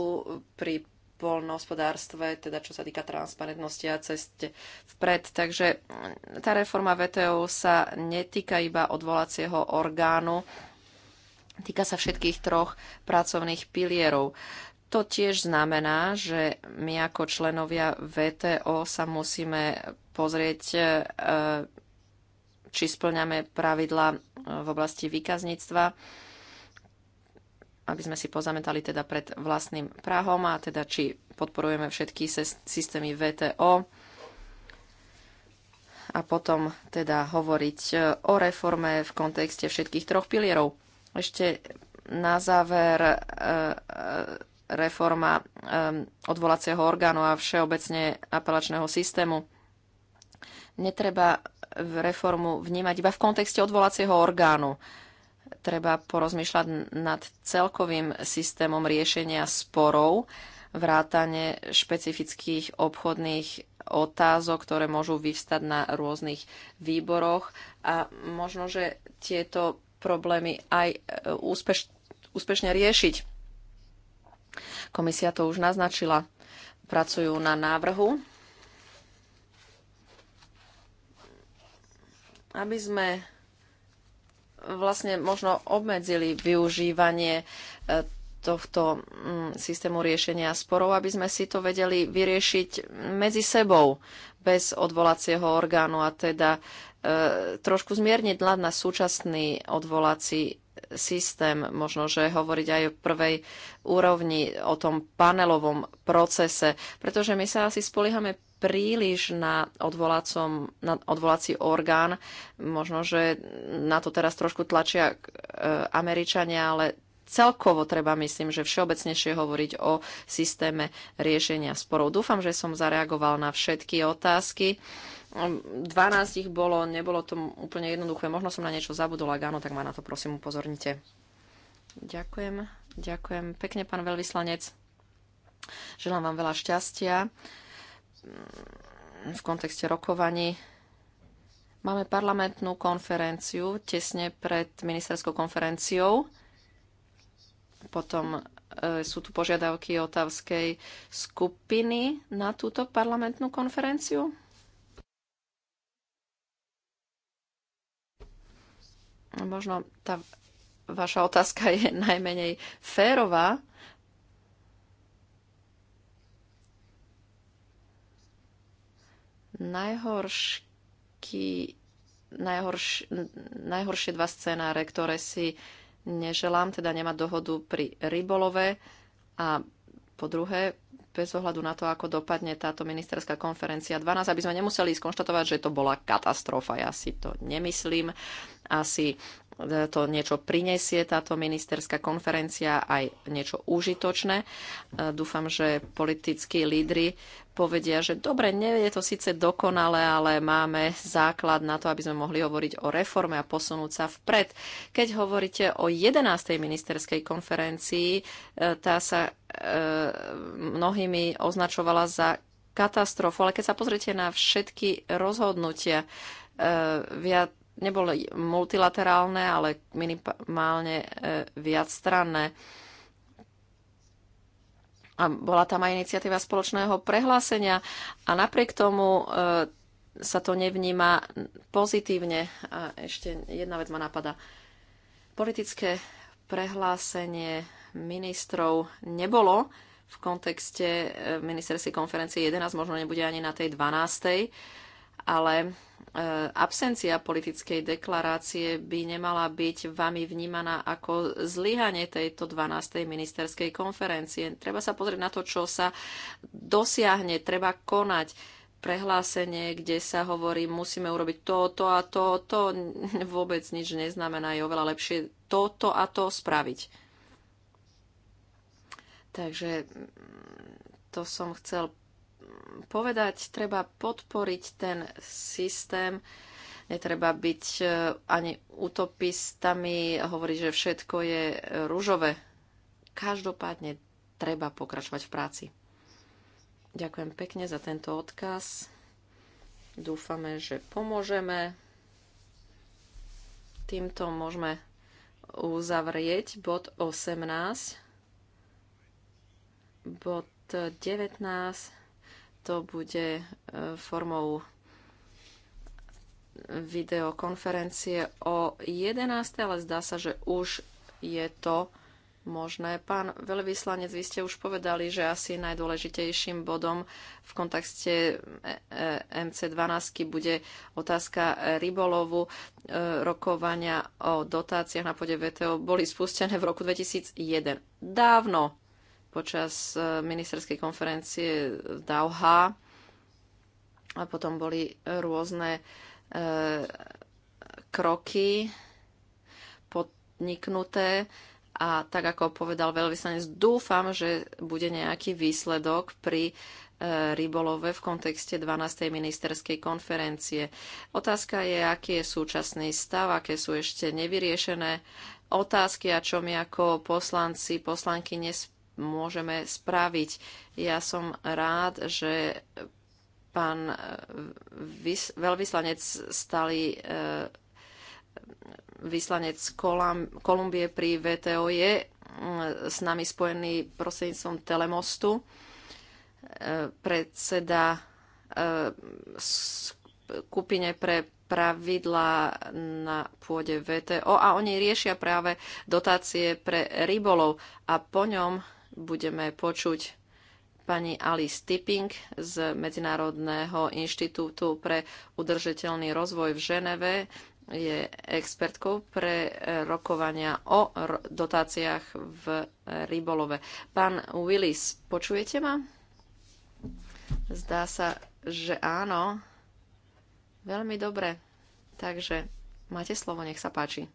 pri polnohospodárstve, teda čo sa týka transparentnosti a ceste vpred. Takže tá reforma VTO sa netýka iba odvolacieho orgánu, týka sa všetkých troch pracovných pilierov. To tiež znamená, že my ako členovia VTO sa musíme pozrieť, e, či splňame pravidla v oblasti výkazníctva, aby sme si pozametali teda pred vlastným prahom a teda či podporujeme všetky systémy VTO a potom teda hovoriť e, o reforme v kontexte všetkých troch pilierov. Ešte na záver e, e, reforma odvolacieho orgánu a všeobecne apelačného systému. Netreba reformu vnímať iba v kontexte odvolacieho orgánu treba porozmýšľať nad celkovým systémom riešenia sporov, vrátane špecifických obchodných otázok, ktoré môžu vyvstať na rôznych výboroch a možno, že tieto problémy aj e, úspeš, úspešne riešiť. Komisia to už naznačila. Pracujú na návrhu, aby sme vlastne možno obmedzili využívanie e, tohto mm, systému riešenia sporov, aby sme si to vedeli vyriešiť medzi sebou bez odvolacieho orgánu a teda e, trošku zmierniť tlak na súčasný odvolací systém, možno, že hovoriť aj o prvej úrovni, o tom panelovom procese, pretože my sa asi spolíhame príliš na, odvolacom, na odvolací orgán. Možno, že na to teraz trošku tlačia e, Američania, ale celkovo treba, myslím, že všeobecnejšie hovoriť o systéme riešenia sporov. Dúfam, že som zareagoval na všetky otázky. 12 ich bolo, nebolo to úplne jednoduché. Možno som na niečo zabudol, ak áno, tak ma na to prosím upozornite. Ďakujem, ďakujem pekne, pán veľvyslanec. Želám vám veľa šťastia Mm, v kontexte rokovaní. Máme parlamentnú konferenciu tesne pred ministerskou konferenciou. Potom e, sú tu požiadavky otávskej skupiny na túto parlamentnú konferenciu. Možno tá vaša otázka je najmenej férová, najhorší, najhorš, najhoršie dva scenáre, ktoré si neželám, teda nemať dohodu pri rybolove a po druhé, bez ohľadu na to, ako dopadne táto ministerská konferencia 12, aby sme nemuseli skonštatovať, že to bola katastrofa. Ja si to nemyslím. Asi E, to niečo prinesie táto ministerská konferencia, aj niečo užitočné. E, dúfam, že politickí lídry povedia, že dobre, nie je to síce dokonalé, ale máme základ na to, aby sme mohli hovoriť o reforme a posunúť sa vpred. Keď hovoríte o 11. ministerskej konferencii, e, tá sa e, mnohými označovala za katastrofu, ale keď sa pozriete na všetky rozhodnutia, viac neboli multilaterálne, ale minimálne e, viacstranné. A bola tam aj iniciatíva spoločného prehlásenia a napriek tomu e, sa to nevníma pozitívne. A ešte jedna vec ma napadá. Politické prehlásenie ministrov nebolo v kontekste e, ministerskej konferencie 11, možno nebude ani na tej 12 ale e, absencia politickej deklarácie by nemala byť vami vnímaná ako zlyhanie tejto 12. ministerskej konferencie. Treba sa pozrieť na to, čo sa dosiahne, treba konať prehlásenie, kde sa hovorí, musíme urobiť to, to a to, to vôbec nič neznamená, je oveľa lepšie toto a to spraviť. Takže mm, to som chcel povedať, treba podporiť ten systém, netreba byť e, ani utopistami, hovoriť, že všetko je rúžové. Každopádne treba pokračovať v práci. Ďakujem pekne za tento odkaz. Dúfame, že pomôžeme. Týmto môžeme uzavrieť bod 18, bod 19 to bude e, formou videokonferencie o 11. ale zdá sa, že už je to možné. Pán veľvyslanec, vy ste už povedali, že asi najdôležitejším bodom v kontakte e, e, MC12 bude otázka rybolovu. Rokovania o dotáciách na pôde VTO boli spustené v roku 2001. Dávno počas e, ministerskej konferencie v Dauha. A potom boli rôzne e, kroky podniknuté a tak ako povedal veľvyslanec, dúfam, že bude nejaký výsledok pri e, rybolove v kontexte 12. ministerskej konferencie. Otázka je, aký je súčasný stav, aké sú ešte nevyriešené otázky a čo my ako poslanci, poslanky nesp- môžeme spraviť. Ja som rád, že pán eh, vys- veľvyslanec stali eh, vyslanec Kolumbie pri VTO je eh, s nami spojený prostredníctvom telemostu. Predseda skupine pre pravidla na pôde VTO a oni riešia práve dotácie pre rybolov a po ňom budeme počuť pani Alice Tipping z Medzinárodného inštitútu pre udržateľný rozvoj v Ženeve. Je expertkou pre rokovania o dotáciách v rybolove. Pán Willis, počujete ma? Zdá sa, že áno. Veľmi dobre. Takže máte slovo, nech sa páči.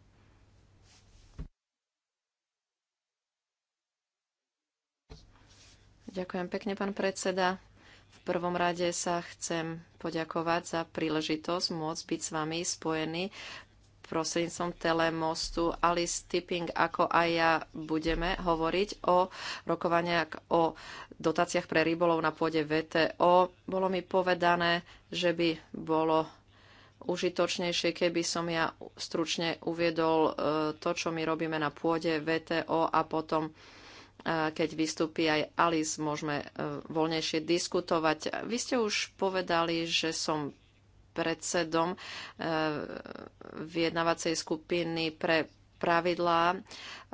Ďakujem pekne, pán predseda. V prvom rade sa chcem poďakovať za príležitosť môcť byť s vami spojený prostredníctvom telemostu Alice Tipping, ako aj ja budeme hovoriť o rokovaniach o dotáciách pre rybolov na pôde VTO. Bolo mi povedané, že by bolo užitočnejšie, keby som ja stručne uviedol e, to, čo my robíme na pôde VTO a potom keď vystúpi aj Alice, môžeme e, voľnejšie diskutovať. Vy ste už povedali, že som predsedom e, vyjednávacej skupiny pre pravidlá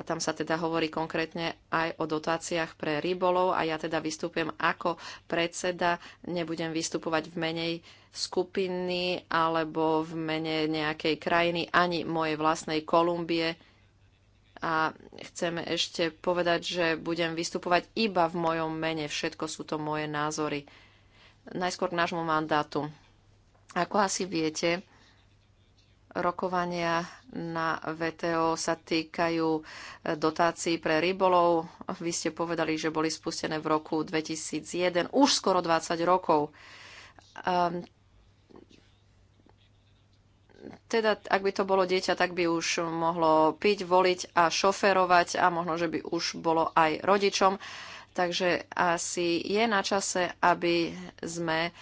a tam sa teda hovorí konkrétne aj o dotáciách pre rybolov a ja teda vystupujem ako predseda, nebudem vystupovať v menej skupiny alebo v mene nejakej krajiny ani mojej vlastnej Kolumbie a chcem ešte povedať, že budem vystupovať iba v mojom mene. Všetko sú to moje názory. Najskôr k nášmu mandátu. Ako asi viete, rokovania na VTO sa týkajú eh, dotácií pre rybolov. Vy ste povedali, že boli spustené v roku 2001, už skoro 20 rokov. Ehm, teda ak by to bolo dieťa, tak by už mohlo piť, voliť a šoferovať a možno, že by už bolo aj rodičom. Takže asi je na čase, aby sme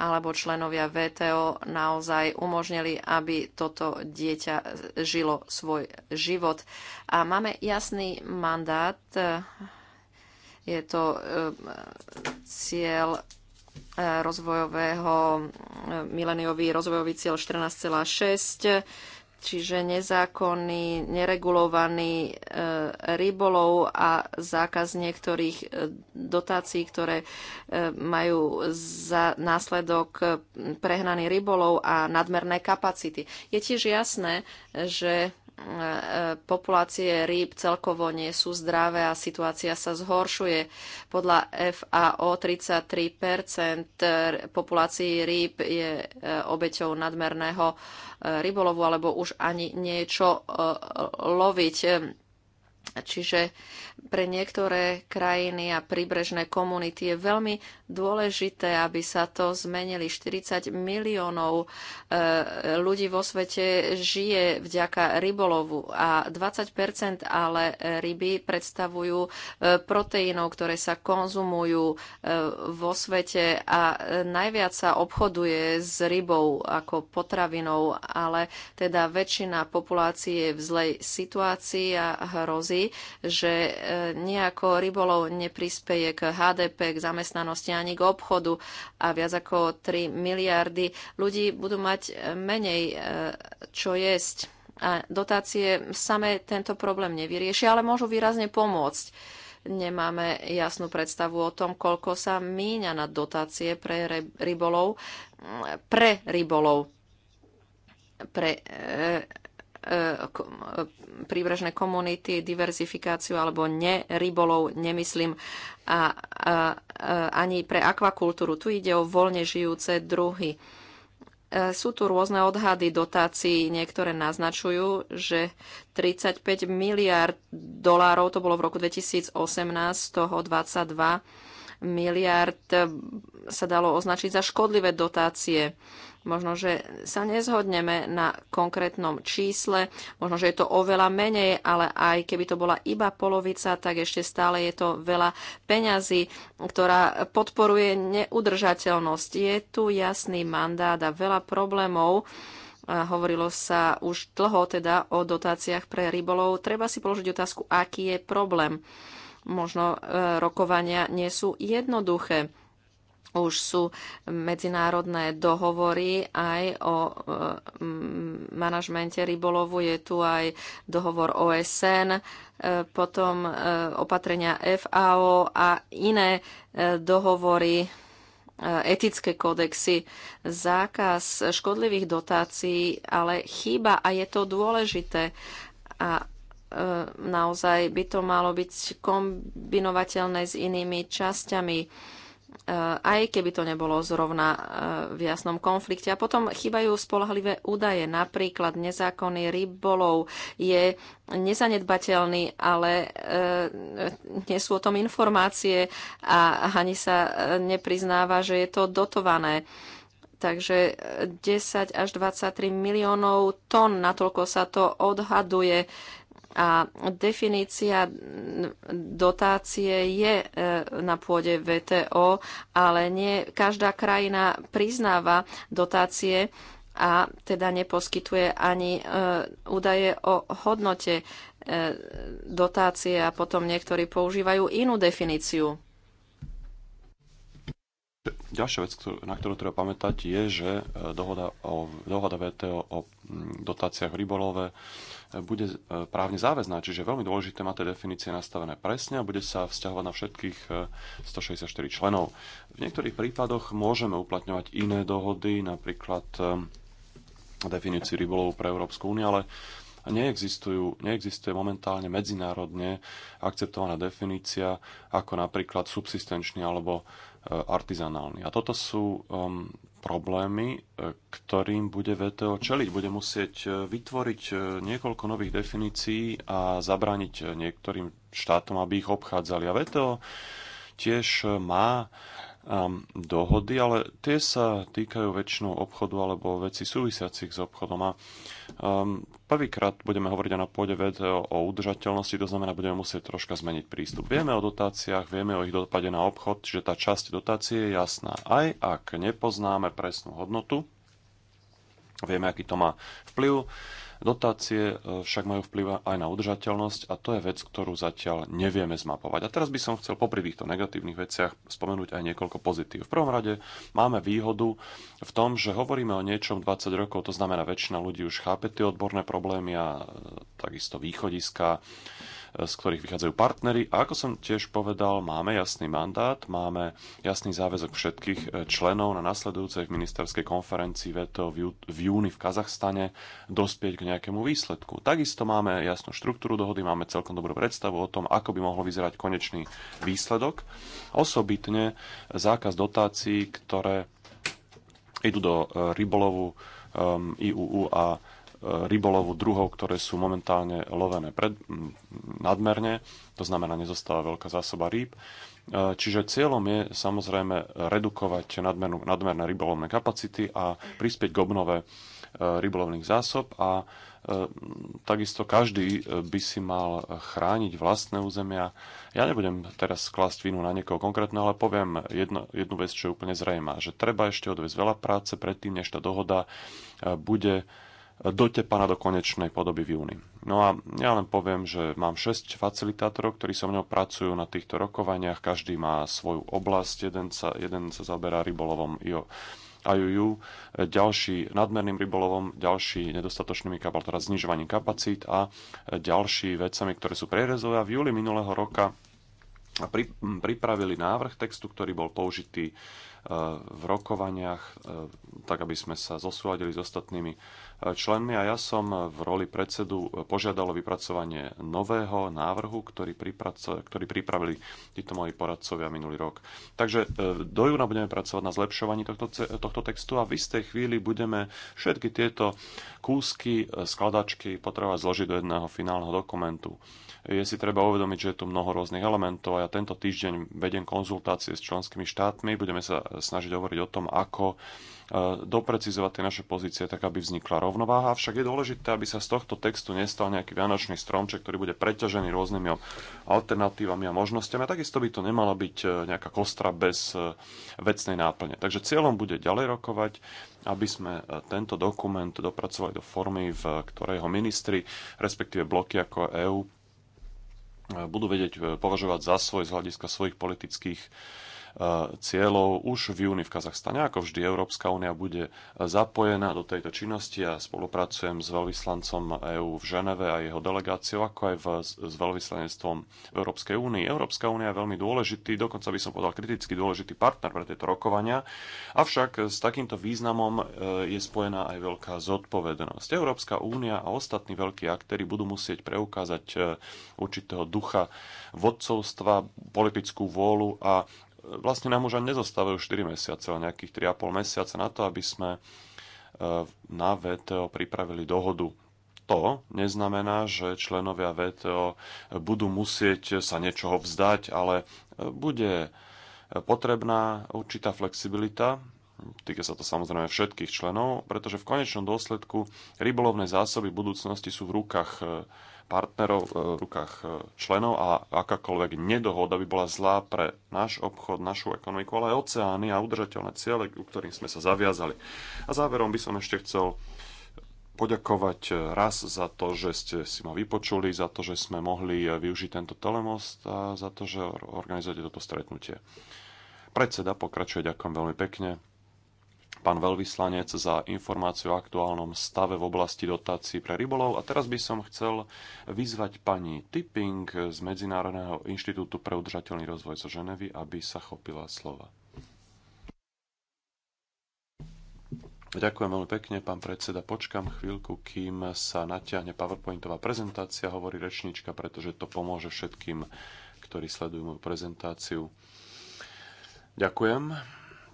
alebo členovia VTO naozaj umožnili, aby toto dieťa žilo svoj život. A máme jasný mandát. Je to eh, cieľ rozvojového, e, mileniový rozvojový cieľ 14,6, čiže nezákonný, neregulovaný e, rybolov a zákaz niektorých e, dotácií, ktoré majú za následok prehnaný rybolov a nadmerné kapacity. Je tiež jasné, že E, populácie rýb celkovo nie sú zdravé a situácia sa zhoršuje. Podľa FAO 33 e, populácií rýb je e, obeťou nadmerného rybolovu alebo už ani niečo loviť. Čiže pre niektoré krajiny a príbrežné komunity je veľmi dôležité, aby sa to zmenili. 40 miliónov e, ľudí vo svete žije vďaka rybolovu a 20 ale ryby predstavujú e, proteínov, ktoré sa konzumujú e, vo svete a najviac sa obchoduje s rybou ako potravinou, ale teda väčšina populácie je v zlej situácii a hrozí, že nejako rybolov neprispeje k HDP, k zamestnanosti ani k obchodu a viac ako 3 miliardy ľudí budú mať e, menej e, čo jesť. A dotácie same tento problém nevyriešia, ale môžu výrazne pomôcť nemáme jasnú predstavu o tom, koľko sa míňa na dotácie pre rybolov, pre rybolov, pre e, E, e, príbrežné komunity, diverzifikáciu alebo ne rybolov nemyslím a, a, e, ani pre akvakultúru. Tu ide o voľne žijúce druhy. Sú tu rôzne odhady dotácií, niektoré naznačujú, že 35 miliard dolárov, to bolo v roku 2018, z toho 22 miliard sa dalo označiť za škodlivé dotácie. Možno, že sa nezhodneme na konkrétnom čísle, možno, že je to oveľa menej, ale aj keby to bola iba polovica, tak ešte stále je to veľa peňazí, ktorá podporuje neudržateľnosť. Je tu jasný mandát a veľa problémov. Hovorilo sa už dlho teda o dotáciách pre rybolov. Treba si položiť otázku, aký je problém. Možno e, rokovania nie sú jednoduché už sú medzinárodné dohovory aj o e, manažmente rybolovu, je tu aj dohovor OSN, e, potom e, opatrenia FAO a iné dohovory, etické kódexy, zákaz škodlivých dotácií, ale chýba a je to dôležité. A naozaj by to malo byť kombinovateľné s inými časťami Eh, aj keby to nebolo zrovna eh, v jasnom konflikte. A potom chýbajú spolahlivé údaje. Napríklad nezákonný rybolov je nezanedbateľný, ale eh, nie sú o tom informácie a ani sa nepriznáva, že je to dotované. Takže 10 až 23 miliónov tón, natoľko sa to odhaduje a definícia dotácie je e, na pôde VTO, ale nie každá krajina priznáva dotácie a teda neposkytuje ani e, údaje o hodnote e, dotácie a potom niektorí používajú inú definíciu. Ďalšia vec, na ktorú treba pamätať, je, že dohoda, o, dohoda VTO o mm, dotáciách v rybolove bude e, právne záväzná, čiže veľmi dôležité má tie definície nastavené presne a bude sa vzťahovať na všetkých 164 e, členov. V niektorých prípadoch môžeme uplatňovať iné dohody, napríklad e, definíciu rybolovu pre Európsku úniu, ale neexistujú, neexistuje momentálne medzinárodne akceptovaná definícia, ako napríklad subsistenčný alebo artizanálny. A toto sú um, problémy, e, ktorým bude VTO čeliť. Bude musieť e, vytvoriť e, niekoľko nových definícií a zabrániť niektorým štátom, aby ich obchádzali. A VTO tiež má um, dohody, ale tie sa týkajú väčšinou obchodu alebo veci súvisiacich s obchodom. A um, prvýkrát budeme hovoriť na pôde VD o udržateľnosti, to znamená, budeme musieť troška zmeniť prístup. Vieme o dotáciách, vieme o ich dopade na obchod, čiže tá časť dotácie je jasná. Aj ak nepoznáme presnú hodnotu, vieme, aký to má vplyv, Dotácie e, však majú vplyv aj na udržateľnosť a to je vec, ktorú zatiaľ nevieme zmapovať. A teraz by som chcel popri týchto negatívnych veciach spomenúť aj niekoľko pozitív. V prvom rade máme výhodu v tom, že hovoríme o niečom 20 rokov, to znamená väčšina ľudí už chápe tie odborné problémy a e, takisto východiska z ktorých vychádzajú partnery. A ako som tiež povedal, máme jasný mandát, máme jasný záväzok všetkých eh, členov na nasledujúcej ministerskej konferencii VETO v júni v Kazachstane dospieť k nejakému výsledku. Takisto máme jasnú štruktúru dohody, máme celkom dobrú predstavu o tom, ako by mohol vyzerať konečný výsledok. Osobitne zákaz dotácií, ktoré idú do eh, rybolovu ehm, IUU a rybolovu druhov, ktoré sú momentálne lovené pred, nadmerne, to znamená, nezostáva veľká zásoba rýb. E, čiže cieľom je samozrejme redukovať nadmernú, nadmerné rybolovné kapacity a prispieť k obnove e, rybolovných zásob a e, takisto každý by si mal chrániť vlastné územia. Ja nebudem teraz klásť vinu na niekoho konkrétne, ale poviem jedno, jednu vec, čo je úplne zrejmá, že treba ešte odviesť veľa práce predtým, než tá dohoda bude dotepaná do konečnej podoby v júni. No a ja len poviem, že mám 6 facilitátorov, ktorí so mnou pracujú na týchto rokovaniach. Každý má svoju oblasť. Jeden sa, jeden sa zaberá rybolovom IO, IUU, ďalší nadmerným rybolovom, ďalší nedostatočnými kapal, teda znižovaním kapacít a ďalší vecami, ktoré sú prierezové. A v júli minulého roka pripravili návrh textu, ktorý bol použitý E, v rokovaniach, e, tak aby sme sa zosúladili s ostatnými e, členmi. A ja som v roli predsedu požiadal o vypracovanie nového návrhu, ktorý, ktorý pripravili títo moji poradcovia minulý rok. Takže do júna budeme pracovať na zlepšovaní tohto, tohto textu a v istej chvíli budeme všetky tieto kúsky, skladačky potrebovať zložiť do jedného finálneho dokumentu je si treba uvedomiť, že je tu mnoho rôznych elementov a ja tento týždeň vedem konzultácie s členskými štátmi. Budeme sa snažiť hovoriť o tom, ako e, doprecizovať tie naše pozície tak, aby vznikla rovnováha. Avšak je dôležité, aby sa z tohto textu nestal nejaký vianočný stromček, ktorý bude preťažený rôznymi alternatívami a možnosťami. A takisto by to nemala byť e, nejaká kostra bez e, vecnej náplne. Takže cieľom bude ďalej rokovať, aby sme tento dokument dopracovali do formy, v ktorej ho ministri, respektíve bloky ako EÚ budú vedieť e, považovať za svoj z hľadiska svojich politických cieľov už v júni v Kazachstane. Ako vždy, Európska únia bude zapojená do tejto činnosti a ja spolupracujem s veľvyslancom EÚ v Ženeve a jeho delegáciou, ako aj v, s veľvyslanectvom Európskej únie. Európska únia je veľmi dôležitý, dokonca by som povedal kriticky dôležitý partner pre tieto rokovania, avšak s takýmto významom e, je spojená aj veľká zodpovednosť. Európska únia a ostatní veľkí aktéry budú musieť preukázať e, určitého ducha vodcovstva, politickú vôľu a vlastne nám už ani nezostávajú 4 mesiace, ale nejakých 3,5 mesiaca na to, aby sme eh, na VTO pripravili dohodu. To neznamená, že členovia VTO budú musieť sa niečoho vzdať, ale eh, bude eh, potrebná určitá flexibilita, týka sa to samozrejme všetkých členov, pretože v konečnom dôsledku rybolovné zásoby budúcnosti sú v rukách partnerov, e, v rukách e, členov a akákoľvek nedohoda by bola zlá pre náš obchod, našu ekonomiku, ale aj oceány a udržateľné ciele, u ktorých sme sa zaviazali. A záverom by som ešte chcel poďakovať e, raz za to, že ste si ma vypočuli, za to, že sme mohli využiť tento telemost a za to, že organizujete toto stretnutie. Predseda pokračuje, ďakujem veľmi pekne pán veľvyslanec, za informáciu o aktuálnom stave v oblasti dotácií pre rybolov. A teraz by som chcel vyzvať pani Tipping z Medzinárodného inštitútu pre udržateľný rozvoj zo Ženevy, aby sa chopila slova. Ďakujem veľmi pekne, pán predseda. Počkam chvíľku, kým sa natiahne PowerPointová prezentácia, hovorí rečnička, pretože to pomôže všetkým, ktorí sledujú moju prezentáciu. Ďakujem.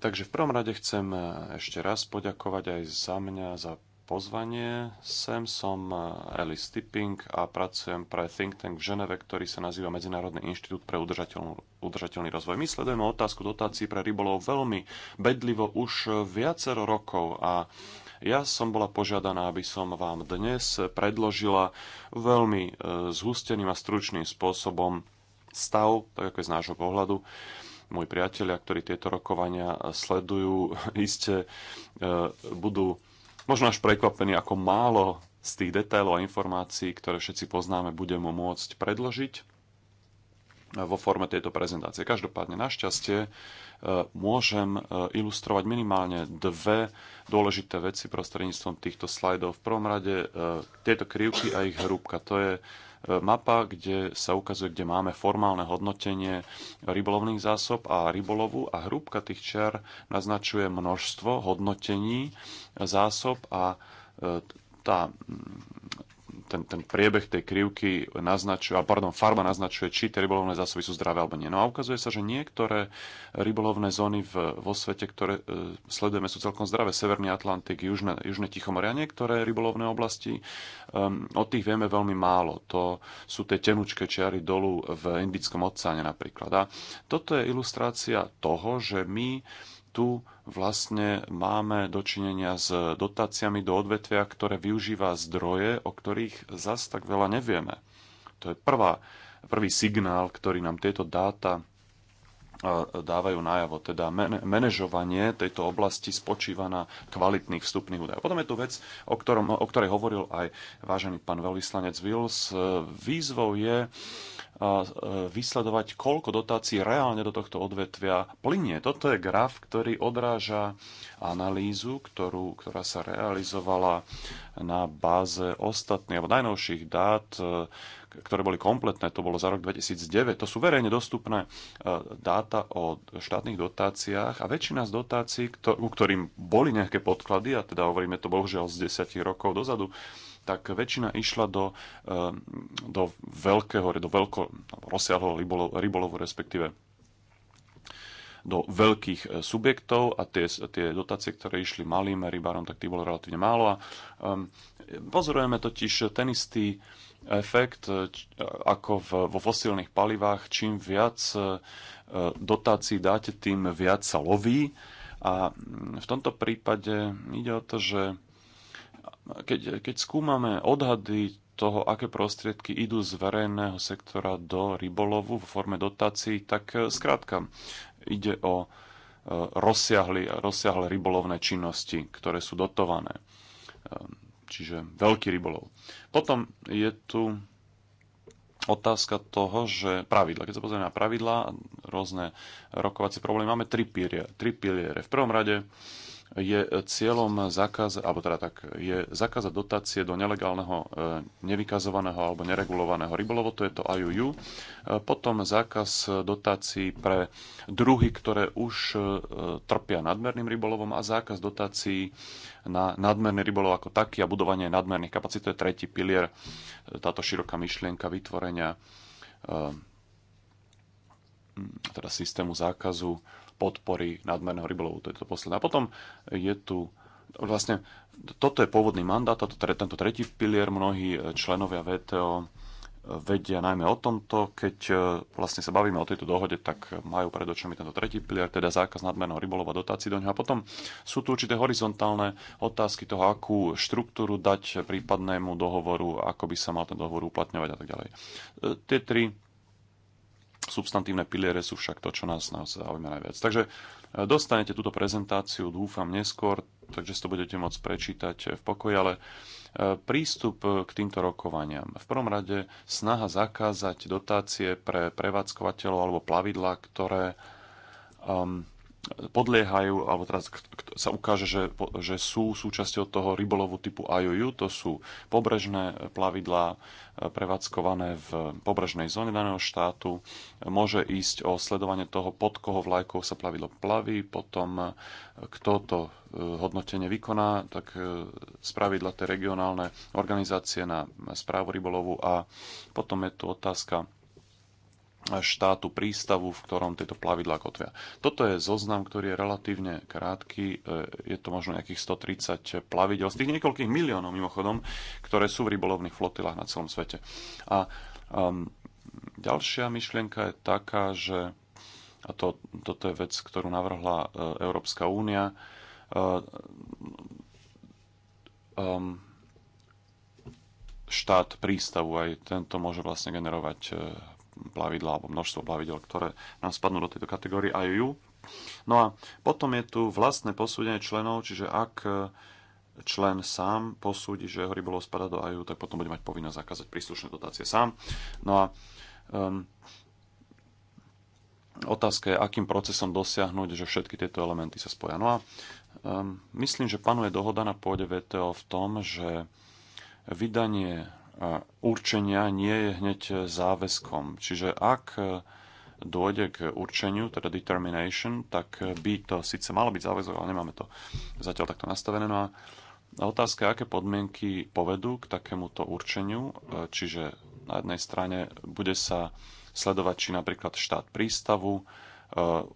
Takže v prvom rade chcem e, ešte raz poďakovať aj za mňa za pozvanie. Sem som e, Alice Tipping a pracujem pre think tank v Ženeve, ktorý sa nazýva Medzinárodný inštitút pre udržateľnú, udržateľný rozvoj. My sledujeme otázku dotácií pre rybolov veľmi bedlivo už viacero rokov a ja som bola požiadaná, aby som vám dnes predložila veľmi e, zhusteným a stručným spôsobom stav, tak ako je z nášho pohľadu, moji priatelia, ktorí tieto rokovania sledujú, iste e, budú možno až prekvapení, ako málo z tých detailov a informácií, ktoré všetci poznáme, budem môcť predložiť vo forme tejto prezentácie. Každopádne, našťastie, e, môžem e, ilustrovať minimálne dve dôležité veci prostredníctvom týchto slajdov. V prvom rade tieto krivky a ich hrúbka. To je E, mapa, kde sa ukazuje, kde máme formálne hodnotenie rybolovných zásob a rybolovu a hrúbka tých čiar naznačuje množstvo hodnotení zásob a e, tá ten, ten priebeh tej krivky naznačuje, ale pardon, farba naznačuje, či tie rybolovné zásoby sú zdravé alebo nie. No a ukazuje sa, že niektoré rybolovné zóny v, vo svete, ktoré e, sledujeme, sú celkom zdravé. Severný Atlantik, Južné, Južné Tichomoria, niektoré rybolovné oblasti, e, o tých vieme veľmi málo. To sú tie tenučké čiary dolu v Indickom oceáne napríklad. A toto je ilustrácia toho, že my tu vlastne máme dočinenia s dotáciami do odvetvia, ktoré využíva zdroje, o ktorých zas tak veľa nevieme. To je prvá, prvý signál, ktorý nám tieto dáta dávajú najavo. Teda manažovanie tejto oblasti spočíva na kvalitných vstupných údajov. Potom je tu vec, o, ktorom, o ktorej hovoril aj vážený pán veľvyslanec Wills. Výzvou je E, vysledovať, koľko dotácií reálne do tohto odvetvia plinie. Toto je graf, ktorý odráža analýzu, ktorú, ktorá sa realizovala na báze ostatných alebo najnovších dát, e, ktoré boli kompletné, to bolo za rok 2009. To sú verejne dostupné e, dáta o štátnych dotáciách a väčšina z dotácií, u ktorým boli nejaké podklady, a teda hovoríme to bohužiaľ z 10 rokov dozadu, tak väčšina išla do, eh, do veľkého, do veľko, rozsiahlo rybolovu, respektíve do veľkých eh, subjektov a tie, tie dotácie, ktoré išli malým rybárom, tak tých bolo relatívne málo. A um, pozorujeme totiž ten istý efekt ako v, vo fosílnych palivách. Čím viac dotácií dáte, tým viac sa loví. A hm, v tomto prípade ide o to, že keď, keď skúmame odhady toho, aké prostriedky idú z verejného sektora do rybolovu v forme dotácií, tak e, skrátka ide o e, rozsiahly, rozsiahle rybolovné činnosti, ktoré sú dotované. E, čiže veľký rybolov. Potom je tu otázka toho, že pravidla, keď sa pozrieme na pravidla, rôzne rokovacie problémy, máme tri piliere. Tri piliere. V prvom rade je cieľom zakázať, alebo teda tak, je zakázať dotácie do nelegálneho, e, nevykazovaného alebo neregulovaného rybolovu, to je to IUU. E, potom zákaz dotácií pre druhy, ktoré už e, trpia nadmerným rybolovom a zákaz dotácií na nadmerný rybolov ako taký a budovanie nadmerných kapacít, to je tretí pilier, táto široká myšlienka vytvorenia teda systému zákazu podpory nadmerného rybolovu. To je to posledné. A potom je tu vlastne, toto je pôvodný mandát, toto, tento tretí pilier, mnohí členovia VTO vedia najmä o tomto. Keď e, vlastne sa bavíme o tejto dohode, tak majú pred očami tento tretí pilier, teda zákaz nadmerného rybolova dotácií do ňa. A potom sú tu určité horizontálne otázky toho, akú štruktúru dať prípadnému dohovoru, ako by sa mal ten dohovor uplatňovať a tak ďalej. E, tie tri substantívne piliere sú však to, čo nás, nás zaujíma najviac. Takže e, dostanete túto prezentáciu, dúfam, neskôr, takže si to budete môcť prečítať v pokoji, ale e, prístup k týmto rokovaniam. V prvom rade snaha zakázať dotácie pre prevádzkovateľov alebo plavidla, ktoré um, podliehajú, alebo teraz sa ukáže, že, že sú súčasťou toho rybolovu typu IOU, to sú pobrežné plavidlá e, prevádzkované v pobrežnej zóne daného štátu. Môže ísť o sledovanie toho, pod koho vlajkou sa plavidlo plaví, potom e, kto to e, hodnotenie vykoná, tak spravidla tie regionálne organizácie na správu rybolovu a potom je tu otázka štátu prístavu, v ktorom tieto plavidla kotvia. Toto je zoznam, ktorý je relatívne krátky. E, je to možno nejakých 130 plavidel, z tých niekoľkých miliónov mimochodom, ktoré sú v rybolovných flotilách na celom svete. A um, ďalšia myšlienka je taká, že a to, toto je vec, ktorú navrhla e, Európska únia, e, um, štát prístavu, aj tento môže vlastne generovať plavidla alebo množstvo plavidel, ktoré nám spadnú do tejto kategórie aj ju. No a potom je tu vlastné posúdenie členov, čiže ak e, člen sám posúdi, že jeho rybolov spada do IU, tak potom bude mať povinnosť zakázať príslušné dotácie sám. No a um, otázka je, akým procesom dosiahnuť, že všetky tieto elementy sa spoja. No a um, myslím, že panuje dohoda na pôde VTO v tom, že vydanie určenia nie je hneď záväzkom. Čiže ak dôjde k určeniu, teda determination, tak by to síce malo byť záväzok, ale nemáme to zatiaľ takto nastavené. No a otázka aké podmienky povedú k takémuto určeniu, čiže na jednej strane bude sa sledovať, či napríklad štát prístavu e,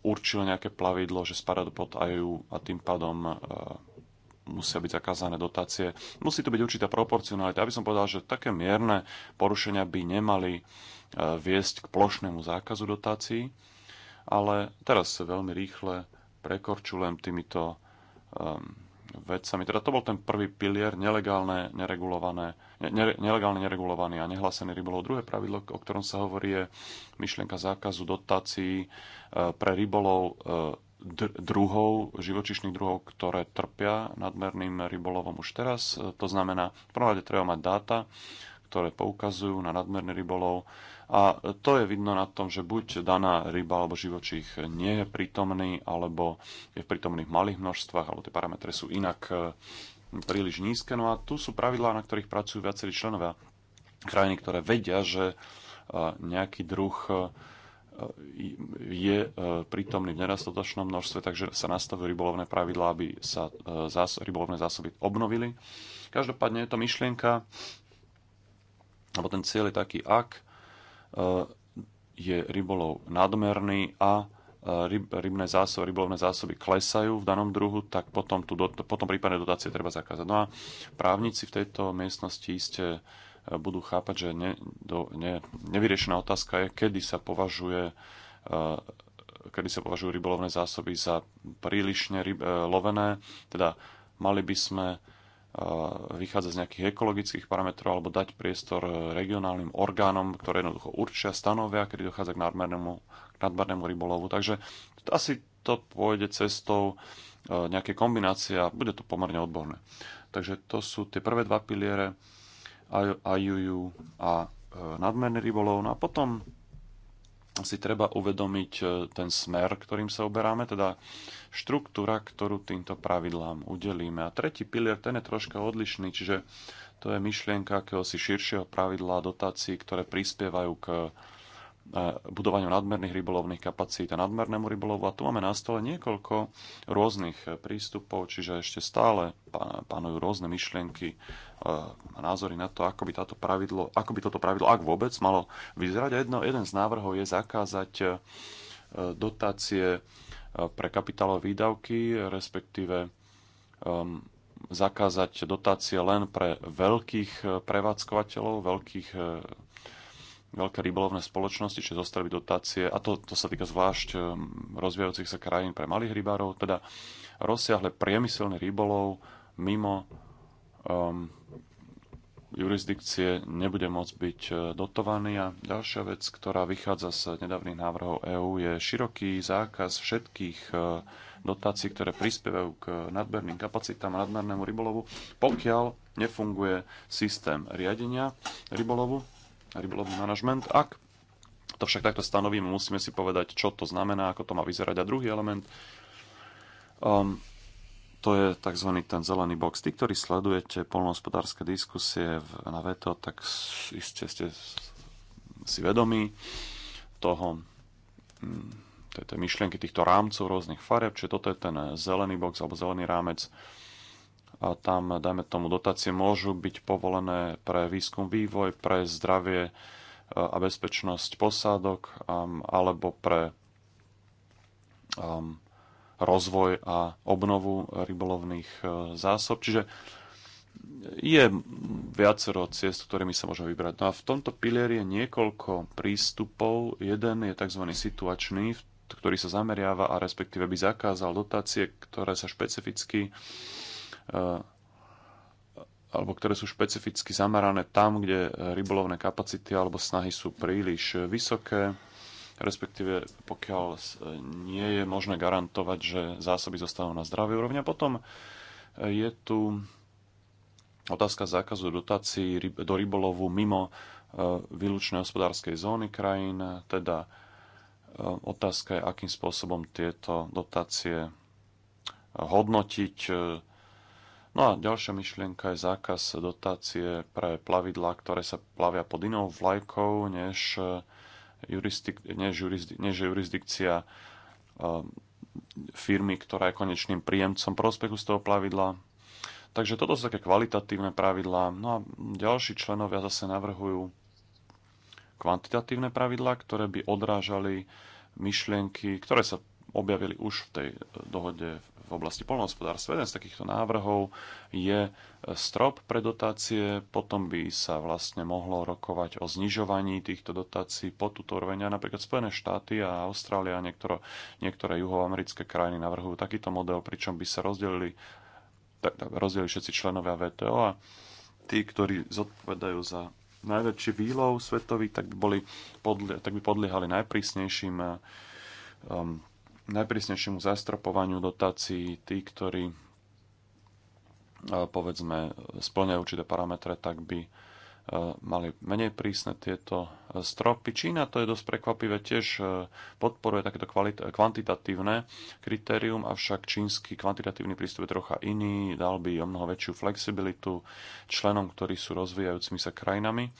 určil nejaké plavidlo, že spadá do pod IU a tým pádom e, musia byť zakázané dotácie. Musí to byť určitá proporcionalita. Aby som povedal, že také mierne porušenia by nemali e, viesť k plošnému zákazu dotácií, ale teraz sa veľmi rýchle prekorčulem týmito um, vecami. Teda to bol ten prvý pilier, nelegálne, neregulované, ne, nelegálne neregulovaný a nehlásený rybolov. Druhé pravidlo, o ktorom sa hovorí, je myšlienka zákazu dotácií e, pre rybolov e, druhov, živočišných druhov, ktoré trpia nadmerným rybolovom už teraz. To znamená, v prvom rade treba mať dáta, ktoré poukazujú na nadmerný rybolov a to je vidno na tom, že buď daná ryba alebo živočích nie je prítomný, alebo je prítomný v malých množstvách, alebo tie parametre sú inak e, príliš nízke. No a tu sú pravidlá, na ktorých pracujú viacerí členovia krajiny, ktoré vedia, že e, nejaký druh e, E, je e, prítomný v nerastotočnom množstve, takže sa nastavujú rybolovné pravidlá, aby sa e, zás, rybolovné zásoby obnovili. Každopádne je to myšlienka, alebo ten cieľ je taký, ak je rybolov nadmerný a ryb, rybné zásoby, rybolovné zásoby klesajú v danom druhu, tak potom, tu, potom prípadne dotácie treba zakázať. No a právnici v tejto miestnosti iste budú chápať, že ne, do, ne, nevyriešená otázka je, kedy sa považuje kedy sa považujú rybolovné zásoby za prílišne ryb, e, lovené. Teda mali by sme e, vychádzať z nejakých ekologických parametrov alebo dať priestor regionálnym orgánom, ktoré jednoducho určia, stanovia, kedy dochádza k nadmernému, k nadmernému rybolovu. Takže asi to pôjde cestou e, nejaké kombinácie a bude to pomerne odborné. Takže to sú tie prvé dva piliere. IUU a e, nadmerný rybolov. No a potom si treba uvedomiť e, ten smer, ktorým sa oberáme, teda štruktúra, ktorú týmto pravidlám udelíme. A tretí pilier, ten je troška odlišný, čiže to je myšlienka akéhosi širšieho pravidla dotácií, ktoré prispievajú k budovaniu nadmerných rybolovných kapacít a nadmernému rybolovu. A tu máme na stole niekoľko rôznych prístupov, čiže ešte stále panujú rôzne myšlienky e, a názory na to, ako by, táto pravidlo, ako by toto pravidlo, ak vôbec, malo vyzerať. A jedno, jeden z návrhov je zakázať e, dotácie e, pre kapitálové výdavky, respektíve um, zakázať dotácie len pre veľkých prevádzkovateľov, veľkých veľké rybolovné spoločnosti, čiže zostali dotácie, a to, to sa týka zvlášť um, rozvíjajúcich sa krajín pre malých rybárov, teda rozsiahle priemyselný rybolov mimo um, jurisdikcie nebude môcť byť uh, dotovaný. A ďalšia vec, ktorá vychádza z nedávnych návrhov EÚ, je široký zákaz všetkých uh, dotácií, ktoré prispievajú k nadmerným kapacitám a nadmernému rybolovu, pokiaľ nefunguje systém riadenia rybolovu rybolovný manažment. Ak to však takto stanovíme, musíme si povedať, čo to znamená, ako to má vyzerať. A druhý element, um, to je tzv. ten zelený box. Tí, ktorí sledujete polnohospodárske diskusie na veto, tak iste ste si vedomí toho, mm, tej, myšlienky týchto rámcov rôznych farieb, čiže toto je ten zelený box alebo zelený rámec, tam, dajme tomu, dotácie môžu byť povolené pre výskum, vývoj, pre zdravie e, a bezpečnosť posádok alebo pre rozvoj a obnovu rybolovných e, zásob. Čiže je viacero ciest, ktorými sa môžeme vybrať. No a v tomto pilieri je niekoľko prístupov. Jeden je tzv. situačný, ktorý sa zameriava a respektíve by zakázal dotácie, ktoré sa špecificky Eh, alebo ktoré sú špecificky zamerané tam, kde eh, rybolovné kapacity alebo snahy sú príliš vysoké, respektíve pokiaľ eh, nie je možné garantovať, že zásoby zostanú na zdravej úrovni. A potom je tu otázka zákazu dotácií do rybolovu mimo výlučnej hospodárskej zóny krajín, teda otázka je, akým spôsobom tieto dotácie hodnotiť No a ďalšia myšlienka je zákaz dotácie pre plavidlá, ktoré sa plavia pod inou vlajkou, než, eh, jurisdik- než, jurisdik- než jurisdikcia eh, firmy, ktorá je konečným príjemcom prospechu z toho plavidla. Takže toto sú také kvalitatívne pravidlá. No a ďalší členovia zase navrhujú kvantitatívne pravidlá, ktoré by odrážali myšlienky, ktoré sa objavili už v tej eh, dohode v v oblasti polnohospodárstva. Jeden z takýchto návrhov je e, strop pre dotácie, potom by sa vlastne mohlo rokovať o znižovaní týchto dotácií po túto úroveň. A napríklad Spojené štáty a Austrália a niektoré, niektoré juhoamerické krajiny navrhujú takýto model, pričom by sa rozdelili, tak, tak, rozdelili všetci členovia VTO a tí, ktorí zodpovedajú za najväčší výlov svetový, tak by, boli, podli, tak by podliehali najprísnejším e, um, najprísnejšiemu zastropovaniu dotácií tí, ktorí e, povedzme splňajú určité parametre, tak by e, mali menej prísne tieto e, stropy. Čína, to je dosť prekvapivé, tiež podporuje takéto kvantitatívne kritérium, avšak čínsky kvantitatívny prístup je trocha iný, dal by o mnoho väčšiu flexibilitu členom, ktorí sú rozvíjajúcimi sa krajinami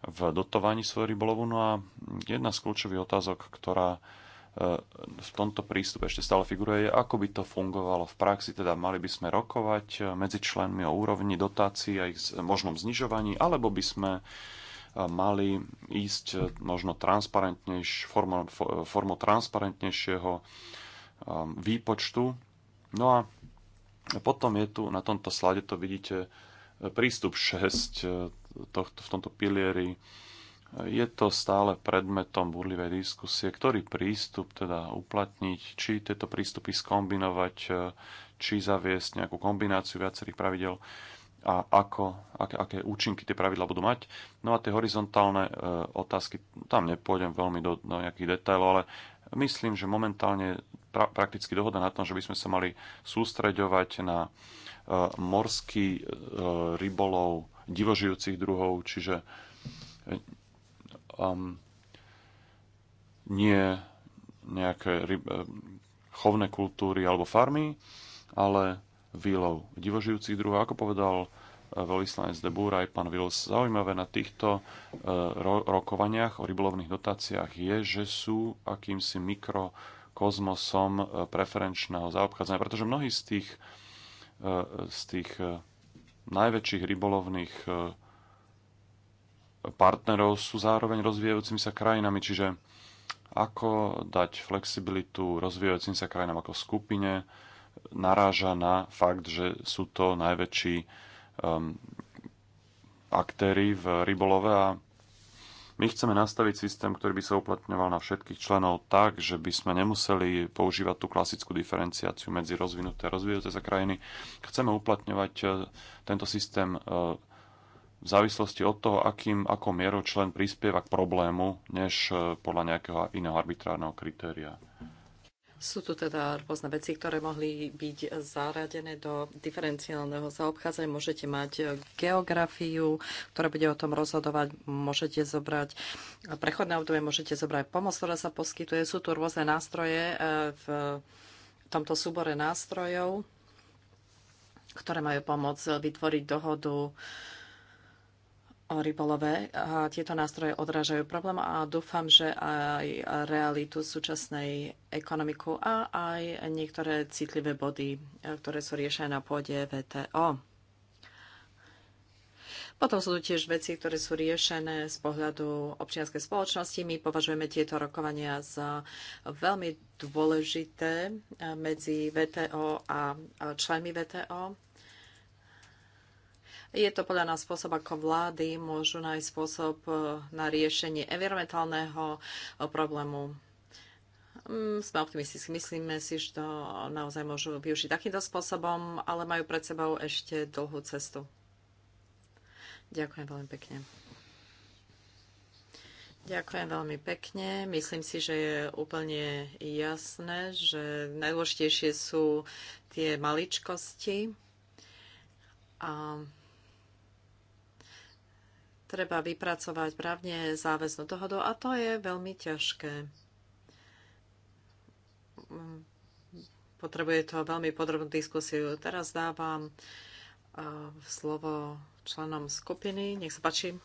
v dotovaní svojho rybolovu. No a jedna z kľúčových otázok, ktorá E, v tomto prístupe ešte stále figuruje, ako by to fungovalo v praxi. Teda mali by sme rokovať e, medzi členmi o úrovni dotácií a ich možnom znižovaní, alebo by sme e, mali ísť možno transparentnejš, formou, formou transparentnejšieho výpočtu. No a potom je tu, na tomto slade to vidíte, prístup 6 tohto, v tomto pilieri je to stále predmetom burlivej diskusie, ktorý prístup teda uplatniť, či tieto prístupy skombinovať, e, či zaviesť nejakú kombináciu viacerých pravidel a ako, aké, aké účinky tie pravidla budú mať. No a tie horizontálne e, otázky, tam nepôjdem veľmi do, do nejakých detailov, ale myslím, že momentálne pra, prakticky dohoda na tom, že by sme sa mali sústreďovať na e, morský e, rybolov divožijúcich druhov, čiže um, nie nejaké ryb, eh, chovné kultúry alebo farmy, ale výlov divožijúcich druhov. Ako povedal eh, veľvyslanec de Búr aj pán Wills, zaujímavé na týchto eh, ro- rokovaniach o rybolovných dotáciách je, že sú akýmsi mikrokozmosom preferenčného zaobchádzania, pretože mnohí z tých, z tých najväčších rybolovných partnerov sú zároveň rozvíjajúcimi sa krajinami, čiže ako dať flexibilitu rozvíjajúcim sa krajinám ako skupine, naráža na fakt, že sú to najväčší um, aktéry v rybolove a my chceme nastaviť systém, ktorý by sa uplatňoval na všetkých členov tak, že by sme nemuseli používať tú klasickú diferenciáciu medzi rozvinuté a rozvíjajúce sa krajiny. Chceme uplatňovať uh, tento systém uh, v závislosti od toho, akým, ako mierou člen prispieva k problému, než e, podľa nejakého iného arbitrárneho kritéria. Sú tu teda rôzne veci, ktoré mohli byť zaradené do diferenciálneho zaobchádzania. Môžete mať geografiu, ktorá bude o tom rozhodovať. Môžete zobrať prechodné obdobie, môžete zobrať pomoc, ktorá sa poskytuje. Sú tu rôzne nástroje e, v tomto súbore nástrojov, ktoré majú pomôcť vytvoriť dohodu Rybolové rybolove. A tieto nástroje odrážajú problém a dúfam, že aj realitu súčasnej ekonomiku a aj niektoré citlivé body, ktoré sú riešené na pôde VTO. Potom sú tu tiež veci, ktoré sú riešené z pohľadu občianskej spoločnosti. My považujeme tieto rokovania za veľmi dôležité medzi VTO a členmi VTO je to podľa nás spôsob, ako vlády môžu nájsť spôsob eh, na riešenie environmentálneho eh, problému. Mm, sme optimistickí, myslíme si, že to naozaj môžu využiť takýmto spôsobom, ale majú pred sebou ešte dlhú cestu. Ďakujem veľmi pekne. Ďakujem veľmi pekne. Myslím si, že je úplne jasné, že najdôležitejšie sú tie maličkosti. A Treba vypracovať právne záväznú dohodu a to je veľmi ťažké. Potrebuje to veľmi podrobnú diskusiu. Teraz dávam slovo členom skupiny. Nech sa páči.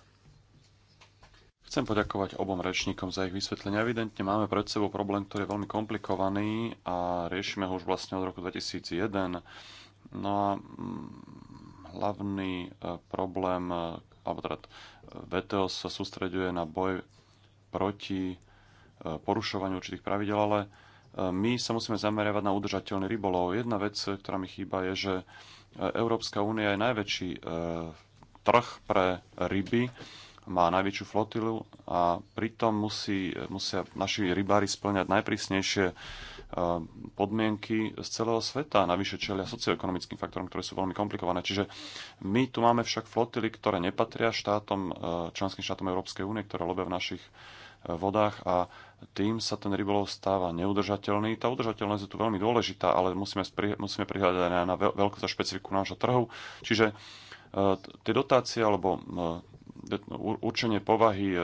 Chcem poďakovať obom rečníkom za ich vysvetlenie. Evidentne máme pred sebou problém, ktorý je veľmi komplikovaný a riešime ho už vlastne od roku 2001. No a mm, hlavný e, problém, alebo teda e, VTO sa sústreďuje na boj proti e, porušovaniu určitých pravidel, ale e, my sa musíme zameriavať na udržateľný rybolov. Jedna vec, ktorá mi chýba, je, že Európska únia je najväčší trh pre ryby, má najväčšiu flotilu a pritom musí, musia naši rybári splňať najprísnejšie Eh, podmienky z celého sveta. Navyše čelia socioekonomickým faktorom, ktoré sú veľmi komplikované. Čiže my tu máme však flotily, ktoré nepatria štátom, eh, členským štátom Európskej únie, ktoré lobia v našich eh, vodách a tým sa ten rybolov stáva neudržateľný. Tá udržateľnosť je tu veľmi dôležitá, ale musíme, musíme prihľadať aj na veľkú za špecifiku nášho trhu. Čiže tie dotácie alebo určenie povahy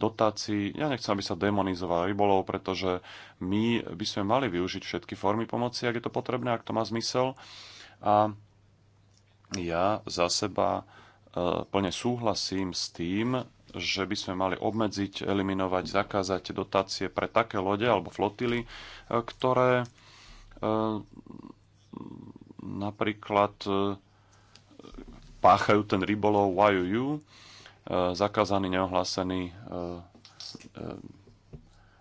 dotácií. Ja nechcem, aby sa demonizoval rybolov, pretože my by sme mali využiť všetky formy pomoci, ak je to potrebné, ak to má zmysel. A ja za seba e, plne súhlasím s tým, že by sme mali obmedziť, eliminovať, zakázať dotácie pre také lode alebo flotily, e, ktoré e, napríklad páchajú ten rybolov YUU Eh, zakázaný, neohlásený, eh, eh,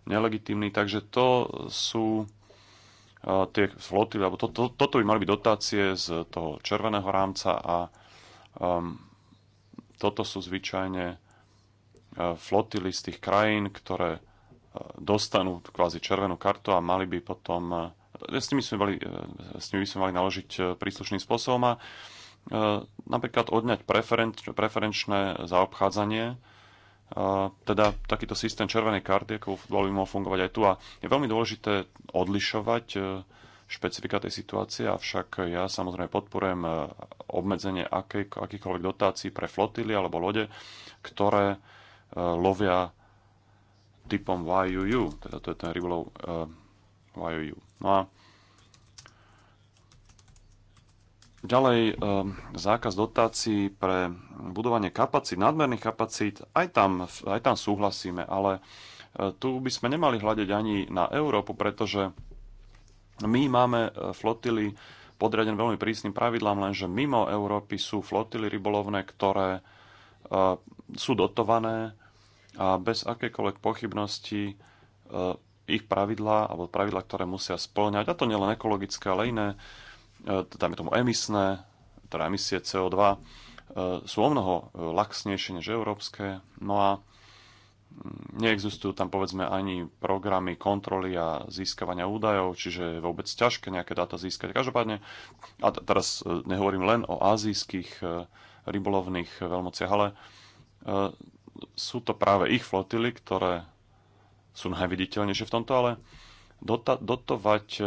nelegitímny. Takže to sú tie floty, alebo to, to, toto by mali byť dotácie z toho červeného rámca a um, toto sú zvyčajne flotily z tých krajín, ktoré dostanú kvázi červenú kartu a mali by potom s nimi, sme mali, s nimi by sme mali naložiť príslušným spôsobom a uh, E, napríklad odňať preferenčné zaobchádzanie. E, teda takýto systém červenej karty ako futbal by mohol fungovať aj tu. A je veľmi dôležité odlišovať e, špecifika tej situácie, avšak ja samozrejme podporujem obmedzenie akej, akýchkoľvek dotácií pre flotily alebo lode, ktoré lovia typom YUU, teda to je ten rybolov YUU. No a Ďalej ehm, zákaz dotácií pre budovanie kapacít, nadmerných kapacít, aj tam, aj tam súhlasíme, ale e, tu by sme nemali hľadiť ani na Európu, pretože my máme e, flotily podriaden veľmi prísnym pravidlám, lenže mimo Európy sú flotily rybolovné, ktoré e, sú dotované a bez akékoľvek pochybnosti ich pravidlá alebo pravidlá, ktoré musia splňať, a to nielen ekologické, ale iné, E, je tomu emisné, teda emisie CO2, e, sú o mnoho e, laxnejšie než európske. No a mm, neexistujú tam povedzme ani programy kontroly a získavania údajov, čiže je vôbec ťažké nejaké dáta získať. Každopádne, a teraz nehovorím len o azijských rybolovných veľmociach, ale sú to práve ich flotily, ktoré sú najviditeľnejšie v tomto, ale dotovať e,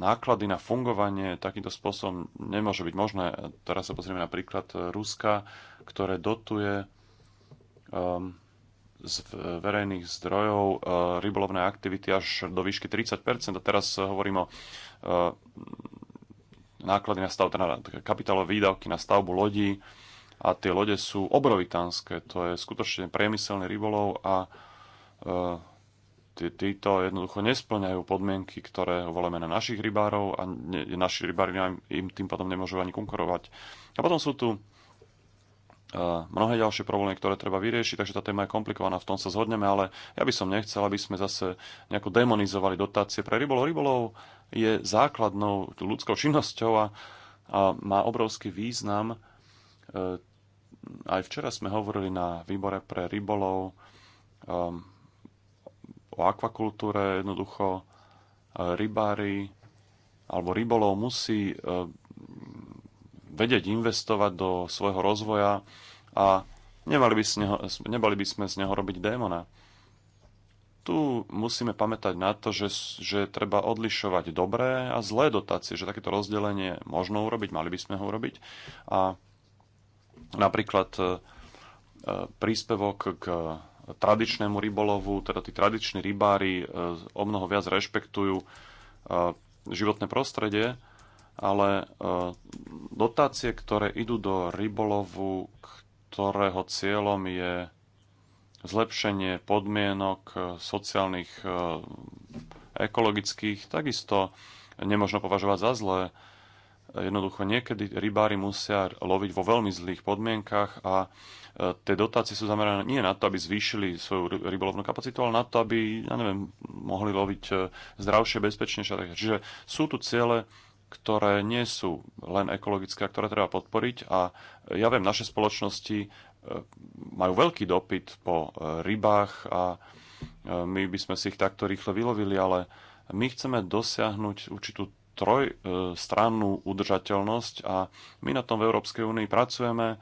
náklady na fungovanie takýmto spôsobom nemôže byť možné. Teraz sa pozrieme na príklad e, Ruska, ktoré dotuje um, z verejných zdrojov uh, rybolovné aktivity až do výšky 30 A teraz hovorím o uh, náklady na stavbu, teda kapitálové výdavky na stavbu lodí a tie lode sú obrovitánske. To je skutočne priemyselný rybolov a uh, títo jednoducho nesplňajú podmienky, ktoré voleme na našich rybárov a ne, naši rybári im tým potom nemôžu ani konkurovať. A potom sú tu e, mnohé ďalšie problémy, ktoré treba vyriešiť, takže tá téma je komplikovaná, v tom sa zhodneme, ale ja by som nechcel, aby sme zase nejako demonizovali dotácie pre rybolov. Rybolov je základnou ľudskou činnosťou a, a má obrovský význam. E, aj včera sme hovorili na výbore pre rybolov um, o akvakultúre. Jednoducho e, rybári alebo rybolov musí e, vedieť investovať do svojho rozvoja a nebali by, neho, nebali by sme z neho robiť démona. Tu musíme pamätať na to, že, že treba odlišovať dobré a zlé dotácie, že takéto rozdelenie možno urobiť, mali by sme ho urobiť. A napríklad e, príspevok k tradičnému rybolovu, teda tí tradiční rybári e, o mnoho viac rešpektujú e, životné prostredie, ale e, dotácie, ktoré idú do rybolovu, ktorého cieľom je zlepšenie podmienok sociálnych, ekologických, takisto nemôžno považovať za zlé Jednoducho niekedy rybári musia loviť vo veľmi zlých podmienkach a e, tie dotácie sú zamerané nie na to, aby zvýšili svoju rybolovnú kapacitu, ale na to, aby, ja neviem, mohli loviť e, zdravšie, bezpečnejšie. Čiže sú tu ciele, ktoré nie sú len ekologické a ktoré treba podporiť. A e, ja viem, naše spoločnosti majú veľký dopyt po rybách a my by sme si ich takto rýchle vylovili, ale my chceme dosiahnuť určitú trojstrannú udržateľnosť a my na tom v Európskej únii pracujeme,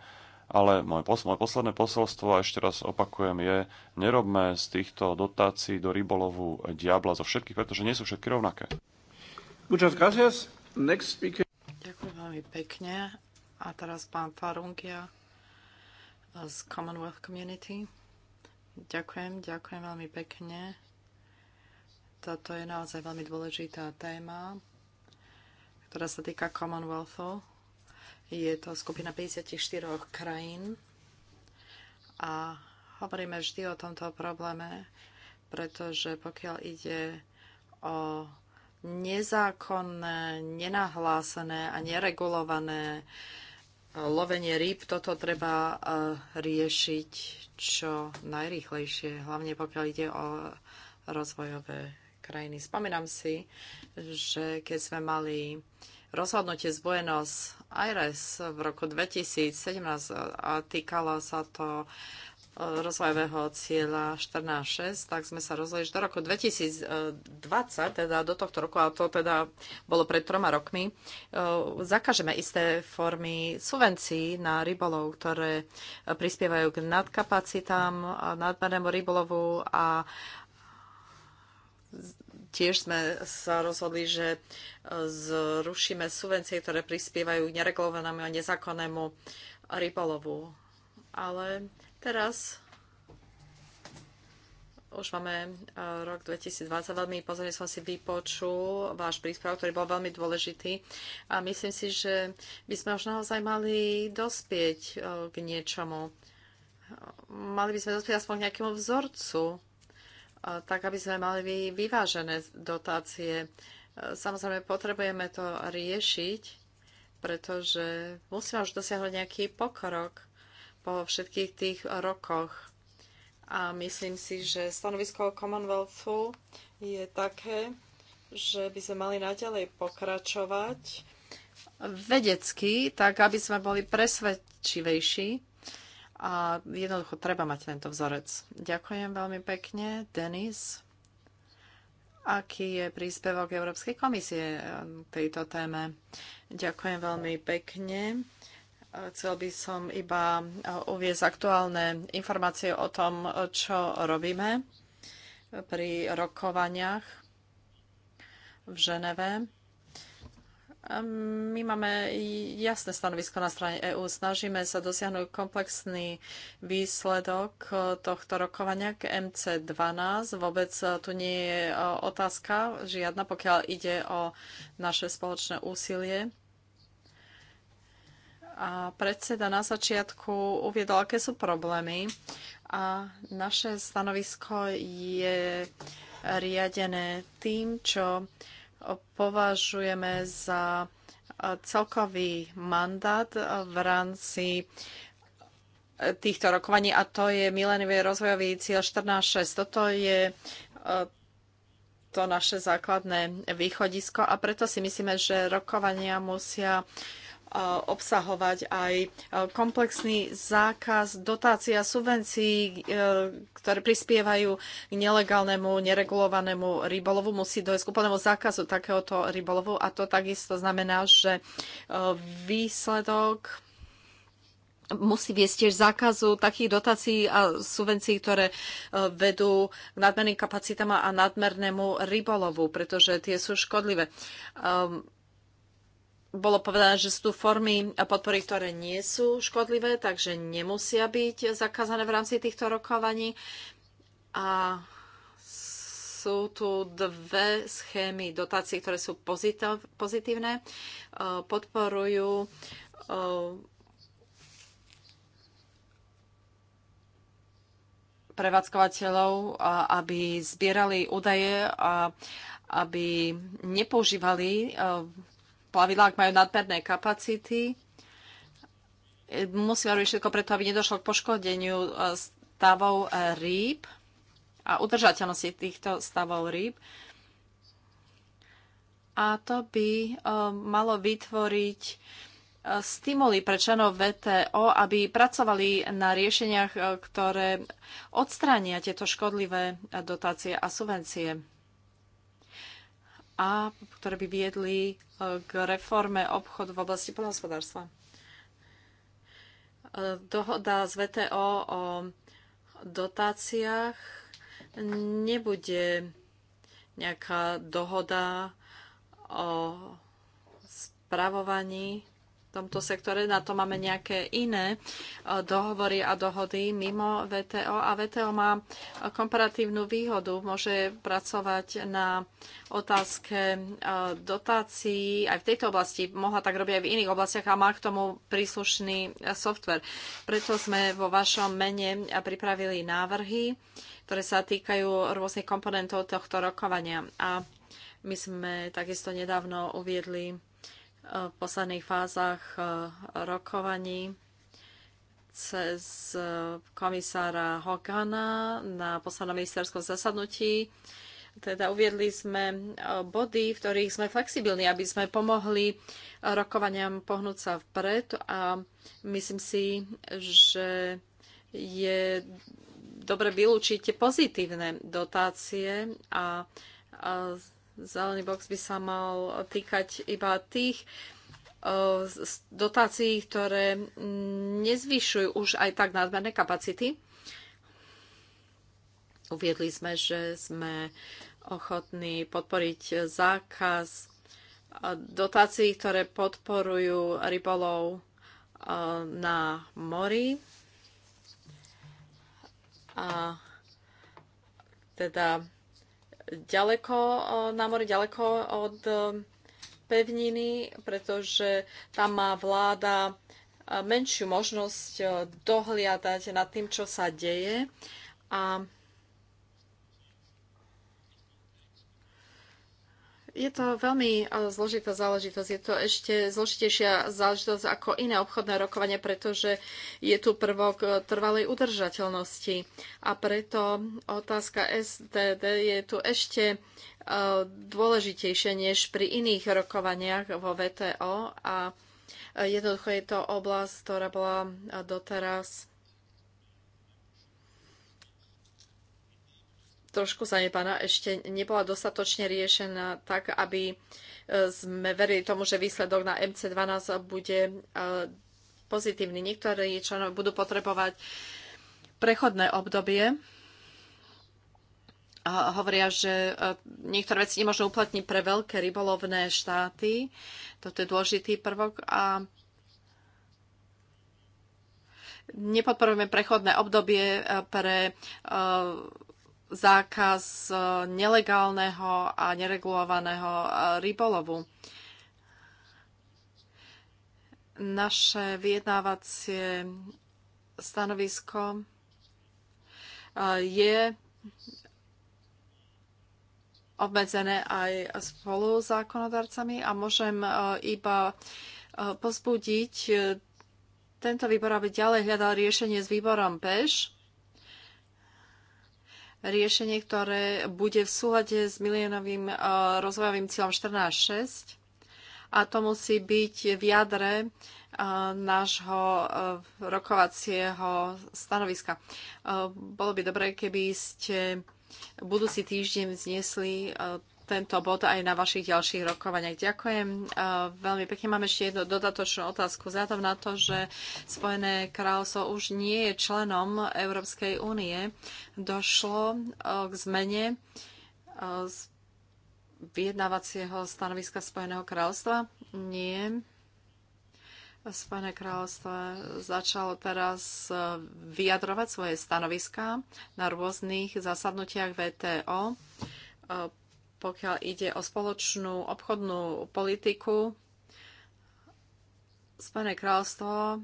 ale moje, pos- moje posledné posolstvo, a ešte raz opakujem, je, nerobme z týchto dotácií do rybolovu diabla zo všetkých, pretože nie sú všetky rovnaké. Ďakujem veľmi pekne. A teraz pán Farungia z Commonwealth Community. Ďakujem, ďakujem veľmi pekne. Toto je naozaj veľmi dôležitá téma, ktorá sa týka Commonwealthu. Je to skupina 54 krajín a hovoríme vždy o tomto probléme, pretože pokiaľ ide o nezákonné, nenahlásené a neregulované e, lovenie rýb, toto treba e, riešiť čo najrýchlejšie, hlavne pokiaľ ide o rozvojové krajiny. Spomínam si, že keď sme mali rozhodnutie z Buenos Aires v roku 2017 a týkalo sa to e, rozvojového cieľa 14.6, tak sme sa rozhodli, že do roku 2020, teda do tohto roku, a to teda bolo pred troma rokmi, e, zakažeme isté formy subvencií na rybolov, ktoré prispievajú k nadkapacitám, nadmernému rybolovu a tiež sme sa rozhodli, že e, zrušíme subvencie, ktoré prispievajú k neregulovanému a nezákonnému rybolovu. Ale teraz už máme e, rok 2020. Veľmi pozorne som si vypočul váš príspevok, ktorý bol veľmi dôležitý. A myslím si, že by sme už naozaj mali dospieť e, k niečomu. Mali by sme dospieť aspoň k nejakému vzorcu tak aby sme mali vyvážené dotácie. E, samozrejme, potrebujeme to riešiť, pretože musíme už dosiahnuť nejaký pokrok po všetkých tých rokoch. A myslím si, že stanovisko Commonwealthu je také, že by sme mali naďalej pokračovať vedecky, tak aby sme boli presvedčivejší a jednoducho treba mať tento vzorec. Ďakujem veľmi pekne. Denis, aký je príspevok Európskej komisie k eh, tejto téme? Ďakujem veľmi pekne. Eh, chcel by som iba eh, uviezť aktuálne informácie o tom, čo robíme pri rokovaniach v Ženeve my máme jasné stanovisko na strane EÚ. Snažíme sa dosiahnuť komplexný výsledok e, tohto rokovania k MC12. Vôbec e, tu nie je e, otázka žiadna, pokiaľ ide o naše spoločné úsilie. A predseda na začiatku uviedol, aké sú problémy. A naše stanovisko je riadené tým, čo považujeme za celkový mandát v rámci e, týchto rokovaní a to je mileniový rozvojový cieľ 14.6. Toto je e, to naše základné východisko a preto si myslíme, že rokovania musia Eh, obsahovať aj eh, komplexný zákaz dotácií a subvencií, eh, ktoré prispievajú k nelegálnemu, neregulovanému rybolovu. Musí dojsť k úplnému zákazu takéhoto rybolovu a to takisto znamená, že výsledok musí viesť tiež zákazu takých dotácií a subvencií, ktoré vedú k nadmerným kapacitám a nadmernému rybolovu, pretože tie sú škodlivé. Ehm, bolo povedané, že sú tu formy podpory, ktoré nie sú škodlivé, takže nemusia byť zakázané v rámci týchto rokovaní. A sú tu dve schémy dotácií, ktoré sú pozitívne. E, podporujú e, prevádzkovateľov, aby zbierali údaje a aby nepoužívali e, plavidlá, ak majú nadmerné kapacity, musíme robiť všetko preto, aby nedošlo k poškodeniu eh, stavov eh, rýb a udržateľnosti týchto stavov rýb. A to by eh, malo vytvoriť stimuly pre členov VTO, aby pracovali na riešeniach, ktoré odstránia tieto škodlivé dotácie a subvencie a ktoré by viedli e, k reforme obchodu v oblasti poľnohospodárstva. E, dohoda z VTO o dotáciách nebude nejaká dohoda o spravovaní tomto sektore, na to máme nejaké iné e, dohovory a dohody mimo VTO a VTO má e, komparatívnu výhodu, môže pracovať na otázke e, dotácií aj v tejto oblasti, mohla tak robiť aj v iných oblastiach a má k tomu príslušný software. Preto sme vo vašom mene pripravili návrhy, ktoré sa týkajú rôznych komponentov tohto rokovania. A my sme takisto nedávno uviedli v posledných fázach eh, rokovaní cez eh, komisára Hogana na poslednom ministerskom zasadnutí. Teda uviedli sme eh, body, v ktorých sme flexibilní, aby sme pomohli rokovaniam pohnúť sa vpred a myslím si, že je dobre vylúčiť pozitívne dotácie a, a Zelený box by sa mal týkať iba tých eh, dotácií, ktoré mm, nezvyšujú už aj tak nadmerné kapacity. Uviedli sme, že sme ochotní podporiť zákaz eh, dotácií, ktoré podporujú rybolov eh, na mori. A teda ďaleko na mori, ďaleko od e, pevniny, pretože tam má vláda e, menšiu možnosť e, dohliadať nad tým, čo sa deje a Je to veľmi e, zložitá záležitosť. Je to ešte zložitejšia záležitosť ako iné obchodné rokovanie, pretože je tu prvok e, trvalej udržateľnosti. A preto otázka SDD je tu ešte e, dôležitejšia než pri iných rokovaniach vo VTO. A jednoducho je to oblasť, ktorá bola doteraz trošku zanepaná, ešte nebola dostatočne riešená tak, aby e, sme verili tomu, že výsledok na MC12 bude e, pozitívny. Niektorí členovia budú potrebovať prechodné obdobie. A hovoria, že e, niektoré veci nemôžu uplatniť pre veľké rybolovné štáty. Toto je dôležitý prvok. A nepodporujeme prechodné obdobie pre zákaz e, nelegálneho a neregulovaného e, rybolovu. Naše vyjednávacie stanovisko e, je obmedzené aj spolu zákonodarcami a môžem iba pozbudiť tento výbor, aby ďalej hľadal riešenie s výborom PEŠ riešenie, ktoré bude v súlade s miliónovým e, rozvojovým cieľom 14.6 a to musí byť v jadre e, nášho e, rokovacieho stanoviska. Bolo by dobré, keby ste budúci týždeň vznesli tento bod aj na vašich ďalších rokovaniach. Ďakujem e, veľmi pekne. Mám ešte jednu dodatočnú otázku. Zádom na to, že Spojené kráľovstvo už nie je členom Európskej únie, došlo e, k zmene e, z vyjednávacieho stanoviska Spojeného kráľovstva? Nie. Spojené kráľovstvo začalo teraz vyjadrovať svoje stanoviska na rôznych zasadnutiach VTO pokiaľ ide o spoločnú obchodnú politiku. Spojené kráľstvo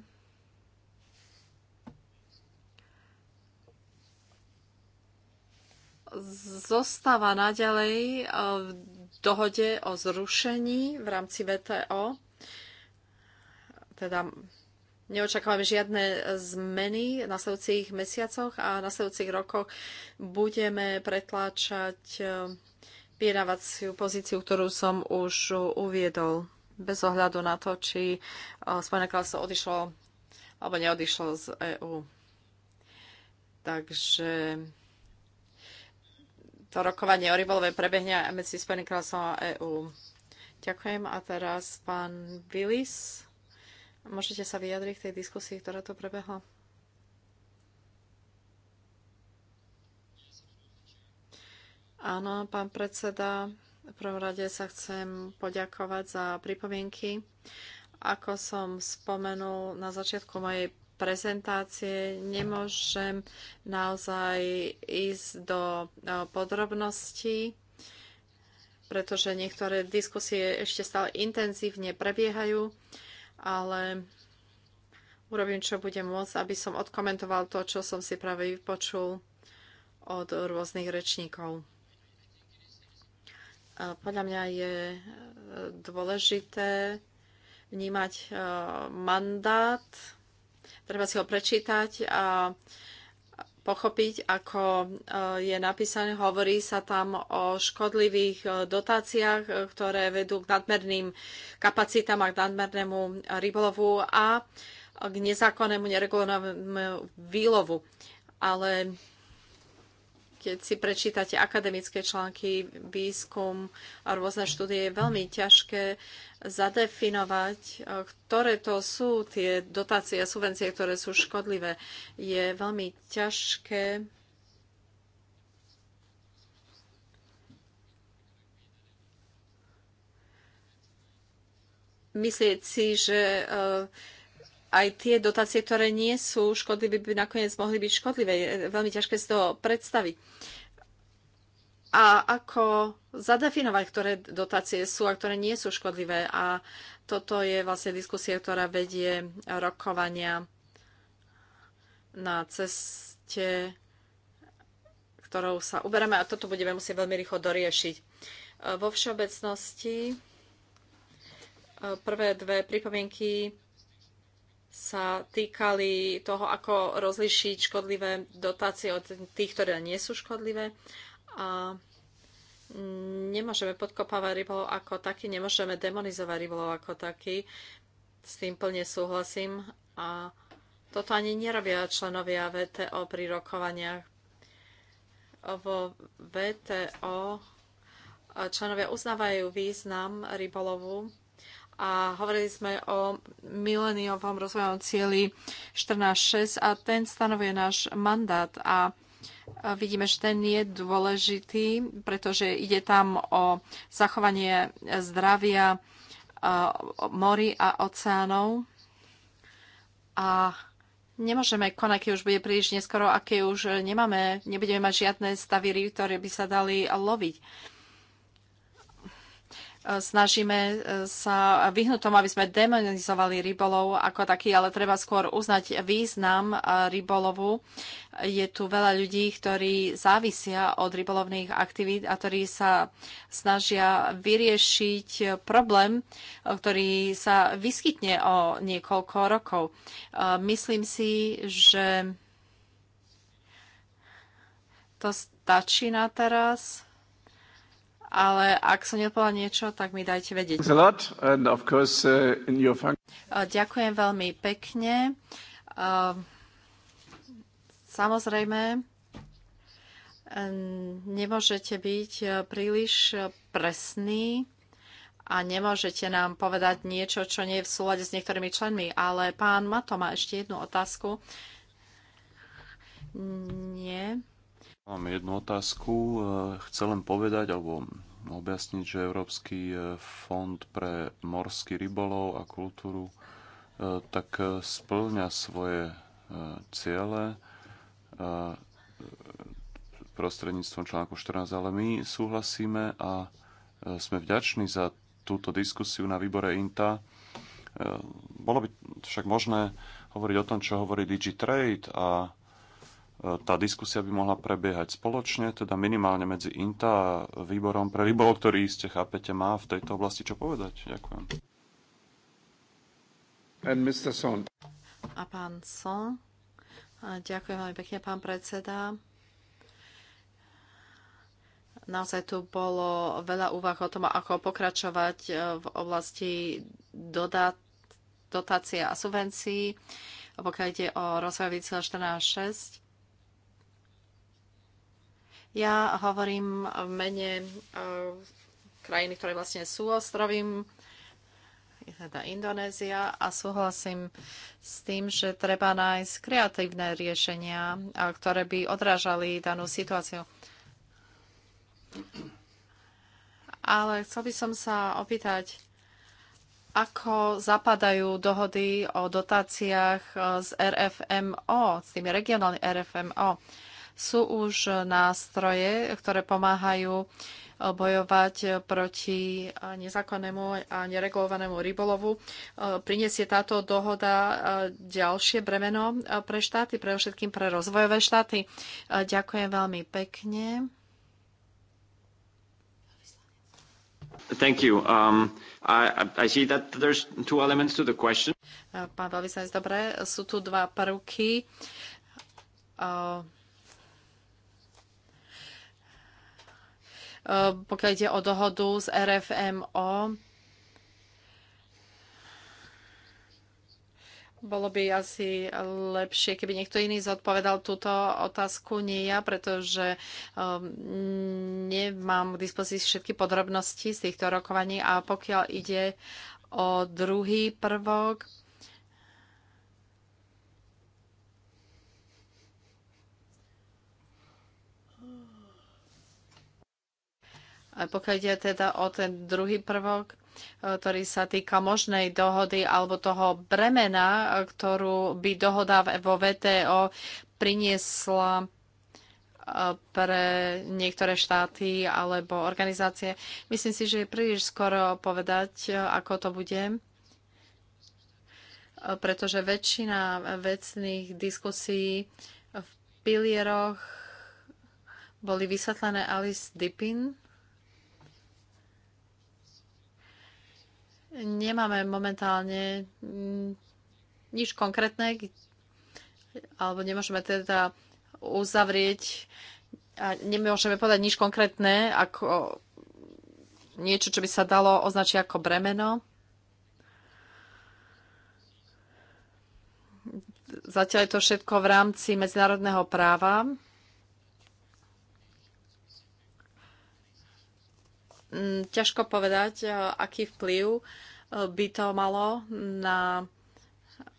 zostáva naďalej eh, v dohode o zrušení v rámci VTO. Teda neočakávame žiadne zmeny v nasledujúcich mesiacoch a v nasledujúcich rokoch budeme pretláčať eh, vyjednávaciu pozíciu, ktorú som už uviedol, bez ohľadu na to, či eh, Spojené kráľovstvo odišlo alebo neodišlo z EÚ. Takže to rokovanie o rybolove prebehne aj medzi Spojeným kráľovstvom a EÚ. Ďakujem. A teraz pán Willis. Môžete sa vyjadriť k tej diskusii, ktorá tu prebehla? Áno, pán predseda, v prvom rade sa chcem poďakovať za pripomienky. Ako som spomenul na začiatku mojej prezentácie, nemôžem naozaj ísť do podrobností, pretože niektoré diskusie ešte stále intenzívne prebiehajú, ale urobím, čo budem môcť, aby som odkomentoval to, čo som si práve vypočul od rôznych rečníkov. Podľa mňa je e, dôležité vnímať e, mandát, treba si ho prečítať a pochopiť, ako e, je napísané. Hovorí sa tam o škodlivých dotáciách, ktoré vedú k nadmerným kapacitám a k nadmernému rybolovu a k nezákonnému neregulovanému výlovu. Ale keď si prečítate akademické články, výskum a rôzne štúdie, je veľmi ťažké zadefinovať, e, ktoré to sú tie dotácie a subvencie, ktoré sú škodlivé. Je veľmi ťažké myslieť si, že uh, aj tie dotácie, ktoré nie sú škodlivé, by nakoniec mohli byť škodlivé. Je veľmi ťažké si to predstaviť. A ako zadefinovať, ktoré dotácie sú a ktoré nie sú škodlivé. A toto je vlastne diskusia, ktorá vedie rokovania na ceste, ktorou sa uberáme. A toto budeme musieť veľmi rýchlo doriešiť. Vo všeobecnosti e, prvé dve pripomienky sa týkali toho, ako rozlišiť škodlivé dotácie od tých, ktoré nie sú škodlivé. A nemôžeme podkopávať rybolov ako taký, nemôžeme demonizovať rybolov ako taký. S tým plne súhlasím. A toto ani nerobia členovia VTO pri rokovaniach. Vo VTO členovia uznávajú význam rybolovu a hovorili sme o mileniovom rozvojom cieli 14.6 a ten stanovuje náš mandát a vidíme, že ten je dôležitý, pretože ide tam o zachovanie zdravia mori a oceánov a nemôžeme konať, keď už bude príliš neskoro a keď už nemáme, nebudeme mať žiadne stavy ktoré by sa dali loviť E, snažíme e, sa vyhnúť tomu, aby sme demonizovali rybolov ako taký, ale treba skôr uznať význam e, rybolovu. Je tu veľa ľudí, ktorí závisia od rybolovných aktivít a ktorí sa snažia vyriešiť problém, ktorý sa vyskytne o niekoľko rokov. Myslím si, že to stačí na teraz ale ak som neodpovedala niečo, tak mi dajte vedieť. Ďakujem veľmi pekne. Uh, samozrejme, nemôžete byť uh, príliš presný a nemôžete nám povedať niečo, čo nie je v súlade s niektorými členmi. Ale pán Mato má ešte jednu otázku. Nie. Mám jednu otázku. E, Chcem len povedať, alebo objasniť, že Európsky e, fond pre morský rybolov a kultúru e, tak splňa svoje ciele prostredníctvom článku 14, ale my súhlasíme a sme vďační za túto diskusiu na výbore INTA. Bolo by však možné hovoriť o tom, čo hovorí DigiTrade a E, tá diskusia by mohla prebiehať spoločne, teda minimálne medzi INTA a výborom pre rybolov, ktorý ste, chápete má v tejto oblasti čo povedať. Ďakujem. And Mr. Son. A pán Son. A ďakujem veľmi pekne, pán predseda. Naozaj tu bolo veľa úvah o tom, ako pokračovať e, v oblasti dodat dotácie a subvencií, pokiaľ ide o rozvoj 14.6 ja hovorím v mene eh, krajiny, ktoré vlastne sú ostrovím, teda Indonézia a súhlasím s tým, že treba nájsť kreatívne riešenia, eh, ktoré by odrážali danú situáciu. Ale chcel by som sa opýtať, ako zapadajú dohody o dotáciách eh, z RFMO, s tými regionálnymi RFMO. Sú už nástroje, ktoré pomáhajú eh, bojovať eh, proti eh, nezákonnému a neregulovanému rybolovu. Prinesie táto dohoda ďalšie bremeno pre štáty, pre všetkým pre rozvojové štáty. Ďakujem veľmi pekne. Thank you. Um, I, I see that there's two elements to the question. Pán veľvyslanec, dobre, sú tu dva prvky. Uh, Ehm, pokiaľ ide o dohodu s RFMO. Bolo by asi lepšie, keby niekto iný zodpovedal túto otázku, nie ja, pretože um, nemám k dispozícii všetky podrobnosti z týchto rokovaní. A pokiaľ ide o druhý prvok, Pokiaľ ide teda o ten druhý prvok, e, ktorý sa týka možnej dohody alebo toho bremena, e, ktorú by dohoda vo VTO priniesla e, pre niektoré štáty alebo organizácie. Myslím si, že je príliš skoro povedať, ako to bude, pretože väčšina vecných diskusí v pilieroch boli vysvetlené Alice Dippin, nemáme momentálne mm, nič konkrétne, alebo nemôžeme teda uzavrieť a nemôžeme povedať nič konkrétne ako niečo, čo by sa dalo označiť ako bremeno. Zatiaľ je to všetko v rámci medzinárodného práva. Mm, ťažko povedať, aký vplyv by to malo na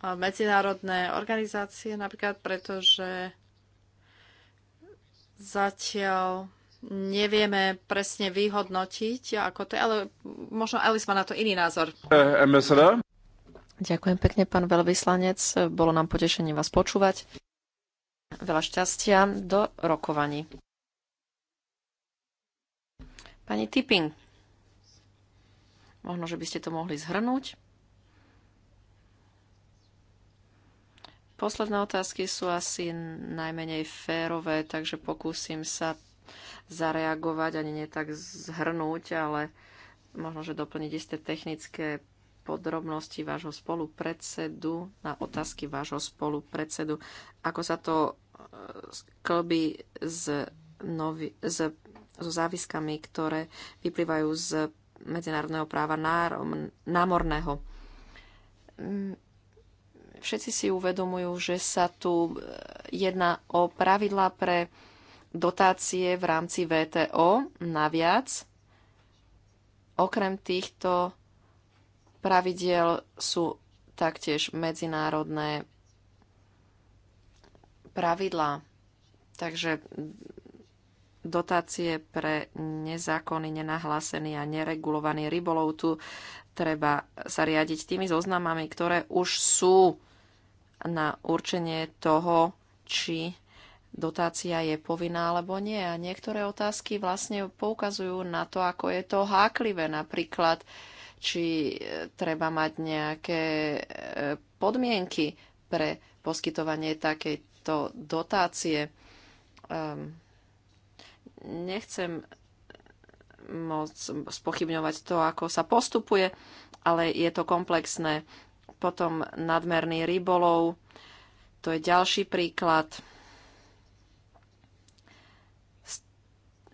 medzinárodné organizácie napríklad, pretože zatiaľ nevieme presne vyhodnotiť, ako to je, ale možno Alice má na to iný názor. Eh, Ďakujem pekne, pán veľvyslanec. Bolo nám potešením vás počúvať. Veľa šťastia do rokovaní. Pani Tipping. Možno, že by ste to mohli zhrnúť. Posledné otázky sú asi najmenej férové, takže pokúsim sa zareagovať, ani nie tak zhrnúť, ale možno, že doplniť isté technické podrobnosti vášho spolupredsedu na otázky vášho spolupredsedu. Ako sa to sklbí e, s, novi, s, so záviskami, ktoré vyplývajú z medzinárodného práva námorného. Mm, Všetci si uvedomujú, že sa tu eh, jedná o pravidlá pre dotácie v rámci VTO naviac. Okrem týchto pravidiel sú taktiež medzinárodné pravidlá. Takže dotácie pre nezákonný, nenahlásený a neregulovaný rybolov. Tu treba sa riadiť tými zoznamami, ktoré už sú na určenie toho, či dotácia je povinná alebo nie. A niektoré otázky vlastne poukazujú na to, ako je to háklivé. Napríklad, či e, treba mať nejaké e, podmienky pre poskytovanie takejto dotácie. Um, Nechcem moc spochybňovať to, ako sa postupuje, ale je to komplexné. Potom nadmerný rybolov, to je ďalší príklad.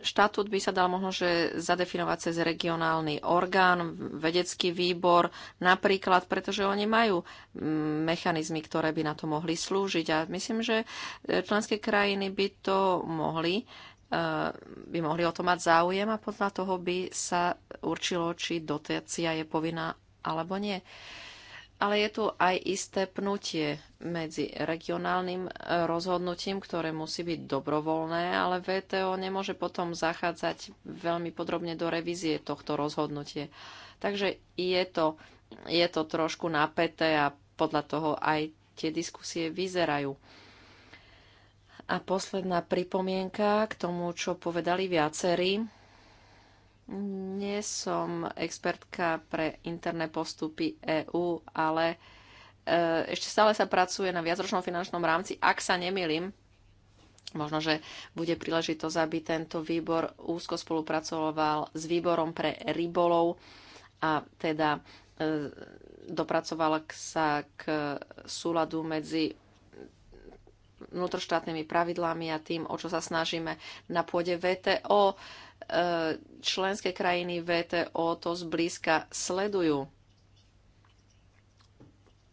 Štatút by sa dal možno, že zadefinovať cez regionálny orgán, vedecký výbor napríklad, pretože oni majú mm, mechanizmy, ktoré by na to mohli slúžiť. A myslím, že členské krajiny by to mohli Eh, by mohli o to mať záujem a podľa toho by sa určilo, či dotácia je povinná alebo nie. Ale je tu aj isté pnutie medzi regionálnym eh, rozhodnutím, ktoré musí byť dobrovoľné, ale VTO nemôže potom zachádzať veľmi podrobne do revízie tohto rozhodnutie. Takže je to, je to trošku napäté a podľa toho aj tie diskusie vyzerajú. A posledná pripomienka k tomu, čo povedali viacerí. Nie som expertka pre interné postupy EÚ, ale e, ešte stále sa pracuje na viacročnom finančnom rámci, ak sa nemilím. Možno, že bude príležitosť, aby tento výbor úzko spolupracoval s výborom pre rybolov a teda e, dopracoval sa k súladu medzi vnútroštátnymi pravidlami a tým, o čo sa snažíme na pôde VTO. E, členské krajiny VTO to zblízka sledujú.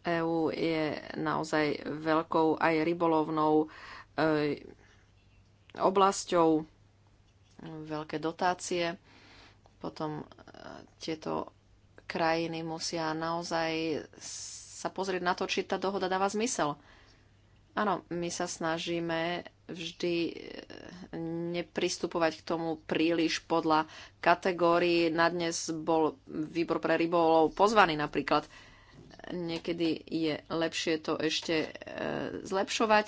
EÚ je naozaj veľkou aj rybolovnou e, oblasťou, veľké dotácie. Potom e, tieto krajiny musia naozaj sa pozrieť na to, či tá dohoda dáva zmysel. Áno, my sa snažíme vždy e, nepristupovať k tomu príliš podľa kategórií. Na dnes bol výbor pre rybolov pozvaný napríklad. Niekedy je lepšie to ešte e, zlepšovať.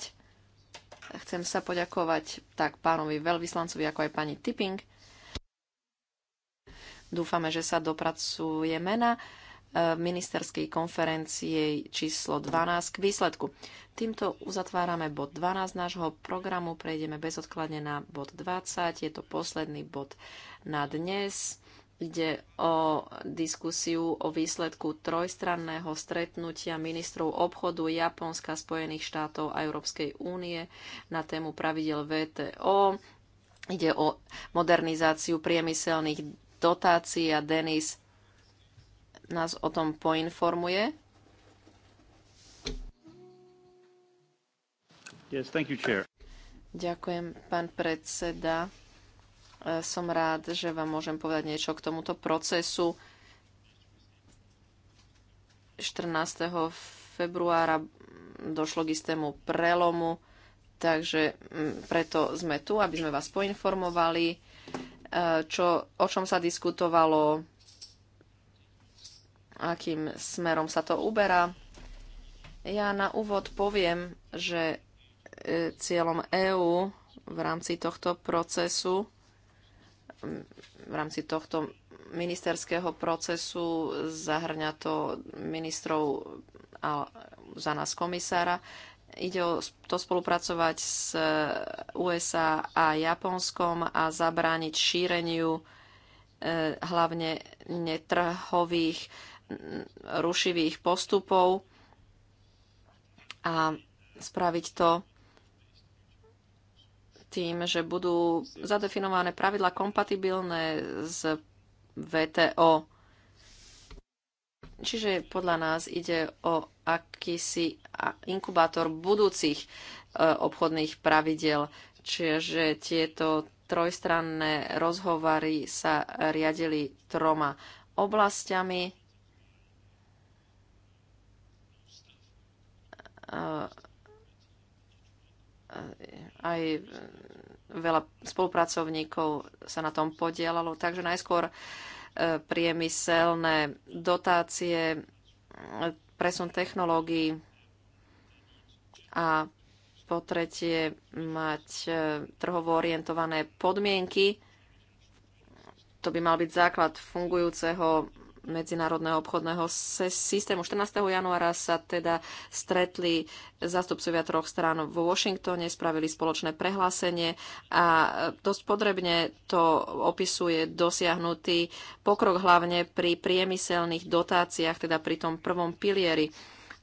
Chcem sa poďakovať tak pánovi veľvyslancovi, ako aj pani Tipping. Dúfame, že sa dopracujeme na ministerskej konferencie číslo 12 k výsledku. Týmto uzatvárame bod 12 nášho programu, prejdeme bezodkladne na bod 20, je to posledný bod na dnes. Ide o diskusiu o výsledku trojstranného stretnutia ministrov obchodu Japonska, Spojených štátov a Európskej únie na tému pravidel VTO. Ide o modernizáciu priemyselných dotácií a Denis nás o tom poinformuje. Yes, thank you, chair. Ďakujem, pán predseda. E, som rád, že vám môžem povedať niečo k tomuto procesu. 14. februára došlo k istému prelomu, takže preto sme tu, aby sme vás poinformovali, e, čo, o čom sa diskutovalo akým smerom sa to uberá. Ja na úvod poviem, že e, cieľom EÚ v rámci tohto procesu, v rámci tohto ministerského procesu, zahrňa to ministrov a za nás komisára, ide o to spolupracovať s USA a Japonskom a zabrániť šíreniu e, hlavne netrhových rušivých postupov a spraviť to tým, že budú zadefinované pravidla kompatibilné s VTO. Čiže podľa nás ide o akýsi inkubátor budúcich e, obchodných pravidel. Čiže tieto trojstranné rozhovary sa riadili troma oblastiami aj veľa spolupracovníkov sa na tom podielalo. Takže najskôr e, priemyselné dotácie, e, presun technológií a po tretie mať e, trhovo orientované podmienky. To by mal byť základ fungujúceho medzinárodného obchodného systému. 14. januára sa teda stretli zástupcovia troch strán vo Washingtone, spravili spoločné prehlásenie a e, dosť podrebne to opisuje dosiahnutý pokrok hlavne pri priemyselných dotáciách, teda pri tom prvom pilieri.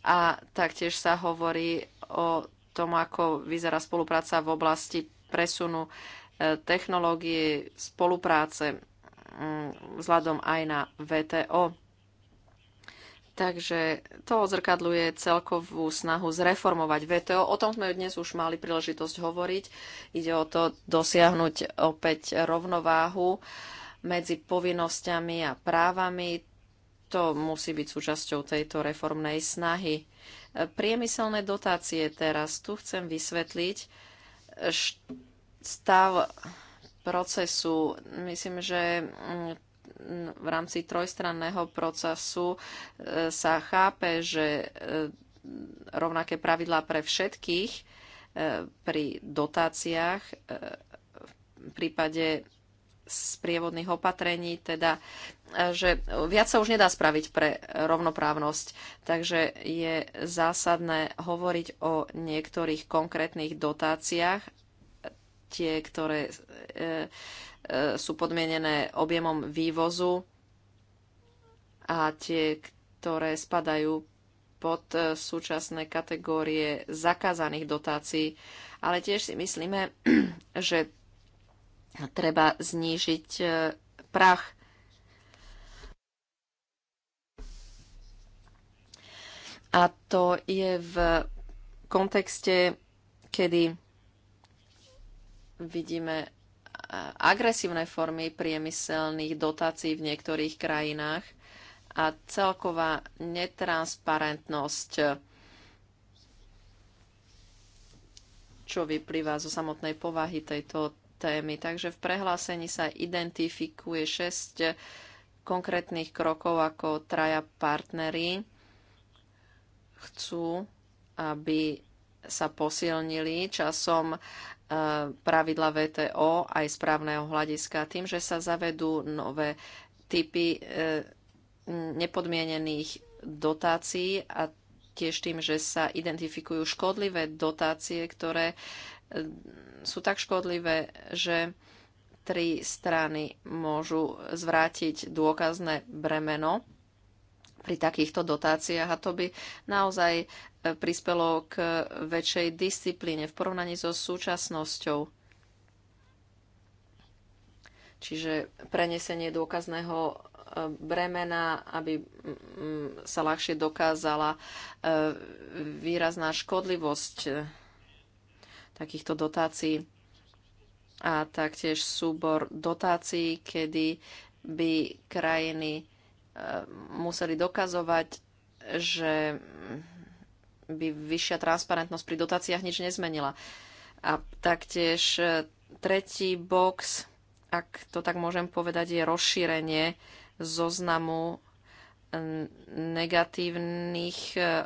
A taktiež sa hovorí o tom, ako vyzerá spolupráca v oblasti presunu e, technológie, spolupráce Mm, vzhľadom aj na VTO. Takže to odzrkadľuje celkovú snahu zreformovať VTO. O tom sme dnes už mali príležitosť hovoriť. Ide o to dosiahnuť opäť rovnováhu medzi povinnosťami a právami. To musí byť súčasťou tejto reformnej snahy. Priemyselné dotácie teraz. Tu chcem vysvetliť stav procesu. Myslím, že mm, v rámci trojstranného procesu e, sa chápe, že e, rovnaké pravidlá pre všetkých e, pri dotáciách v prípade sprievodných opatrení, teda že viac sa už nedá spraviť pre rovnoprávnosť. Takže je zásadné hovoriť o niektorých konkrétnych dotáciách tie, ktoré e, e, sú podmienené objemom vývozu a tie, ktoré spadajú pod e, súčasné kategórie zakázaných dotácií. Ale tiež si myslíme, že treba znížiť prach. A to je v kontexte, kedy Vidíme agresívne formy priemyselných dotácií v niektorých krajinách a celková netransparentnosť, čo vyplýva zo samotnej povahy tejto témy. Takže v prehlásení sa identifikuje 6 konkrétnych krokov, ako traja partnery chcú, aby sa posilnili časom pravidla VTO aj správneho hľadiska tým, že sa zavedú nové typy e, nepodmienených dotácií a tiež tým, že sa identifikujú škodlivé dotácie, ktoré e, sú tak škodlivé, že tri strany môžu zvrátiť dôkazné bremeno pri takýchto dotáciách a to by naozaj e, prispelo k väčšej disciplíne v porovnaní so súčasnosťou. Čiže prenesenie dôkazného e, bremena, aby mm, mm, sa ľahšie dokázala e, výrazná škodlivosť takýchto dotácií a taktiež súbor dotácií, kedy by krajiny museli dokazovať, že by vyššia transparentnosť pri dotáciách nič nezmenila. A taktiež e, tretí box, ak to tak môžem povedať, je rozšírenie zoznamu e, negatívnych e,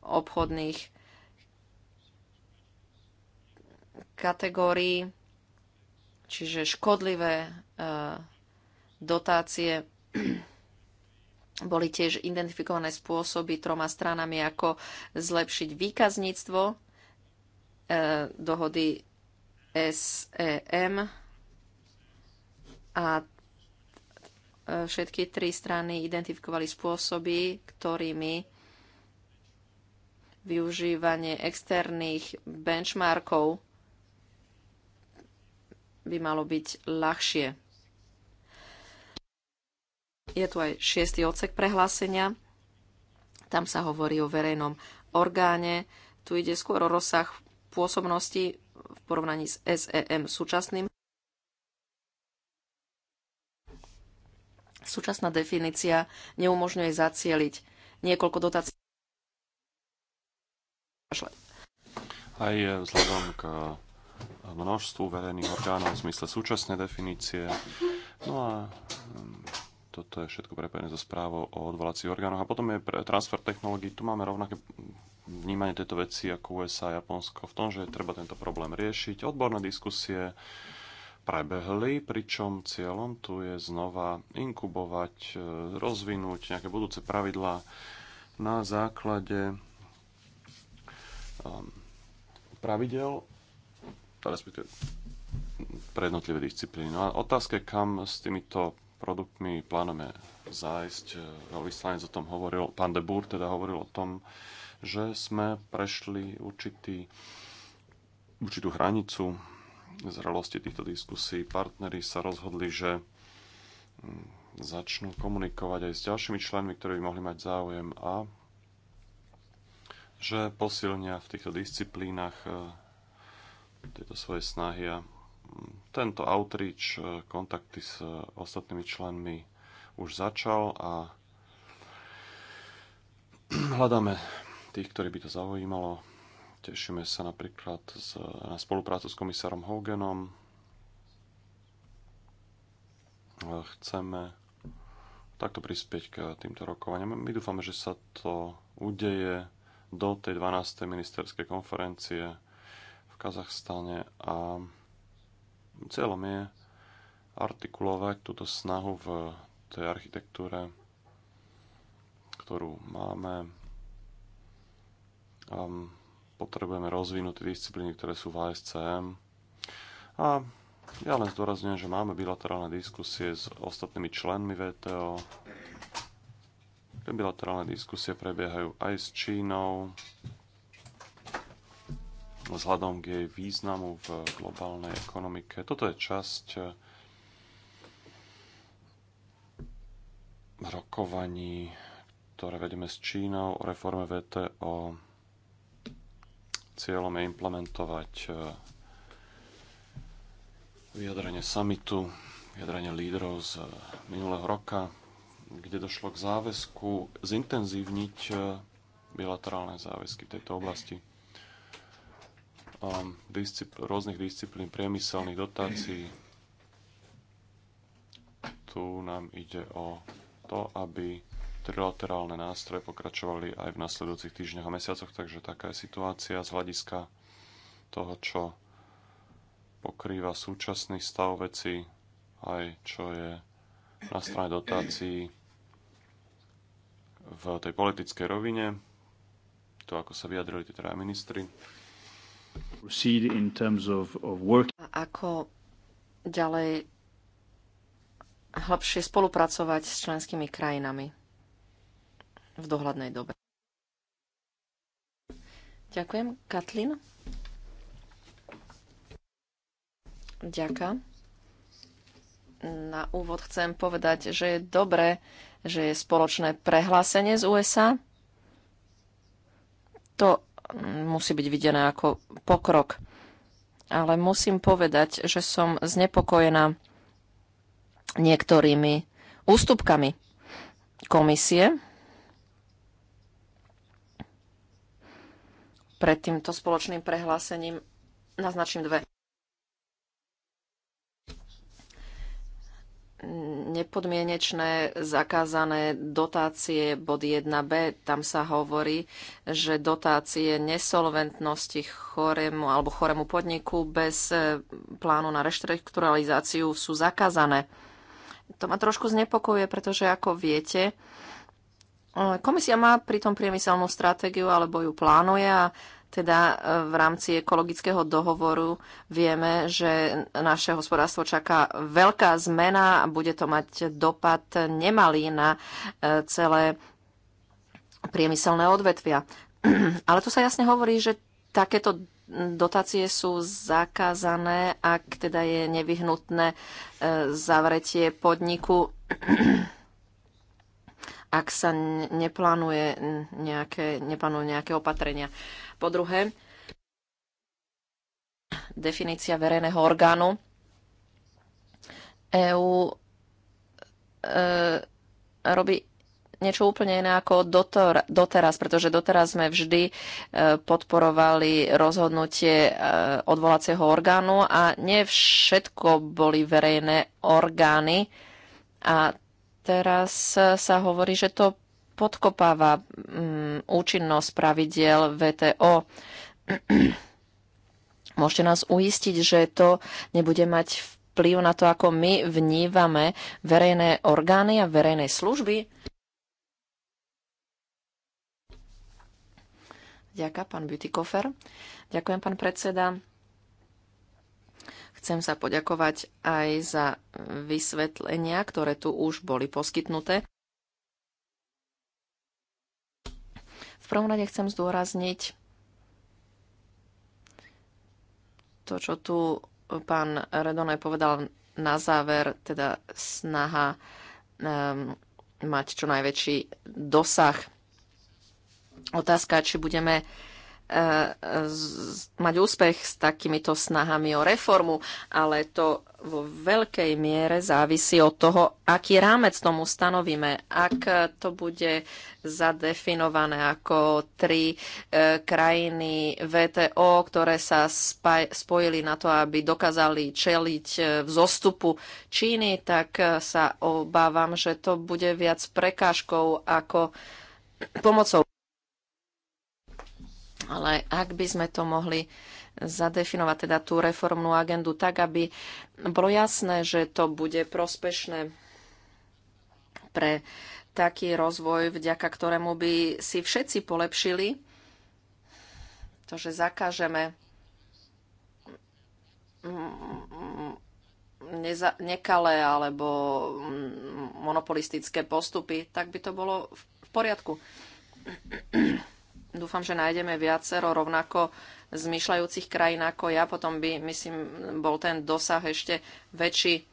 obchodných kategórií, čiže škodlivé dotácie boli tiež identifikované spôsoby troma stranami, ako zlepšiť výkazníctvo e, dohody SEM a e, všetky tri strany identifikovali spôsoby, ktorými využívanie externých benchmarkov by malo byť ľahšie. Je tu aj šiestý odsek prehlásenia. Tam sa hovorí o verejnom orgáne. Tu ide skôr o rozsah pôsobnosti v porovnaní s SEM súčasným. Súčasná definícia neumožňuje zacieliť niekoľko dotácií. Aj vzhľadom k množstvu verejných orgánov v zmysle súčasnej definície. No a toto je všetko prepojené so správou o odvolacích orgánoch. A potom je pre transfer technológií. Tu máme rovnaké vnímanie tejto veci ako USA a Japonsko v tom, že je treba tento problém riešiť. Odborné diskusie prebehli, pričom cieľom tu je znova inkubovať, e, rozvinúť nejaké budúce pravidlá na základe um, pravidel, respektíve pre jednotlivé disciplíny. No a otázka, kam s týmito produktmi plánujeme zájsť. E, Vyslanec o tom hovoril, pán de Búr teda hovoril o tom, že sme prešli určitý, určitú hranicu zrelosti týchto diskusí. Partneri sa rozhodli, že mm, začnú komunikovať aj s ďalšími členmi, ktorí by mohli mať záujem a že posilnia v týchto disciplínach e, tieto svoje snahy a tento outreach, e, kontakty s e, ostatnými členmi už začal a hľadáme tých, ktorí by to zaujímalo. Tešíme sa napríklad z, na spoluprácu s komisárom Hoganom. E, chceme takto prispieť k týmto rokovaniam. My dúfame, že sa to udeje do tej 12. ministerskej konferencie v Kazachstane a Cieľom je artikulovať túto snahu v tej architektúre, ktorú máme. Um, potrebujeme rozvinúť disciplíny, ktoré sú v ASCM. A ja len zdôrazňujem, že máme bilaterálne diskusie s ostatnými členmi VTO. Tie bilaterálne diskusie prebiehajú aj s Čínou, vzhľadom k jej významu v globálnej ekonomike. Toto je časť eh, rokovaní, ktoré vedeme s Čínou o reforme VTO. Cieľom je implementovať eh, vyjadrenie samitu, vyjadrenie lídrov z eh, minulého roka, kde došlo k záväzku zintenzívniť bilaterálne záväzky v tejto oblasti. Um, discipl- rôznych disciplín priemyselných dotácií. Tu nám ide o to, aby trilaterálne nástroje pokračovali aj v nasledujúcich týždňoch a mesiacoch, takže taká je situácia z hľadiska toho, čo pokrýva súčasný stav veci, aj čo je na strane dotácií v tej politickej rovine, to ako sa vyjadrili tie teda ministri. A ako ďalej hlbšie spolupracovať s členskými krajinami v dohľadnej dobe. Ďakujem. Katlin? Ďaká. Na úvod chcem povedať, že je dobré, že je spoločné prehlásenie z USA. To musí byť videné ako pokrok. Ale musím povedať, že som znepokojená niektorými ústupkami komisie pred týmto spoločným prehlásením naznačím dve nepodmienečné zakázané dotácie bod 1b. Tam sa hovorí, že dotácie nesolventnosti choremu alebo choremu podniku bez e, plánu na reštrukturalizáciu sú zakázané. To ma trošku znepokojuje, pretože ako viete, e, komisia má pritom priemyselnú stratégiu alebo ju plánuje a teda e, v rámci ekologického dohovoru vieme, že naše hospodárstvo čaká veľká zmena a bude to mať dopad nemalý na e, celé priemyselné odvetvia. Ale tu sa jasne hovorí, že takéto dotácie sú zakázané, ak teda je nevyhnutné e, zavretie podniku, ak sa neplánuje nejaké, neplánuje nejaké opatrenia. Po druhé, definícia verejného orgánu. EÚ e, robí niečo úplne iné ako dotor, doteraz, pretože doteraz sme vždy e, podporovali rozhodnutie e, odvolacieho orgánu a nie všetko boli verejné orgány. A teraz sa hovorí, že to podkopáva um, účinnosť pravidiel VTO. Môžete nás uistiť, že to nebude mať vplyv na to, ako my vnívame verejné orgány a verejné služby? Ďakujem, pán Butikofer. Ďakujem, pán predseda. Chcem sa poďakovať aj za vysvetlenia, ktoré tu už boli poskytnuté. prvom rade chcem zdôrazniť to, čo tu pán Redonaj povedal na záver, teda snaha um, mať čo najväčší dosah. Otázka, či budeme E, e, mať úspech s takýmito snahami o reformu, ale to vo veľkej miere závisí od toho, aký rámec tomu stanovíme. Ak to bude zadefinované ako tri e, krajiny VTO, ktoré sa spaj, spojili na to, aby dokázali čeliť e, v zostupu Číny, tak sa obávam, že to bude viac prekážkou ako pomocou. Ale ak by sme to mohli zadefinovať, teda tú reformnú agendu, tak aby bolo jasné, že to bude prospešné pre taký rozvoj, vďaka ktorému by si všetci polepšili, to, že zakážeme mm, neza- nekalé alebo mm, monopolistické postupy, tak by to bolo v poriadku. Dúfam, že nájdeme viacero rovnako zmyšľajúcich krajín ako ja. Potom by, myslím, bol ten dosah ešte väčší.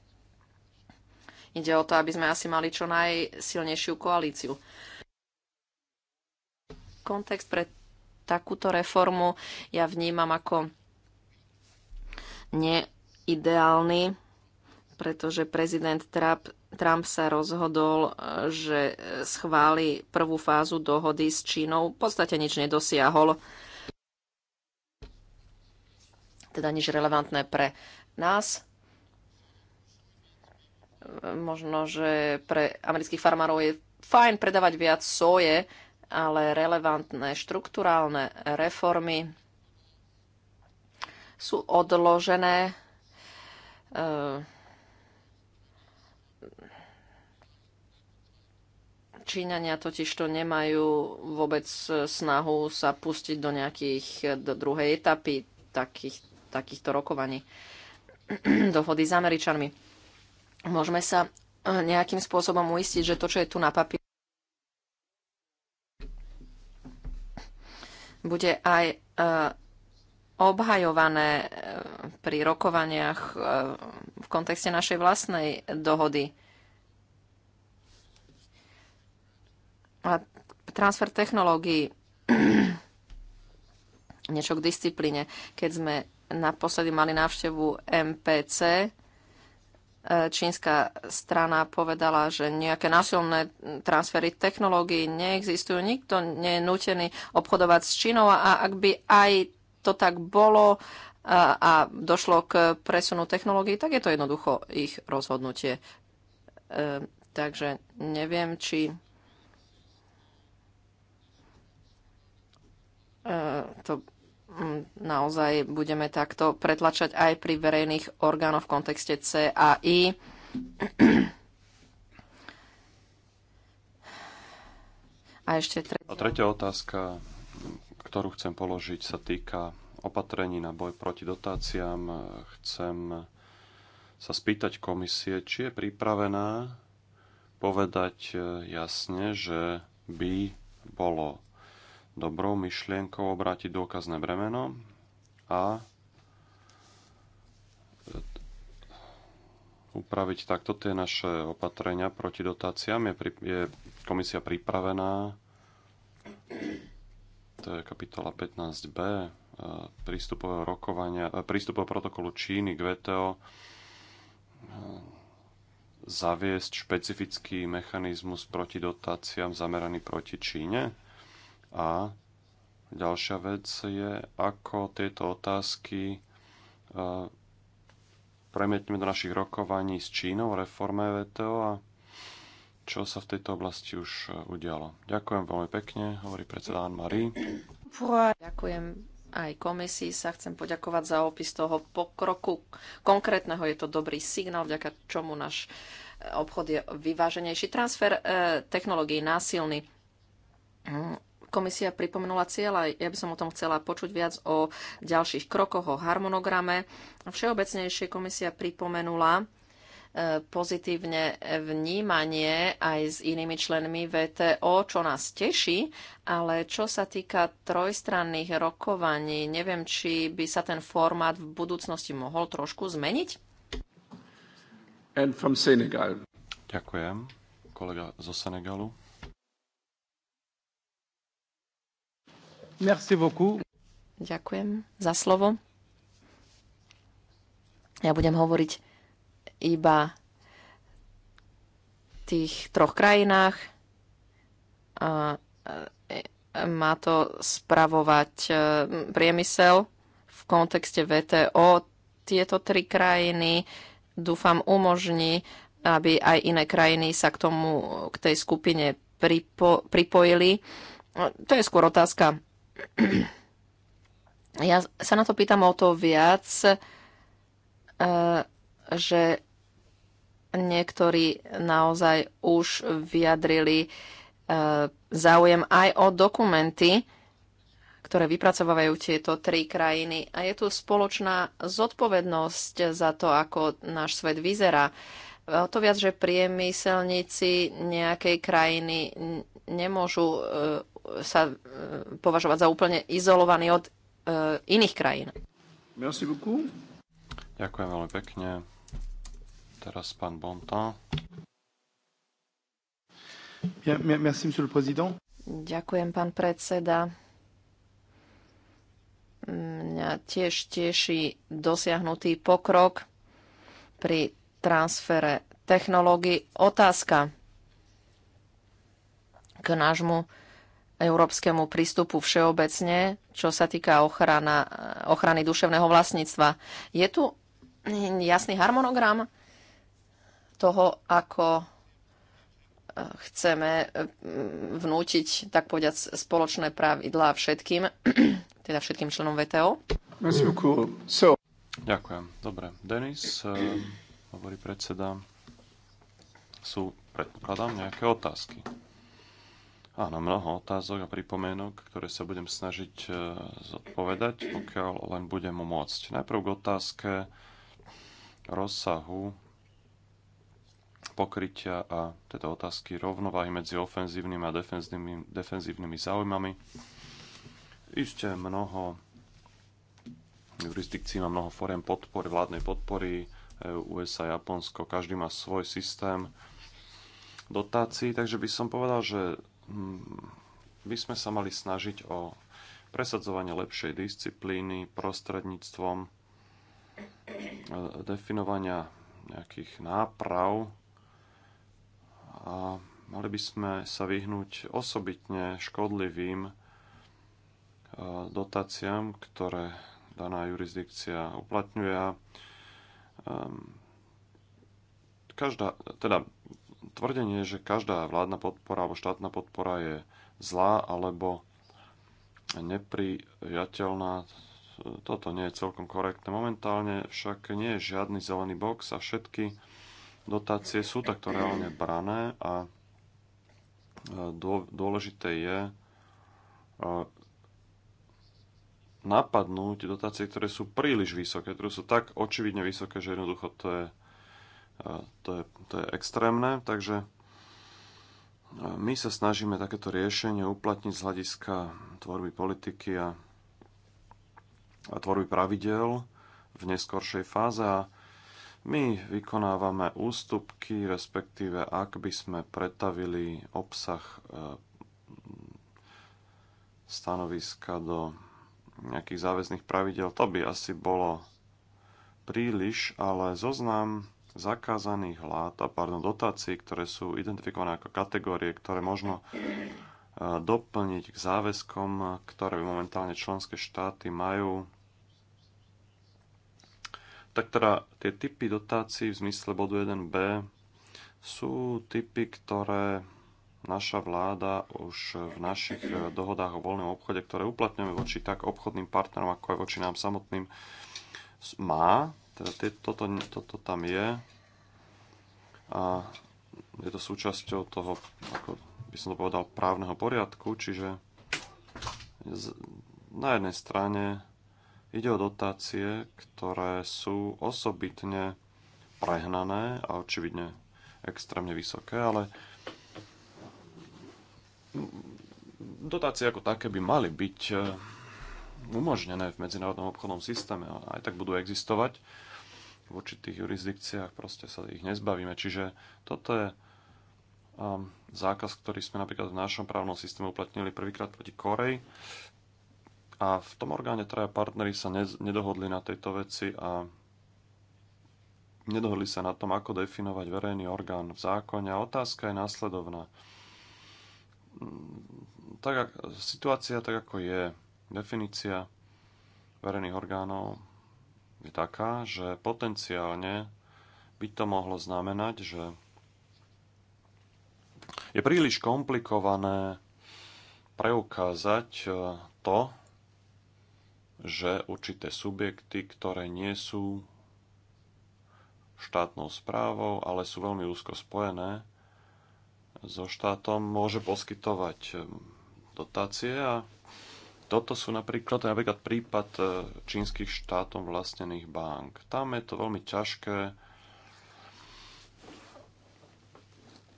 Ide o to, aby sme asi mali čo najsilnejšiu koalíciu. Kontext pre takúto reformu ja vnímam ako neideálny, pretože prezident Trump Trump sa rozhodol, e, že e, schváli prvú fázu dohody s Čínou. V podstate nič nedosiahol, teda nič relevantné pre nás. Možno, že pre amerických farmárov je fajn predávať viac soje, ale relevantné štruktúrálne reformy sú odložené. E Číňania totiž to nemajú vôbec e, snahu sa pustiť do nejakých, do druhej etapy takých, takýchto rokovaní dohody s Američanmi. Môžeme sa e, nejakým spôsobom uistiť, že to, čo je tu na papieri, bude aj e, obhajované pri rokovaniach v kontexte našej vlastnej dohody transfer technológií. Niečo k disciplíne. Keď sme naposledy mali návštevu MPC, e, čínska strana povedala, že nejaké násilné transfery technológií neexistujú. Nikto nie je nutený obchodovať s Čínou a ak by aj to tak bolo a, e, a došlo k presunu technológií, tak je to jednoducho ich rozhodnutie. E, takže neviem, či E, to mm, naozaj budeme takto pretlačať aj pri verejných orgánoch v kontexte CAI. A ešte tretia. A tretia otázka, ktorú chcem položiť, sa týka opatrení na boj proti dotáciám. Chcem sa spýtať komisie, či je pripravená povedať e, jasne, že by bolo dobrou myšlienkou obrátiť dôkazné bremeno a e, upraviť takto tie naše opatrenia proti dotáciám. Je, pri, je komisia pripravená, to je kapitola 15b e, prístupového rokovania, e, prístupového protokolu Číny k VTO zaviesť špecifický mechanizmus proti dotáciám zameraný proti Číne? A ďalšia vec je, ako tieto otázky e, premietneme do našich rokovaní s Čínou o reforme VTO a čo sa v tejto oblasti už e, udialo. Ďakujem veľmi pekne, hovorí predseda Anne-Marie. Ďakujem aj komisii sa chcem poďakovať za opis toho pokroku. Konkrétneho je to dobrý signál, vďaka čomu náš e, obchod je vyváženejší. Transfer e, technológií násilný. Mm, Komisia pripomenula a ja by som o tom chcela počuť viac o ďalších krokoch, o harmonograme. Všeobecnejšie komisia pripomenula e, pozitívne vnímanie aj s inými členmi VTO, čo nás teší, ale čo sa týka trojstranných rokovaní, neviem, či by sa ten formát v budúcnosti mohol trošku zmeniť. And from Senegal. Ďakujem, kolega zo Senegalu. Merci beaucoup. Ďakujem za slovo. Ja budem hovoriť iba v tých troch krajinách. A má to spravovať e, priemysel v kontexte VTO. Tieto tri krajiny dúfam umožní, aby aj iné krajiny sa k tomu, k tej skupine pripo, pripojili. E, to je skôr otázka ja sa na to pýtam o to viac, e, že niektorí naozaj už vyjadrili e, záujem aj o dokumenty, ktoré vypracovávajú tieto tri krajiny. A je tu spoločná zodpovednosť za to, ako náš svet vyzerá. O to viac, že priemyselníci nejakej krajiny nemôžu e, sa e, považovať za úplne izolovaný od e, iných krajín. Merci beaucoup. Ďakujem veľmi pekne. Teraz pán Bonta. Merci, monsieur le président. Ďakujem, pán predseda. Mňa tiež teší dosiahnutý pokrok pri transfere technológií. Otázka k nášmu európskemu prístupu všeobecne, čo sa týka ochrana, ochrany duševného vlastníctva. Je tu jasný harmonogram toho, ako e, chceme e, vnútiť, tak povedať, spoločné pravidlá všetkým, teda všetkým členom VTO? Ďakujem. Dobre. Denis, e, hovorí predseda, sú, predpokladám, nejaké otázky. Áno, mnoho otázok a pripomienok, ktoré sa budem snažiť e, zodpovedať, pokiaľ len budem môcť. Najprv k otázke rozsahu pokrytia a teda otázky rovnováhy medzi ofenzívnymi a defenzívnymi, defenzívnymi záujmami. Ište mnoho jurisdikcií má mnoho foriem podpory, vládnej podpory, e USA, Japonsko, každý má svoj systém dotácií, takže by som povedal, že Hm, by sme sa mali snažiť o presadzovanie lepšej disciplíny prostredníctvom eh, definovania nejakých náprav a mali by sme sa vyhnúť osobitne škodlivým eh, dotáciám, ktoré daná jurisdikcia uplatňuje. Ehm, každá, teda tvrdenie, že každá vládna podpora alebo štátna podpora je zlá alebo neprijateľná. toto nie je celkom korektné. Momentálne však nie je žiadny zelený box a všetky dotácie sú takto reálne brané a e, dôležité je e, napadnúť dotácie, ktoré sú príliš vysoké, ktoré sú tak očividne vysoké, že jednoducho to je to je, to je extrémne, takže e, my sa snažíme takéto riešenie uplatniť z hľadiska tvorby politiky a, a tvorby pravidel v neskoršej fáze a my vykonávame ústupky, respektíve ak by sme pretavili obsah e, stanoviska do nejakých záväzných pravidel, to by asi bolo príliš, ale zoznam zakázaných lát a pardon, dotácií, ktoré sú identifikované ako kategórie, ktoré možno e, doplniť k záväzkom, ktoré momentálne členské štáty majú. Tak teda tie typy dotácií v zmysle bodu 1b sú typy, ktoré naša vláda už v našich e, dohodách o voľnom obchode, ktoré uplatňujeme voči tak obchodným partnerom, ako aj voči nám samotným, má teda tie, toto, toto tam je a je to súčasťou toho, ako by som to povedal, právneho poriadku, čiže na jednej strane ide o dotácie, ktoré sú osobitne prehnané a očividne extrémne vysoké, ale dotácie ako také by mali byť eh, umožnené v medzinárodnom obchodnom systéme a aj tak budú existovať v určitých jurisdikciách proste sa ich nezbavíme. Čiže toto je um, zákaz, ktorý sme napríklad v našom právnom systéme uplatnili prvýkrát proti Korei. A v tom orgáne traja partnery sa ne, nedohodli na tejto veci a nedohodli sa na tom, ako definovať verejný orgán v zákone. A otázka je následovná. Mm, tak, situácia tak, ako je, definícia verejných orgánov je taká, že potenciálne by to mohlo znamenať, že je príliš komplikované preukázať e, to, že určité subjekty, ktoré nie sú štátnou správou, ale sú veľmi úzko spojené so štátom, môže poskytovať e, dotácie a toto sú napríklad, to je napríklad prípad e, čínskych štátom vlastnených bank. Tam je to veľmi ťažké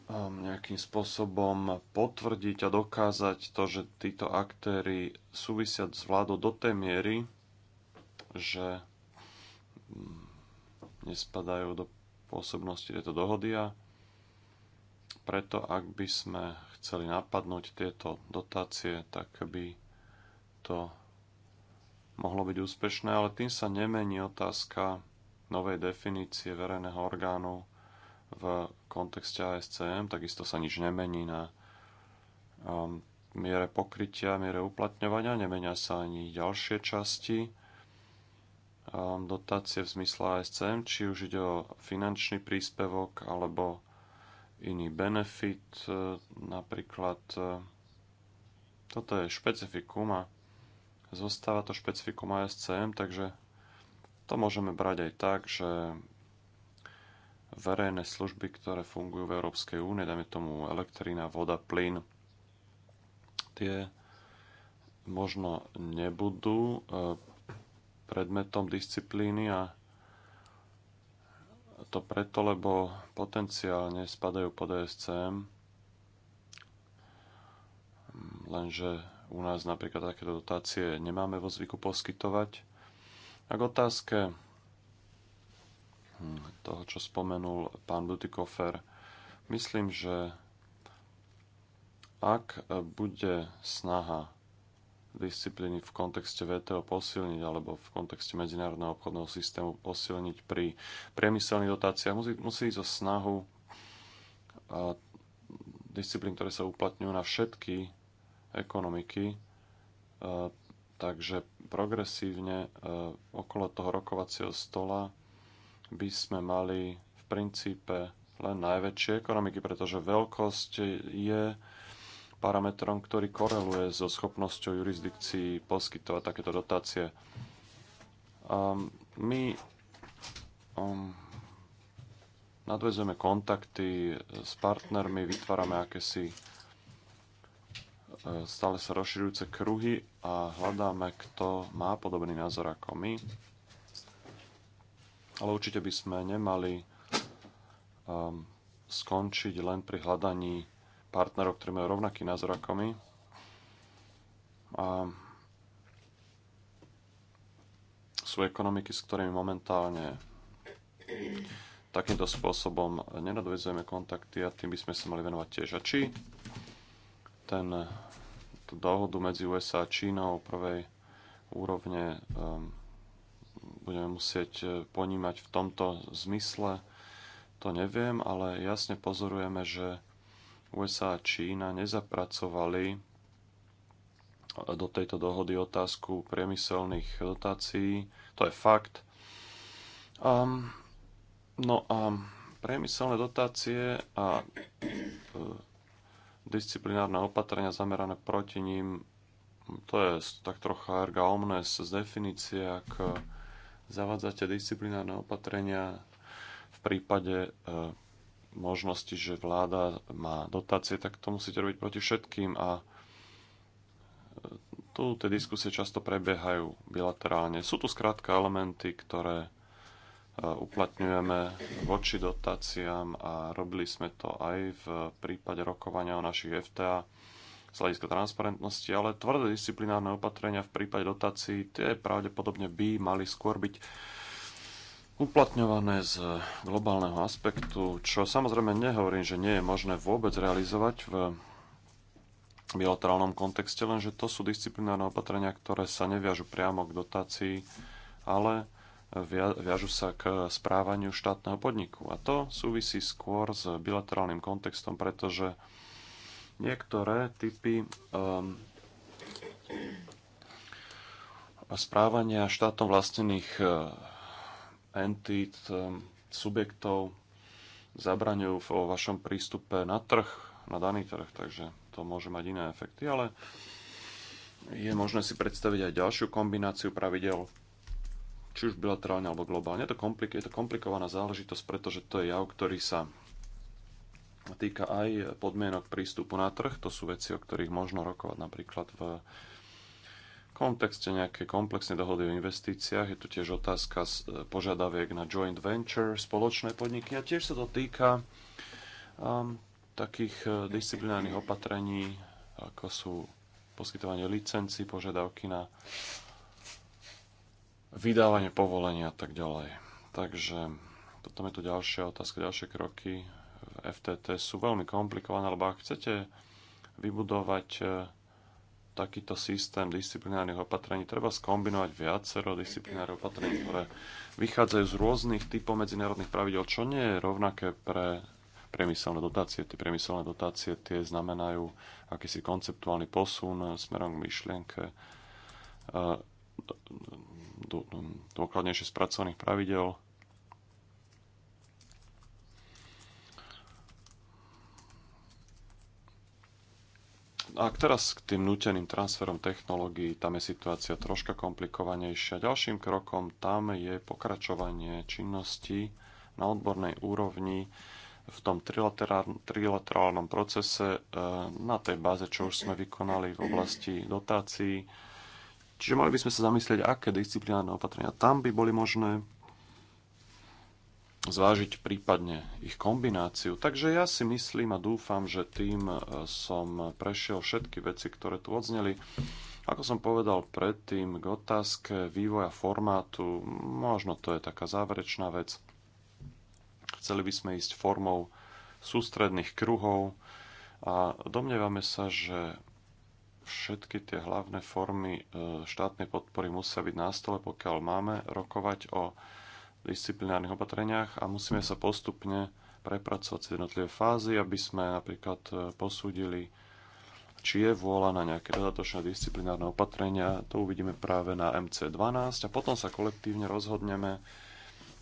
um, nejakým spôsobom potvrdiť a dokázať to, že títo aktéry súvisia s vládou do tej miery, že mm, nespadajú do pôsobnosti tejto dohody a preto ak by sme chceli napadnúť tieto dotácie, tak by to mohlo byť úspešné, ale tým sa nemení otázka novej definície verejného orgánu v kontexte ASCM, takisto sa nič nemení na um, miere pokrytia, miere uplatňovania, nemenia sa ani ďalšie časti um, dotácie v zmysle ASCM, či už ide o finančný príspevok alebo iný benefit, uh, napríklad uh, toto je špecifikum a Zostáva to špecifikum ASCM, takže to môžeme brať aj tak, že verejné služby, ktoré fungujú v Európskej únie, dajme tomu elektrina, voda, plyn, tie možno nebudú e, predmetom disciplíny a to preto, lebo potenciálne spadajú pod ESCM, lenže u nás napríklad takéto dotácie nemáme vo zvyku poskytovať. A k otázke hm, toho, čo spomenul pán Butikofer, myslím, že ak bude snaha disciplíny v kontexte VTO posilniť alebo v kontexte medzinárodného obchodného systému posilniť pri priemyselných dotáciách. Musí, musí ísť o snahu a disciplín, ktoré sa uplatňujú na všetky ekonomiky. E, takže progresívne e, okolo toho rokovacieho stola by sme mali v princípe len najväčšie ekonomiky, pretože veľkosť je parametrom, ktorý koreluje so schopnosťou jurisdikcií poskytovať takéto dotácie. Um, my um, nadvezujeme kontakty s partnermi, vytvárame akési E, stále sa rozširujúce kruhy a hľadáme, kto má podobný názor ako my. Ale určite by sme nemali um, skončiť len pri hľadaní partnerov, ktorí majú rovnaký názor ako my. A sú ekonomiky, s ktorými momentálne takýmto spôsobom nenadvezujeme kontakty a tým by sme sa mali venovať tiež. A či ten tú dohodu medzi USA a Čínou prvej úrovne um, budeme musieť e, ponímať v tomto zmysle. To neviem, ale jasne pozorujeme, že USA a Čína nezapracovali e, do tejto dohody otázku priemyselných dotácií. To je fakt. Um, no a priemyselné dotácie a e, disciplinárne opatrenia zamerané proti ním, to je tak trocha erga omnes z definície, ak e, zavádzate disciplinárne opatrenia v prípade e, možnosti, že vláda má dotácie, tak to musíte robiť proti všetkým a e, tu tie diskusie často prebiehajú bilaterálne. Sú tu skrátka elementy, ktoré uplatňujeme voči dotáciám a robili sme to aj v prípade rokovania o našich FTA z hľadiska transparentnosti, ale tvrdé disciplinárne opatrenia v prípade dotácií tie pravdepodobne by mali skôr byť uplatňované z globálneho aspektu, čo samozrejme nehovorím, že nie je možné vôbec realizovať v bilaterálnom kontexte, lenže to sú disciplinárne opatrenia, ktoré sa neviažu priamo k dotácii, ale viažu sa k správaniu štátneho podniku. A to súvisí skôr s bilaterálnym kontextom, pretože niektoré typy um, správania štátom vlastnených uh, entít, um, subjektov zabraňujú vo vašom prístupe na trh, na daný trh, takže to môže mať iné efekty, ale je možné si predstaviť aj ďalšiu kombináciu pravidel či už bilaterálne alebo globálne. Je to, komplik- je to komplikovaná záležitosť, pretože to je jav, ktorý sa týka aj podmienok prístupu na trh. To sú veci, o ktorých možno rokovať napríklad v kontexte nejaké komplexnej dohody o investíciách. Je tu tiež otázka e, požiadaviek na joint venture, spoločné podniky a tiež sa to týka um, takých e, disciplinárnych opatrení, ako sú poskytovanie licencií, požiadavky na vydávanie povolenia a tak ďalej. Takže potom je tu ďalšia otázka, ďalšie kroky v FTT sú veľmi komplikované, lebo ak chcete vybudovať e, takýto systém disciplinárnych opatrení treba skombinovať viacero disciplinárnych opatrení, ktoré vychádzajú z rôznych typov medzinárodných pravidel, čo nie je rovnaké pre priemyselné dotácie. Tie priemyselné dotácie tie znamenajú akýsi konceptuálny posun e, smerom k myšlienke e, dôkladnejšie spracovaných pravidel. A teraz k tým nuteným transferom technológií, tam je situácia troška komplikovanejšia. Ďalším krokom tam je pokračovanie činnosti na odbornej úrovni v tom trilaterálnom procese eh, na tej báze, čo už sme vykonali v oblasti dotácií Čiže mali by sme sa zamyslieť, aké disciplinárne opatrenia tam by boli možné, zvážiť prípadne ich kombináciu. Takže ja si myslím a dúfam, že tým e, som prešiel všetky veci, ktoré tu odzneli. Ako som povedal predtým, k otázke vývoja formátu, možno to je taká záverečná vec. Chceli by sme ísť formou sústredných kruhov a domnievame sa, že všetky tie hlavné formy e, štátnej podpory musia byť na stole, pokiaľ máme rokovať o disciplinárnych opatreniach a musíme sa postupne prepracovať cez jednotlivé fázy, aby sme napríklad e, posúdili, či je vôľa na nejaké dodatočné disciplinárne opatrenia. To uvidíme práve na MC12 a potom sa kolektívne rozhodneme,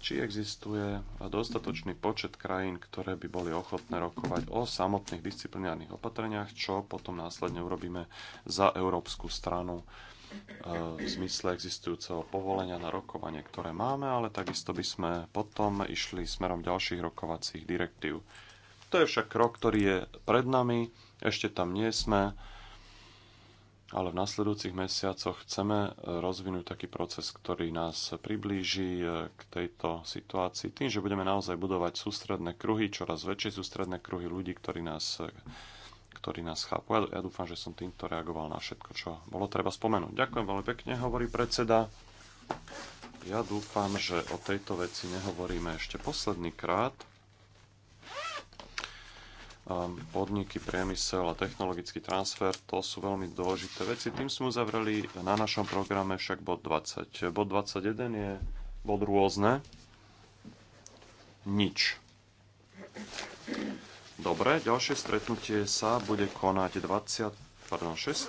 či existuje dostatočný počet krajín, ktoré by boli ochotné rokovať o samotných disciplinárnych opatreniach, čo potom následne urobíme za európsku stranu e, v zmysle existujúceho povolenia na rokovanie, ktoré máme, ale takisto by sme potom išli smerom ďalších rokovacích direktív. To je však krok, ktorý je pred nami, ešte tam nie sme ale v nasledujúcich mesiacoch chceme e, rozvinúť taký proces, ktorý nás priblíži e, k tejto situácii tým, že budeme naozaj budovať sústredné kruhy, čoraz väčšie sústredné kruhy ľudí, ktorí nás, e, ktorí nás chápu. Ja, ja dúfam, že som týmto reagoval na všetko, čo bolo treba spomenúť. Ďakujem veľmi pekne, hovorí predseda. Ja dúfam, že o tejto veci nehovoríme ešte posledný krát. Ehm, podniky, priemysel a technologický transfer, to sú veľmi dôležité veci. Tým sme uzavreli na našom programe však bod 20. Bod 21 je bod rôzne. Nič. Dobre, ďalšie stretnutie sa bude konať 20, pardon, 16.